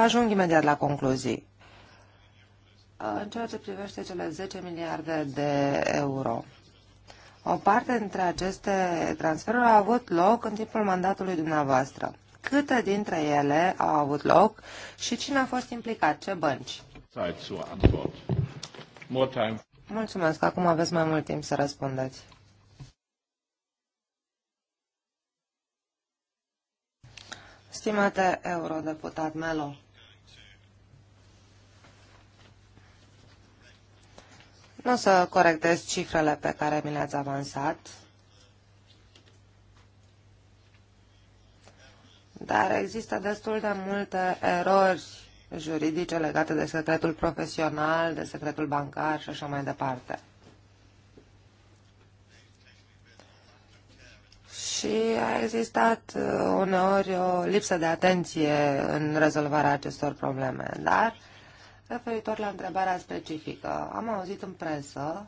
[SPEAKER 3] ajung imediat la concluzii. În ceea ce privește cele 10 miliarde de euro, o parte dintre aceste transferuri au avut loc în timpul mandatului dumneavoastră. Câte dintre ele au avut loc și cine a fost implicat? Ce bănci? Mulțumesc. Acum aveți mai mult timp să răspundeți. Stimate eurodeputat Melo, nu o să corectez cifrele pe care mi le-ați avansat, dar există destul de multe erori juridice legate de secretul profesional, de secretul bancar și așa mai departe. și a existat uh, uneori o lipsă de atenție în rezolvarea acestor probleme. Dar, referitor la întrebarea specifică, am auzit în presă,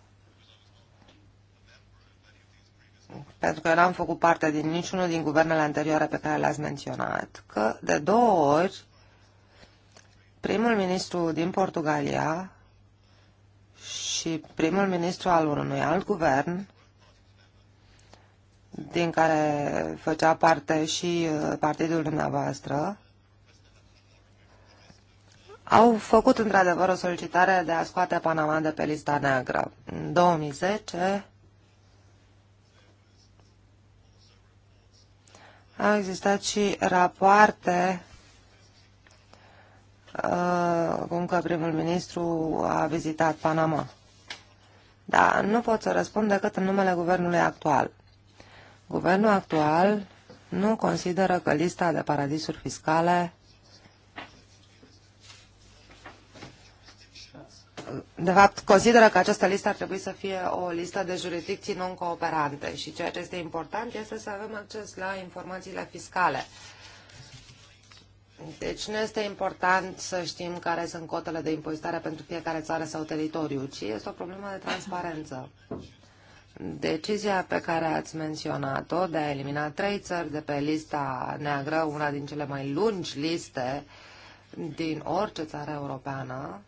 [SPEAKER 3] pentru că eu n-am făcut parte din niciunul din guvernele anterioare pe care le-ați menționat, că de două ori primul ministru din Portugalia și primul ministru al unui alt guvern din care făcea parte și uh, partidul dumneavoastră, au făcut într-adevăr o solicitare de a scoate Panama de pe lista neagră. În 2010 au existat și rapoarte uh, cum că primul ministru a vizitat Panama. Dar nu pot să răspund decât în numele guvernului actual. Guvernul actual nu consideră că lista de paradisuri fiscale de fapt, consideră că această listă ar trebui să fie o listă de jurisdicții non-cooperante și ceea ce este important este să avem acces la informațiile fiscale. Deci nu este important să știm care sunt cotele de impozitare pentru fiecare țară sau teritoriu, ci este o problemă de transparență. Decizia pe care ați menționat-o de a elimina trei țări de pe lista neagră, una din cele mai lungi liste din orice țară europeană,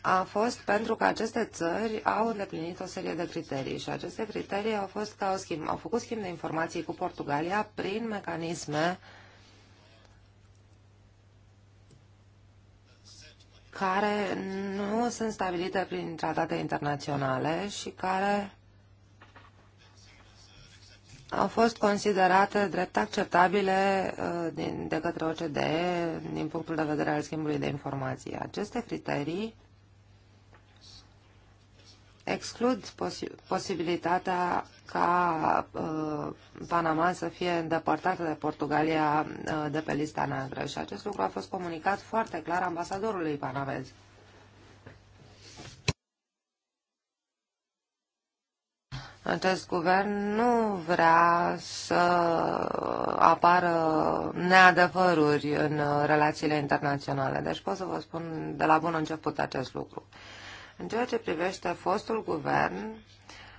[SPEAKER 3] a fost pentru că aceste țări au îndeplinit o serie de criterii și aceste criterii au fost că au, schimb, au făcut schimb de informații cu Portugalia prin mecanisme uh, care nu sunt stabilite prin tratate internaționale și care au fost considerate drept acceptabile uh, de către OCDE din punctul de vedere al schimbului de informații. Aceste criterii exclud posi posibilitatea ca uh, Panama să fie îndepărtată de Portugalia uh, de pe lista neagră și acest lucru a fost comunicat foarte clar ambasadorului panamez. Acest guvern nu vrea să apară neadevăruri în uh, relațiile internaționale, deci pot să vă spun de la bun început acest lucru. În ceea ce privește fostul guvern,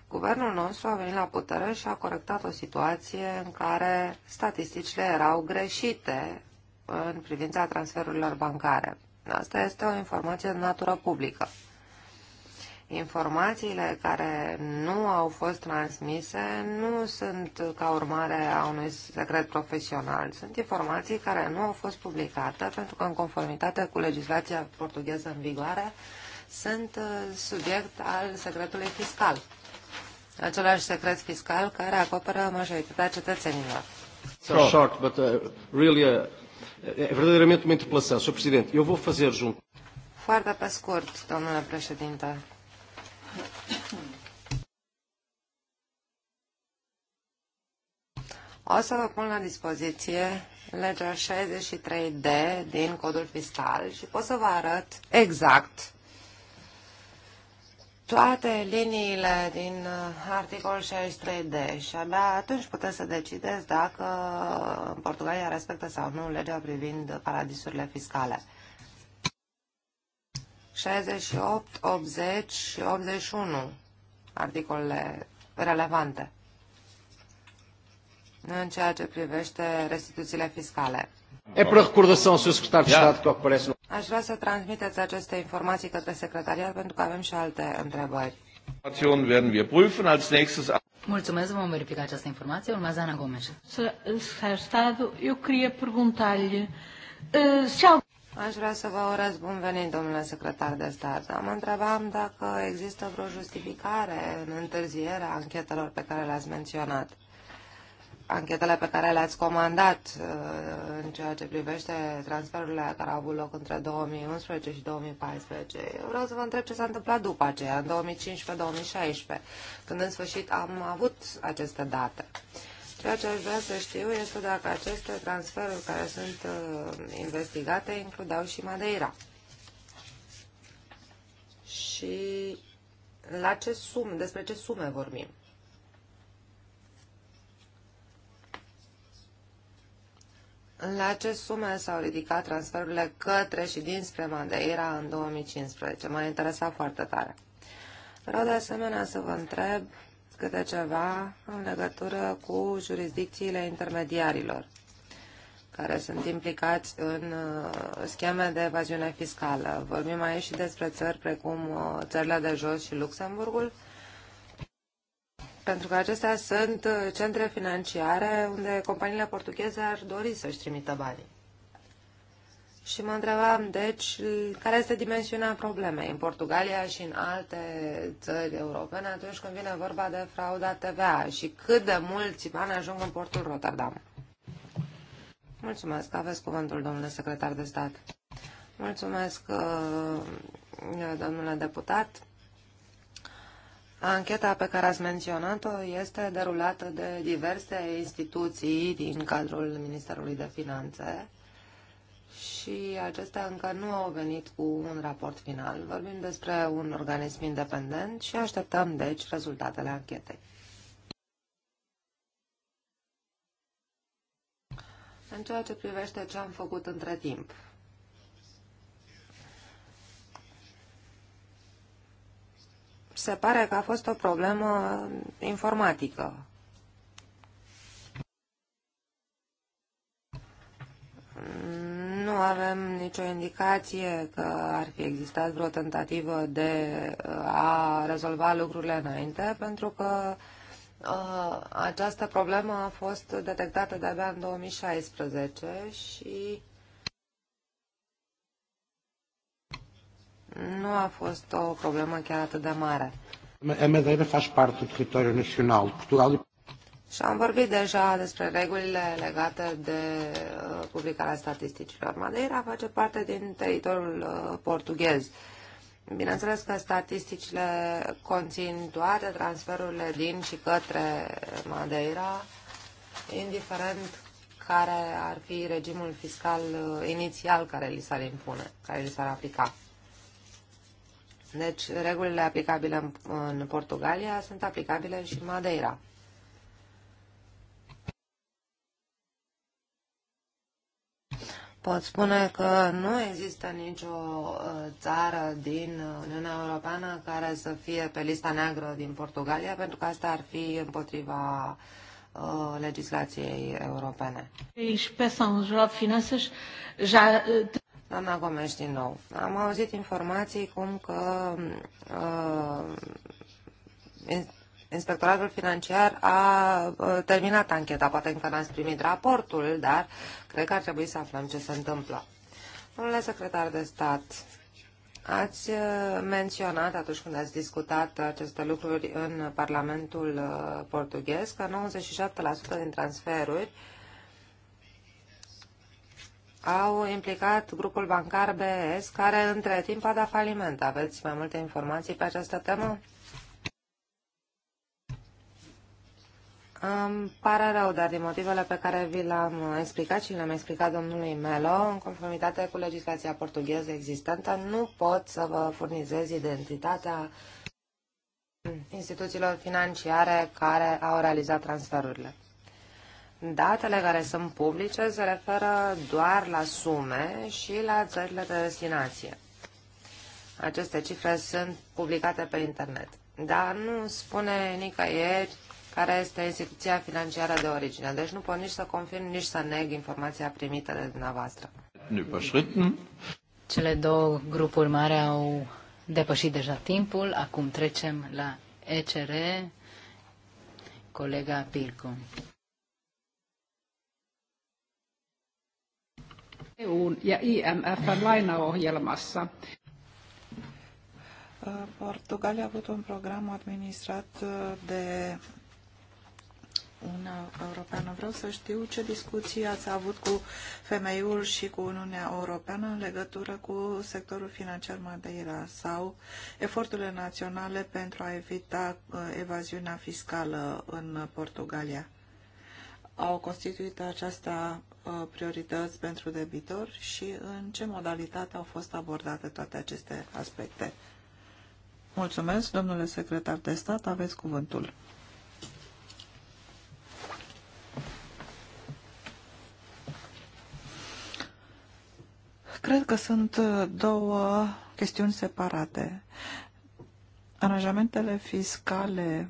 [SPEAKER 3] guvernul nostru a venit la putere și a corectat o situație în care statisticile erau greșite în privința transferurilor bancare. Asta este o informație de natură publică. Informațiile care nu au fost transmise nu sunt ca urmare a unui secret profesional. Sunt informații care nu au fost publicate pentru că, în conformitate cu legislația portugheză în vigoare, sunt uh, subiect al secretului fiscal. Același secret fiscal care acoperă majoritatea cetățenilor. So short, but uh, really uh, é verdadeiramente uma Sr. Presidente, eu vou fazer junto. Foarte pe scurt, domnule președinte. O să vă pun la dispoziție legea 63D din codul fiscal și pot să vă arăt exact toate liniile din uh, articol 63D și abia atunci puteți să decideți dacă uh, Portugalia respectă sau nu legea privind paradisurile fiscale. 68, 80 și 81 articolele relevante în ceea ce privește restituțiile fiscale. E pentru
[SPEAKER 1] recordação, Sr. Secretar de Stat, că parece...
[SPEAKER 3] Aș vrea să transmiteți aceste informații
[SPEAKER 2] către secretariat pentru că avem și alte întrebări. Mulțumesc, vom verifica această informație. Urmează Ana Gomes. Eh,
[SPEAKER 3] Aș vrea să vă urez bun venit, domnule secretar de stat. Am întrebam dacă există vreo justificare în întârzierea anchetelor pe care le-ați menționat anchetele pe care le-ați comandat uh, în ceea ce privește transferurile care au avut loc între 2011 și 2014. Eu vreau să vă întreb ce s-a întâmplat după aceea, în 2015-2016, când în sfârșit am avut aceste date. Ceea ce aș vrea să știu este dacă aceste transferuri care sunt uh, investigate includeau și Madeira. Și la ce sume, despre ce sume vorbim? La ce sume s-au ridicat transferurile către și dinspre Madeira în 2015? M-a interesat foarte tare. Vreau de asemenea să vă întreb câte ceva în legătură cu jurisdicțiile intermediarilor care sunt implicați în uh, scheme de evaziune fiscală. Vorbim aici și despre țări precum uh, țările de jos și Luxemburgul pentru că acestea sunt uh, centre financiare unde companiile portugheze ar dori să-și trimită banii. Și mă întrebam, deci, care este dimensiunea problemei în Portugalia și în alte țări europene atunci când vine vorba de frauda TVA și cât de mulți bani ajung în portul Rotterdam? Mulțumesc, aveți cuvântul, domnule secretar de stat. Mulțumesc, uh, domnule deputat. Ancheta pe care ați menționat-o este derulată de diverse instituții din cadrul Ministerului de Finanțe și acestea încă nu au venit cu un raport final. Vorbim despre un organism independent și așteptăm, deci, rezultatele anchetei. În ceea ce privește ce am făcut între timp, se pare că a fost o problemă informatică. Nu avem nicio indicație că ar fi existat vreo tentativă de uh, a rezolva lucrurile înainte, pentru că uh, această problemă a fost detectată de-abia în 2016 și nu a fost o problemă chiar atât de mare. A Madeira faz parte do teritoriul nacional. Portugal și am vorbit deja despre regulile legate de uh, publicarea statisticilor. Madeira face parte din teritoriul uh, portughez. Bineînțeles că statisticile conțin toate transferurile din și către Madeira, indiferent care ar fi regimul fiscal uh, inițial care li s-ar impune, care li s-ar aplica. Deci, regulile aplicabile în, în Portugalia sunt aplicabile și în Madeira. Pot spune că nu există nicio ă, țară din Uniunea Europeană care să fie pe lista neagră din Portugalia, pentru că asta ar fi împotriva ă, legislației europene. Doamna Gomes, din nou, am auzit informații cum că uh, Inspectoratul Financiar a uh, terminat ancheta. Poate încă n-ați primit raportul, dar cred că ar trebui să aflăm ce se întâmplă. Domnule secretar de stat, ați uh, menționat atunci când ați discutat aceste lucruri în Parlamentul uh, portughez că 97% din transferuri uh, au implicat grupul bancar BS, care între timp a dat faliment. Aveți mai multe informații pe această temă? Îmi pare rău, dar din motivele pe care vi le-am explicat și le-am explicat domnului Melo, în conformitate cu legislația portugheză existentă, nu pot să vă furnizez identitatea instituțiilor financiare care au realizat transferurile. Datele care sunt publice se referă doar la sume și la țările de destinație. Aceste cifre sunt publicate pe internet, dar nu spune nicăieri care este instituția financiară de origine, deci nu pot nici să confirm, nici să neg informația primită de
[SPEAKER 2] dumneavoastră. Cele două grupuri mari au depășit deja timpul, acum trecem la ECR, colega Pircu. EUn ja IMFn lainaohjelmassa.
[SPEAKER 1] Portugalia a avut un program administrat de Uniunea Europeană. Vreau să știu ce discuții ați avut cu femeiul și cu Uniunea Europeană în legătură cu sectorul financiar Madeira sau eforturile naționale pentru a evita evaziunea fiscală în Portugalia. Au constituit aceasta Uh, priorități pentru debitor și în ce modalitate au fost abordate toate aceste aspecte. Mulțumesc, domnule secretar de stat, aveți cuvântul. Cred că sunt uh, două chestiuni separate. Aranjamentele fiscale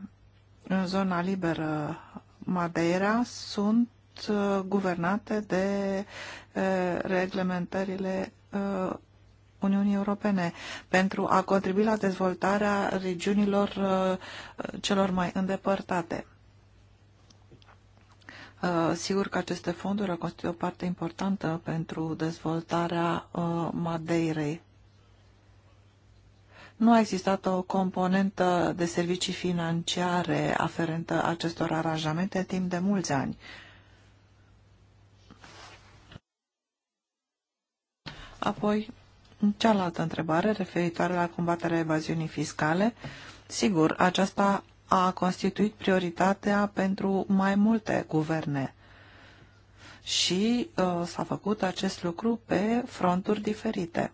[SPEAKER 1] în zona liberă Madeira sunt Uh, guvernate de uh, reglementările uh, Uniunii Europene pentru a contribui la dezvoltarea regiunilor celor mai îndepărtate. Sigur că aceste fonduri constituie o parte importantă pentru dezvoltarea Madeirei. Nu a existat o componentă de servicii financiare aferentă acestor aranjamente timp de mulți ani. Uh, Apoi, cealaltă întrebare referitoare la combaterea evaziunii fiscale. Sigur, aceasta a constituit prioritatea pentru mai multe guverne și uh, s-a făcut acest lucru pe fronturi diferite.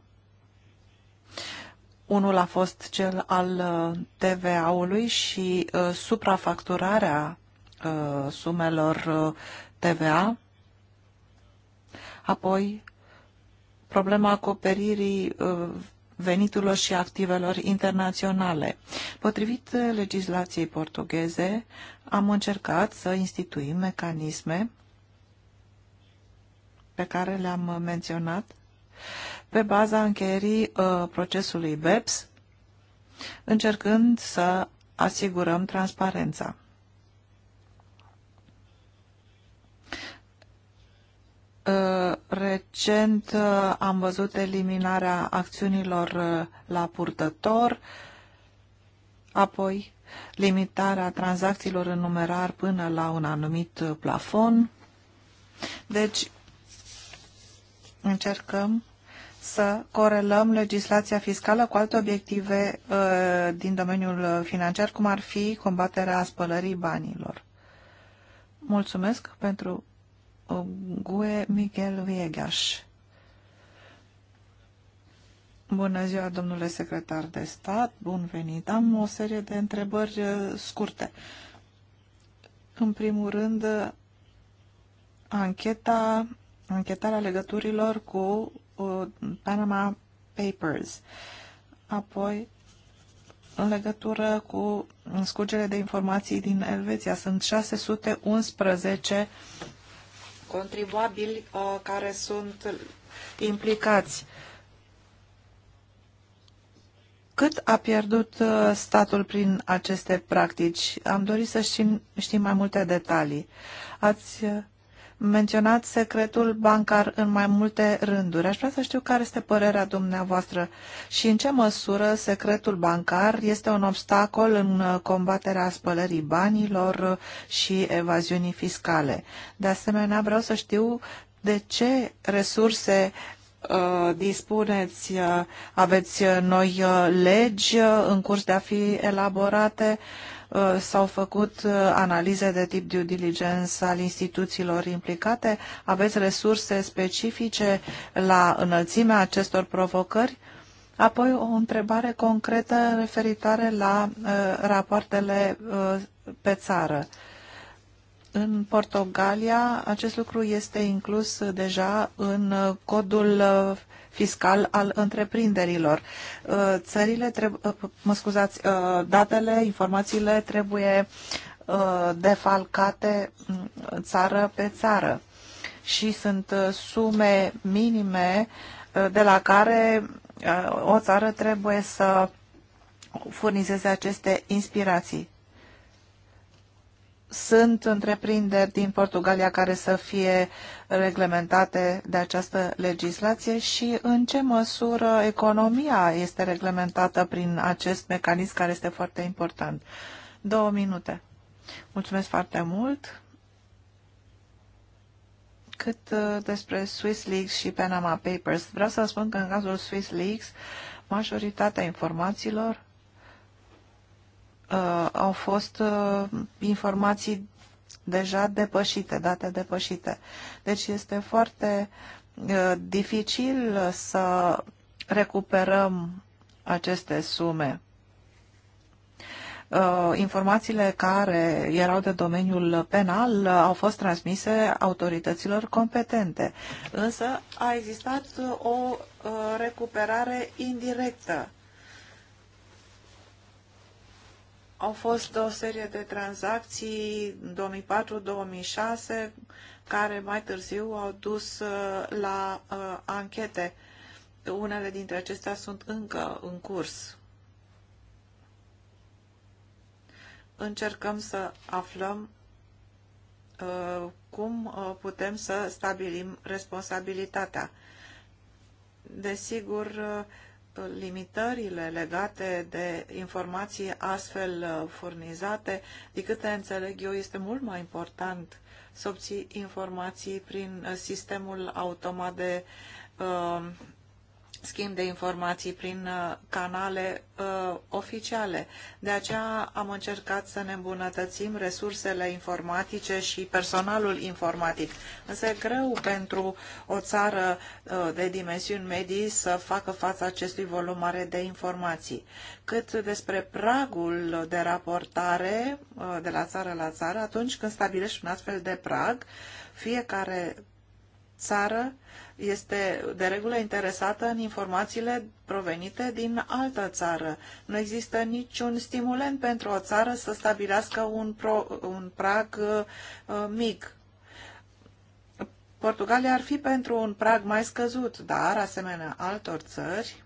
[SPEAKER 1] Unul a fost cel al uh, TVA-ului și uh, suprafacturarea uh, sumelor uh, TVA, apoi problema acoperirii uh, veniturilor și activelor internaționale. Potrivit legislației portugheze, am încercat să instituim mecanisme pe care le-am menționat pe baza încheierii uh, procesului BEPS, încercând să asigurăm transparența. Uh, recent uh, am văzut eliminarea acțiunilor uh, la purtător, apoi limitarea tranzacțiilor în numerar până la un anumit plafon. Deci, încercăm să corelăm legislația fiscală cu alte obiective din domeniul financiar, cum ar fi combaterea spălării banilor. Mulțumesc pentru GUE Miguel Viegas. Bună ziua, domnule secretar de stat, bun venit. Am o serie de întrebări uh, scurte. În primul rând, ancheta, anchetarea legăturilor cu uh, Panama Papers. Apoi, în legătură cu scurgere de informații din Elveția. Sunt 611 contribuabili uh, care sunt implicați. Cât a pierdut uh, statul prin aceste practici? Am dorit să știm, știm mai multe detalii. Ați uh, menționat secretul bancar în mai multe rânduri. Aș vrea să știu care este părerea dumneavoastră și în ce măsură secretul bancar este un obstacol în combaterea spălării banilor și evaziunii fiscale. De asemenea, vreau să știu de ce resurse uh, dispuneți, uh, aveți noi uh, legi în curs de a fi elaborate, Uh, s-au făcut uh, analize de tip due diligence al instituțiilor implicate? Aveți resurse specifice la înălțimea acestor provocări? Apoi o întrebare concretă referitoare la uh, rapoartele uh, pe țară. Uh, în Portugalia acest lucru este inclus deja în codul uh, fiscal al întreprinderilor. Uh, țările, uh, mă scuzați, datele, informațiile trebuie defalcate mm, țară pe țară și sunt sume minime de la care o țară trebuie să furnizeze aceste inspirații sunt întreprinderi din Portugalia care să fie reglementate de această legislație și în ce măsură economia este reglementată prin acest mecanism care este foarte important. Două minute. Mulțumesc foarte mult. Cât uh, despre Swiss Leaks și Panama Papers, vreau să spun că în cazul Swiss Leaks, majoritatea informațiilor uh, au fost uh, informații deja depășite, date depășite. Deci este foarte uh, dificil să recuperăm aceste sume. Uh, informațiile care erau de domeniul penal uh, au fost transmise autorităților competente. Însă a existat uh, o uh, recuperare indirectă Au fost o serie de tranzacții 2004-2006 care mai târziu au dus uh, la uh, anchete. Unele dintre acestea sunt încă în curs. Încercăm să aflăm uh, cum uh, putem să stabilim responsabilitatea. Desigur, uh, limitările legate de informații astfel uh, furnizate, de câte înțeleg eu, este mult mai important să obții informații prin uh, sistemul automat de uh, schimb de informații prin uh, canale uh, oficiale. De aceea am încercat să ne îmbunătățim resursele informatice și personalul informatic. Însă e greu pentru o țară uh, de dimensiuni medii să facă față acestui volum mare de informații. Cât despre pragul de raportare uh, de la țară la țară, atunci când stabilești un astfel de prag, fiecare țară este de regulă interesată în informațiile provenite din altă țară. Nu există niciun stimulent pentru o țară să stabilească un, pro, un prag uh, mic. Portugalia ar fi pentru un prag mai scăzut, dar, asemenea altor țări,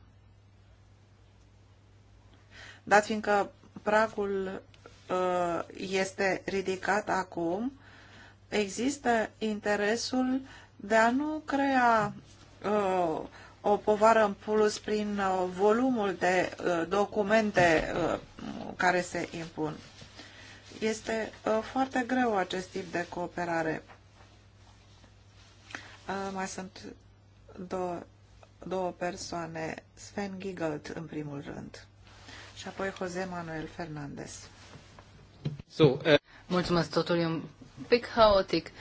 [SPEAKER 1] dat fiindcă pragul uh, este ridicat acum, există interesul de a nu crea uh, o povară în plus prin uh, volumul de uh, documente uh, care se impun. Este uh, foarte greu acest tip de cooperare. Uh, mai sunt două, două persoane, Sven Giegelt în primul rând
[SPEAKER 2] și apoi Jose Manuel Fernandez. So, uh... Mulțumesc, totul e un pic haotic.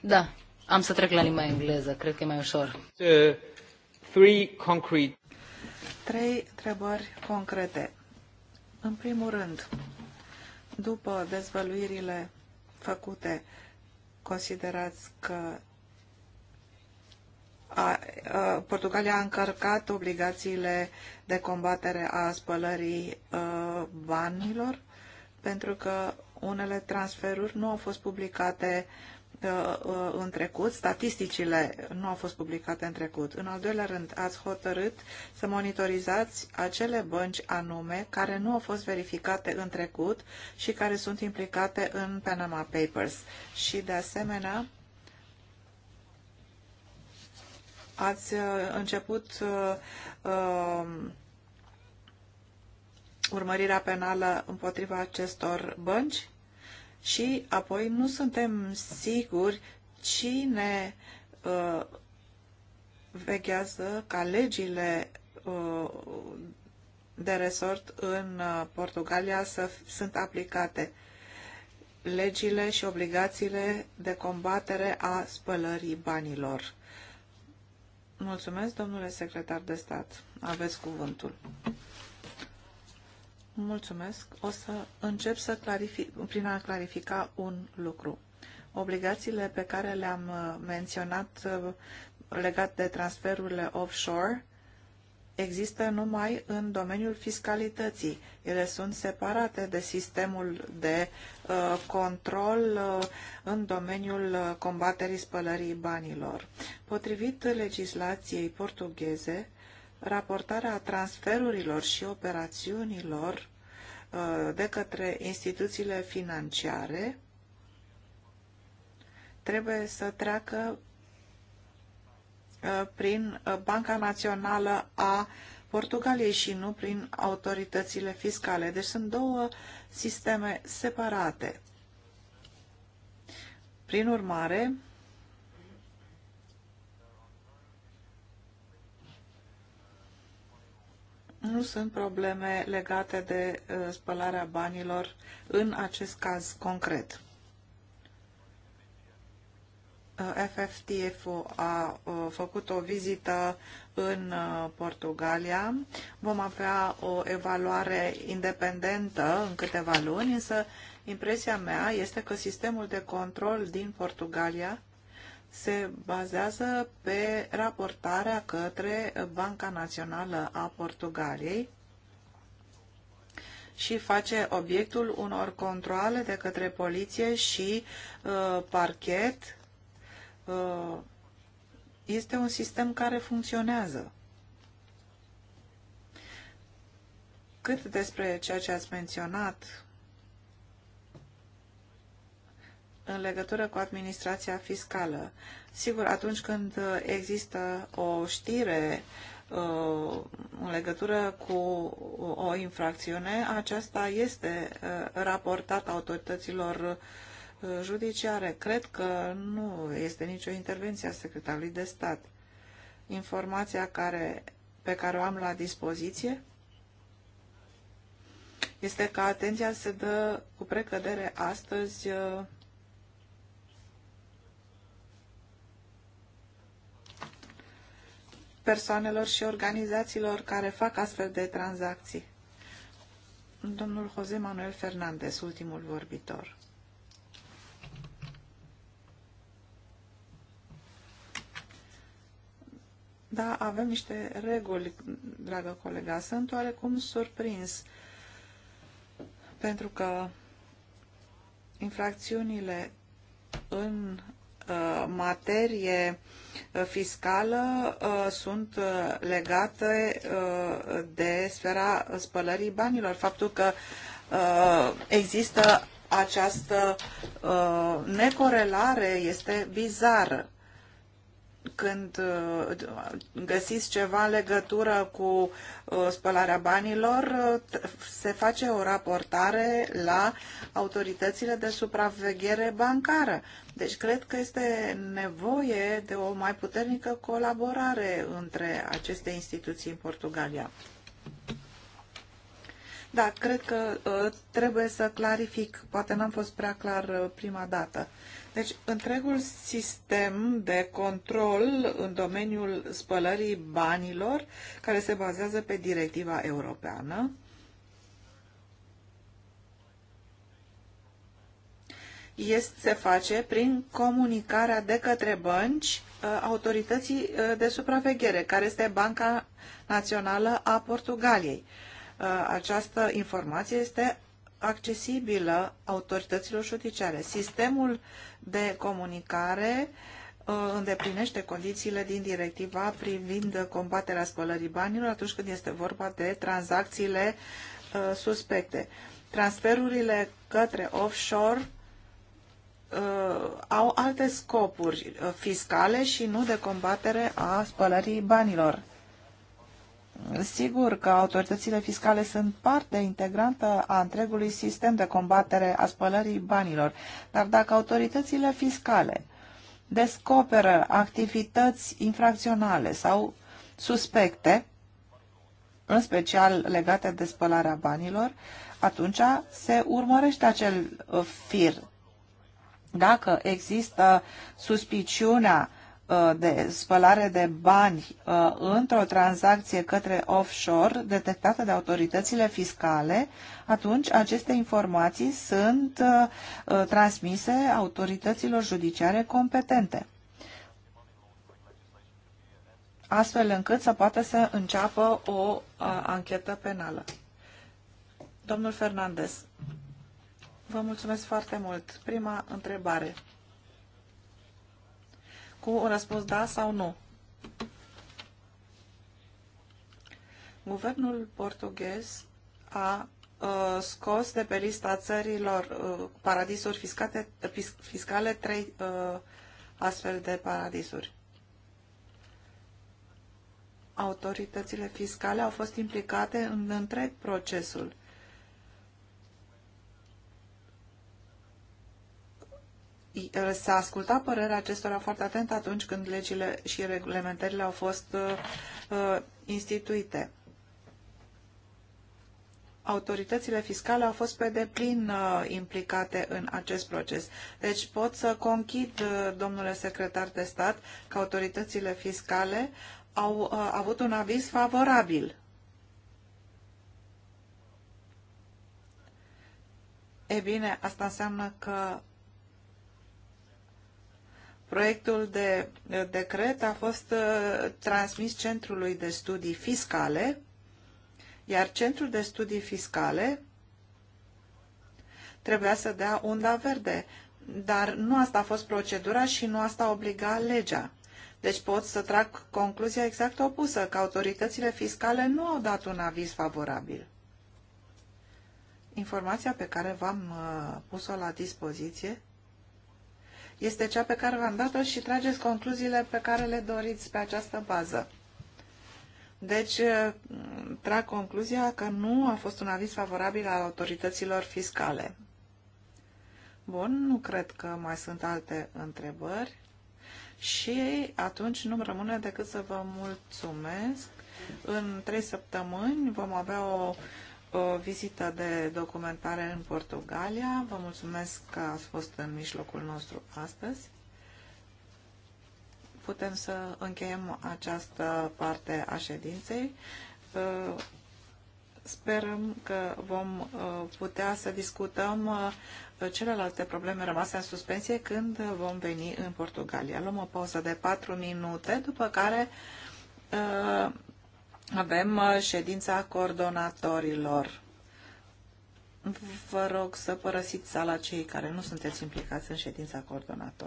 [SPEAKER 2] Da, am să trec la limba engleză, cred că e mai ușor.
[SPEAKER 1] Uh, three concrete.
[SPEAKER 2] Trei întrebări concrete.
[SPEAKER 1] În primul rând, după dezvăluirile făcute, considerați că a, a, Portugalia a încărcat obligațiile de combatere a spălării a, uh, banilor pentru că unele transferuri nu au fost publicate Uh, în trecut, statisticile nu au fost publicate în trecut. În al doilea rând, ați hotărât să monitorizați acele bănci anume care nu au fost verificate în trecut și care sunt implicate în Panama Papers. Și, de asemenea, ați uh, început uh, um, urmărirea penală împotriva acestor bănci? și apoi nu suntem siguri cine uh, vechează ca legile uh, de resort în uh, Portugalia să sunt aplicate legile și obligațiile de combatere a spălării banilor. Mulțumesc, domnule secretar de stat. Aveți cuvântul. Mulțumesc. O să încep să clarific, prin a clarifica un lucru. Obligațiile pe care le-am uh, menționat uh, legat de transferurile offshore există numai în domeniul fiscalității. Ele sunt separate de sistemul de uh, control uh, în domeniul uh, combaterii spălării banilor. Potrivit legislației portugheze, raportarea transferurilor și operațiunilor uh, de către instituțiile financiare trebuie să treacă uh, prin uh, Banca Națională a Portugaliei și nu prin autoritățile fiscale. Deci sunt două sisteme separate. Prin urmare, Nu sunt probleme legate de uh, spălarea banilor în acest caz concret. FFTF uh, a uh, făcut o vizită în Portugalia. Vom avea o evaluare independentă în câteva luni, însă impresia mea este că sistemul de control din Portugalia se bazează pe raportarea către Banca Națională a Portugaliei și face obiectul unor controle de către poliție și uh, parchet. Uh, este un sistem care funcționează. Cât despre ceea ce ați menționat în legătură cu administrația fiscală. Sigur, atunci când există o știre uh, în legătură cu o infracțiune, aceasta este uh, raportată autorităților uh, judiciare. Cred că nu este nicio intervenție a secretarului de stat. Informația care, pe care o am la dispoziție este că atenția se dă cu precădere astăzi persoanelor și organizațiilor care fac astfel de tranzacții. Domnul José Manuel Fernandez, ultimul vorbitor. Da, avem niște reguli, dragă colega. Sunt oarecum surprins pentru că infracțiunile în uh, materie uh, Uh, fiscală uh, sunt uh, legate de sfera spălării banilor. Faptul că există această necorelare este bizară când uh, găsiți ceva legătură cu uh, spălarea banilor, uh, se face o raportare la autoritățile de supraveghere bancară. Deci cred că este nevoie de o mai puternică colaborare între aceste instituții în Portugalia. Da, cred că trebuie să clarific, poate n-am fost prea clar prima dată. Deci, întregul sistem de control în domeniul spălării banilor, care se bazează pe directiva europeană, este, se face prin comunicarea de către bănci uh, autorității uh, de supraveghere, care este Banca Națională a Portugaliei. Uh, această informație este accesibilă autorităților judiciare. Sistemul de comunicare uh, îndeplinește condițiile din directiva privind combaterea spălării banilor atunci când este vorba de tranzacțiile uh, suspecte. Transferurile către offshore uh, au alte scopuri fiscale și nu de combatere a spălării banilor. Sigur că autoritățile fiscale sunt parte integrantă a întregului sistem de combatere a spălării banilor, dar dacă autoritățile fiscale descoperă activități infracționale sau suspecte, în special legate de spălarea banilor, atunci se urmărește acel uh, fir. Dacă există suspiciunea Uh, de spălare de bani uh, într-o tranzacție către offshore detectată de autoritățile fiscale, atunci aceste informații sunt uh, transmise autorităților judiciare competente astfel încât să poată să înceapă o anchetă penală. Domnul Fernandez, vă mulțumesc foarte mult. Prima întrebare cu un răspuns da sau nu. Guvernul portughez a uh, scos de pe lista țărilor uh, paradisuri fiscate, fiscale trei uh, astfel de paradisuri. Autoritățile fiscale au fost implicate în întreg procesul s-a ascultat părerea acestora foarte atent atunci când legile și reglementările au fost uh, uh, instituite. Autoritățile fiscale au fost pe deplin uh, implicate în acest proces. Deci pot să conchid, uh, domnule secretar de stat, că autoritățile fiscale au uh, avut un aviz favorabil E bine, asta înseamnă că Proiectul de decret a fost uh, transmis Centrului de Studii Fiscale, iar Centrul de Studii Fiscale trebuia să dea unda verde, dar nu asta a fost procedura și nu asta obliga legea. Deci pot să trag concluzia exact opusă, că autoritățile fiscale nu au dat un aviz favorabil. Informația pe care v-am uh, pus-o la dispoziție este cea pe care v-am dat-o și trageți concluziile pe care le doriți pe această bază. Deci, eh, trag concluzia că nu a fost un aviz favorabil al autorităților fiscale. Bun, nu cred că mai sunt alte întrebări și atunci nu-mi rămâne decât să vă mulțumesc. În trei săptămâni vom avea o o vizită de documentare în Portugalia. Vă mulțumesc că ați fost în mijlocul nostru astăzi. Putem să încheiem această parte a ședinței. Uh, sperăm că vom uh, putea să discutăm uh, celelalte probleme rămase în suspensie când vom veni în Portugalia. Luăm o pauză de 4 minute, după care avem uh, ședința coordonatorilor. Vă rog să părăsiți sala cei care nu sunteți implicați în ședința coordonatorilor.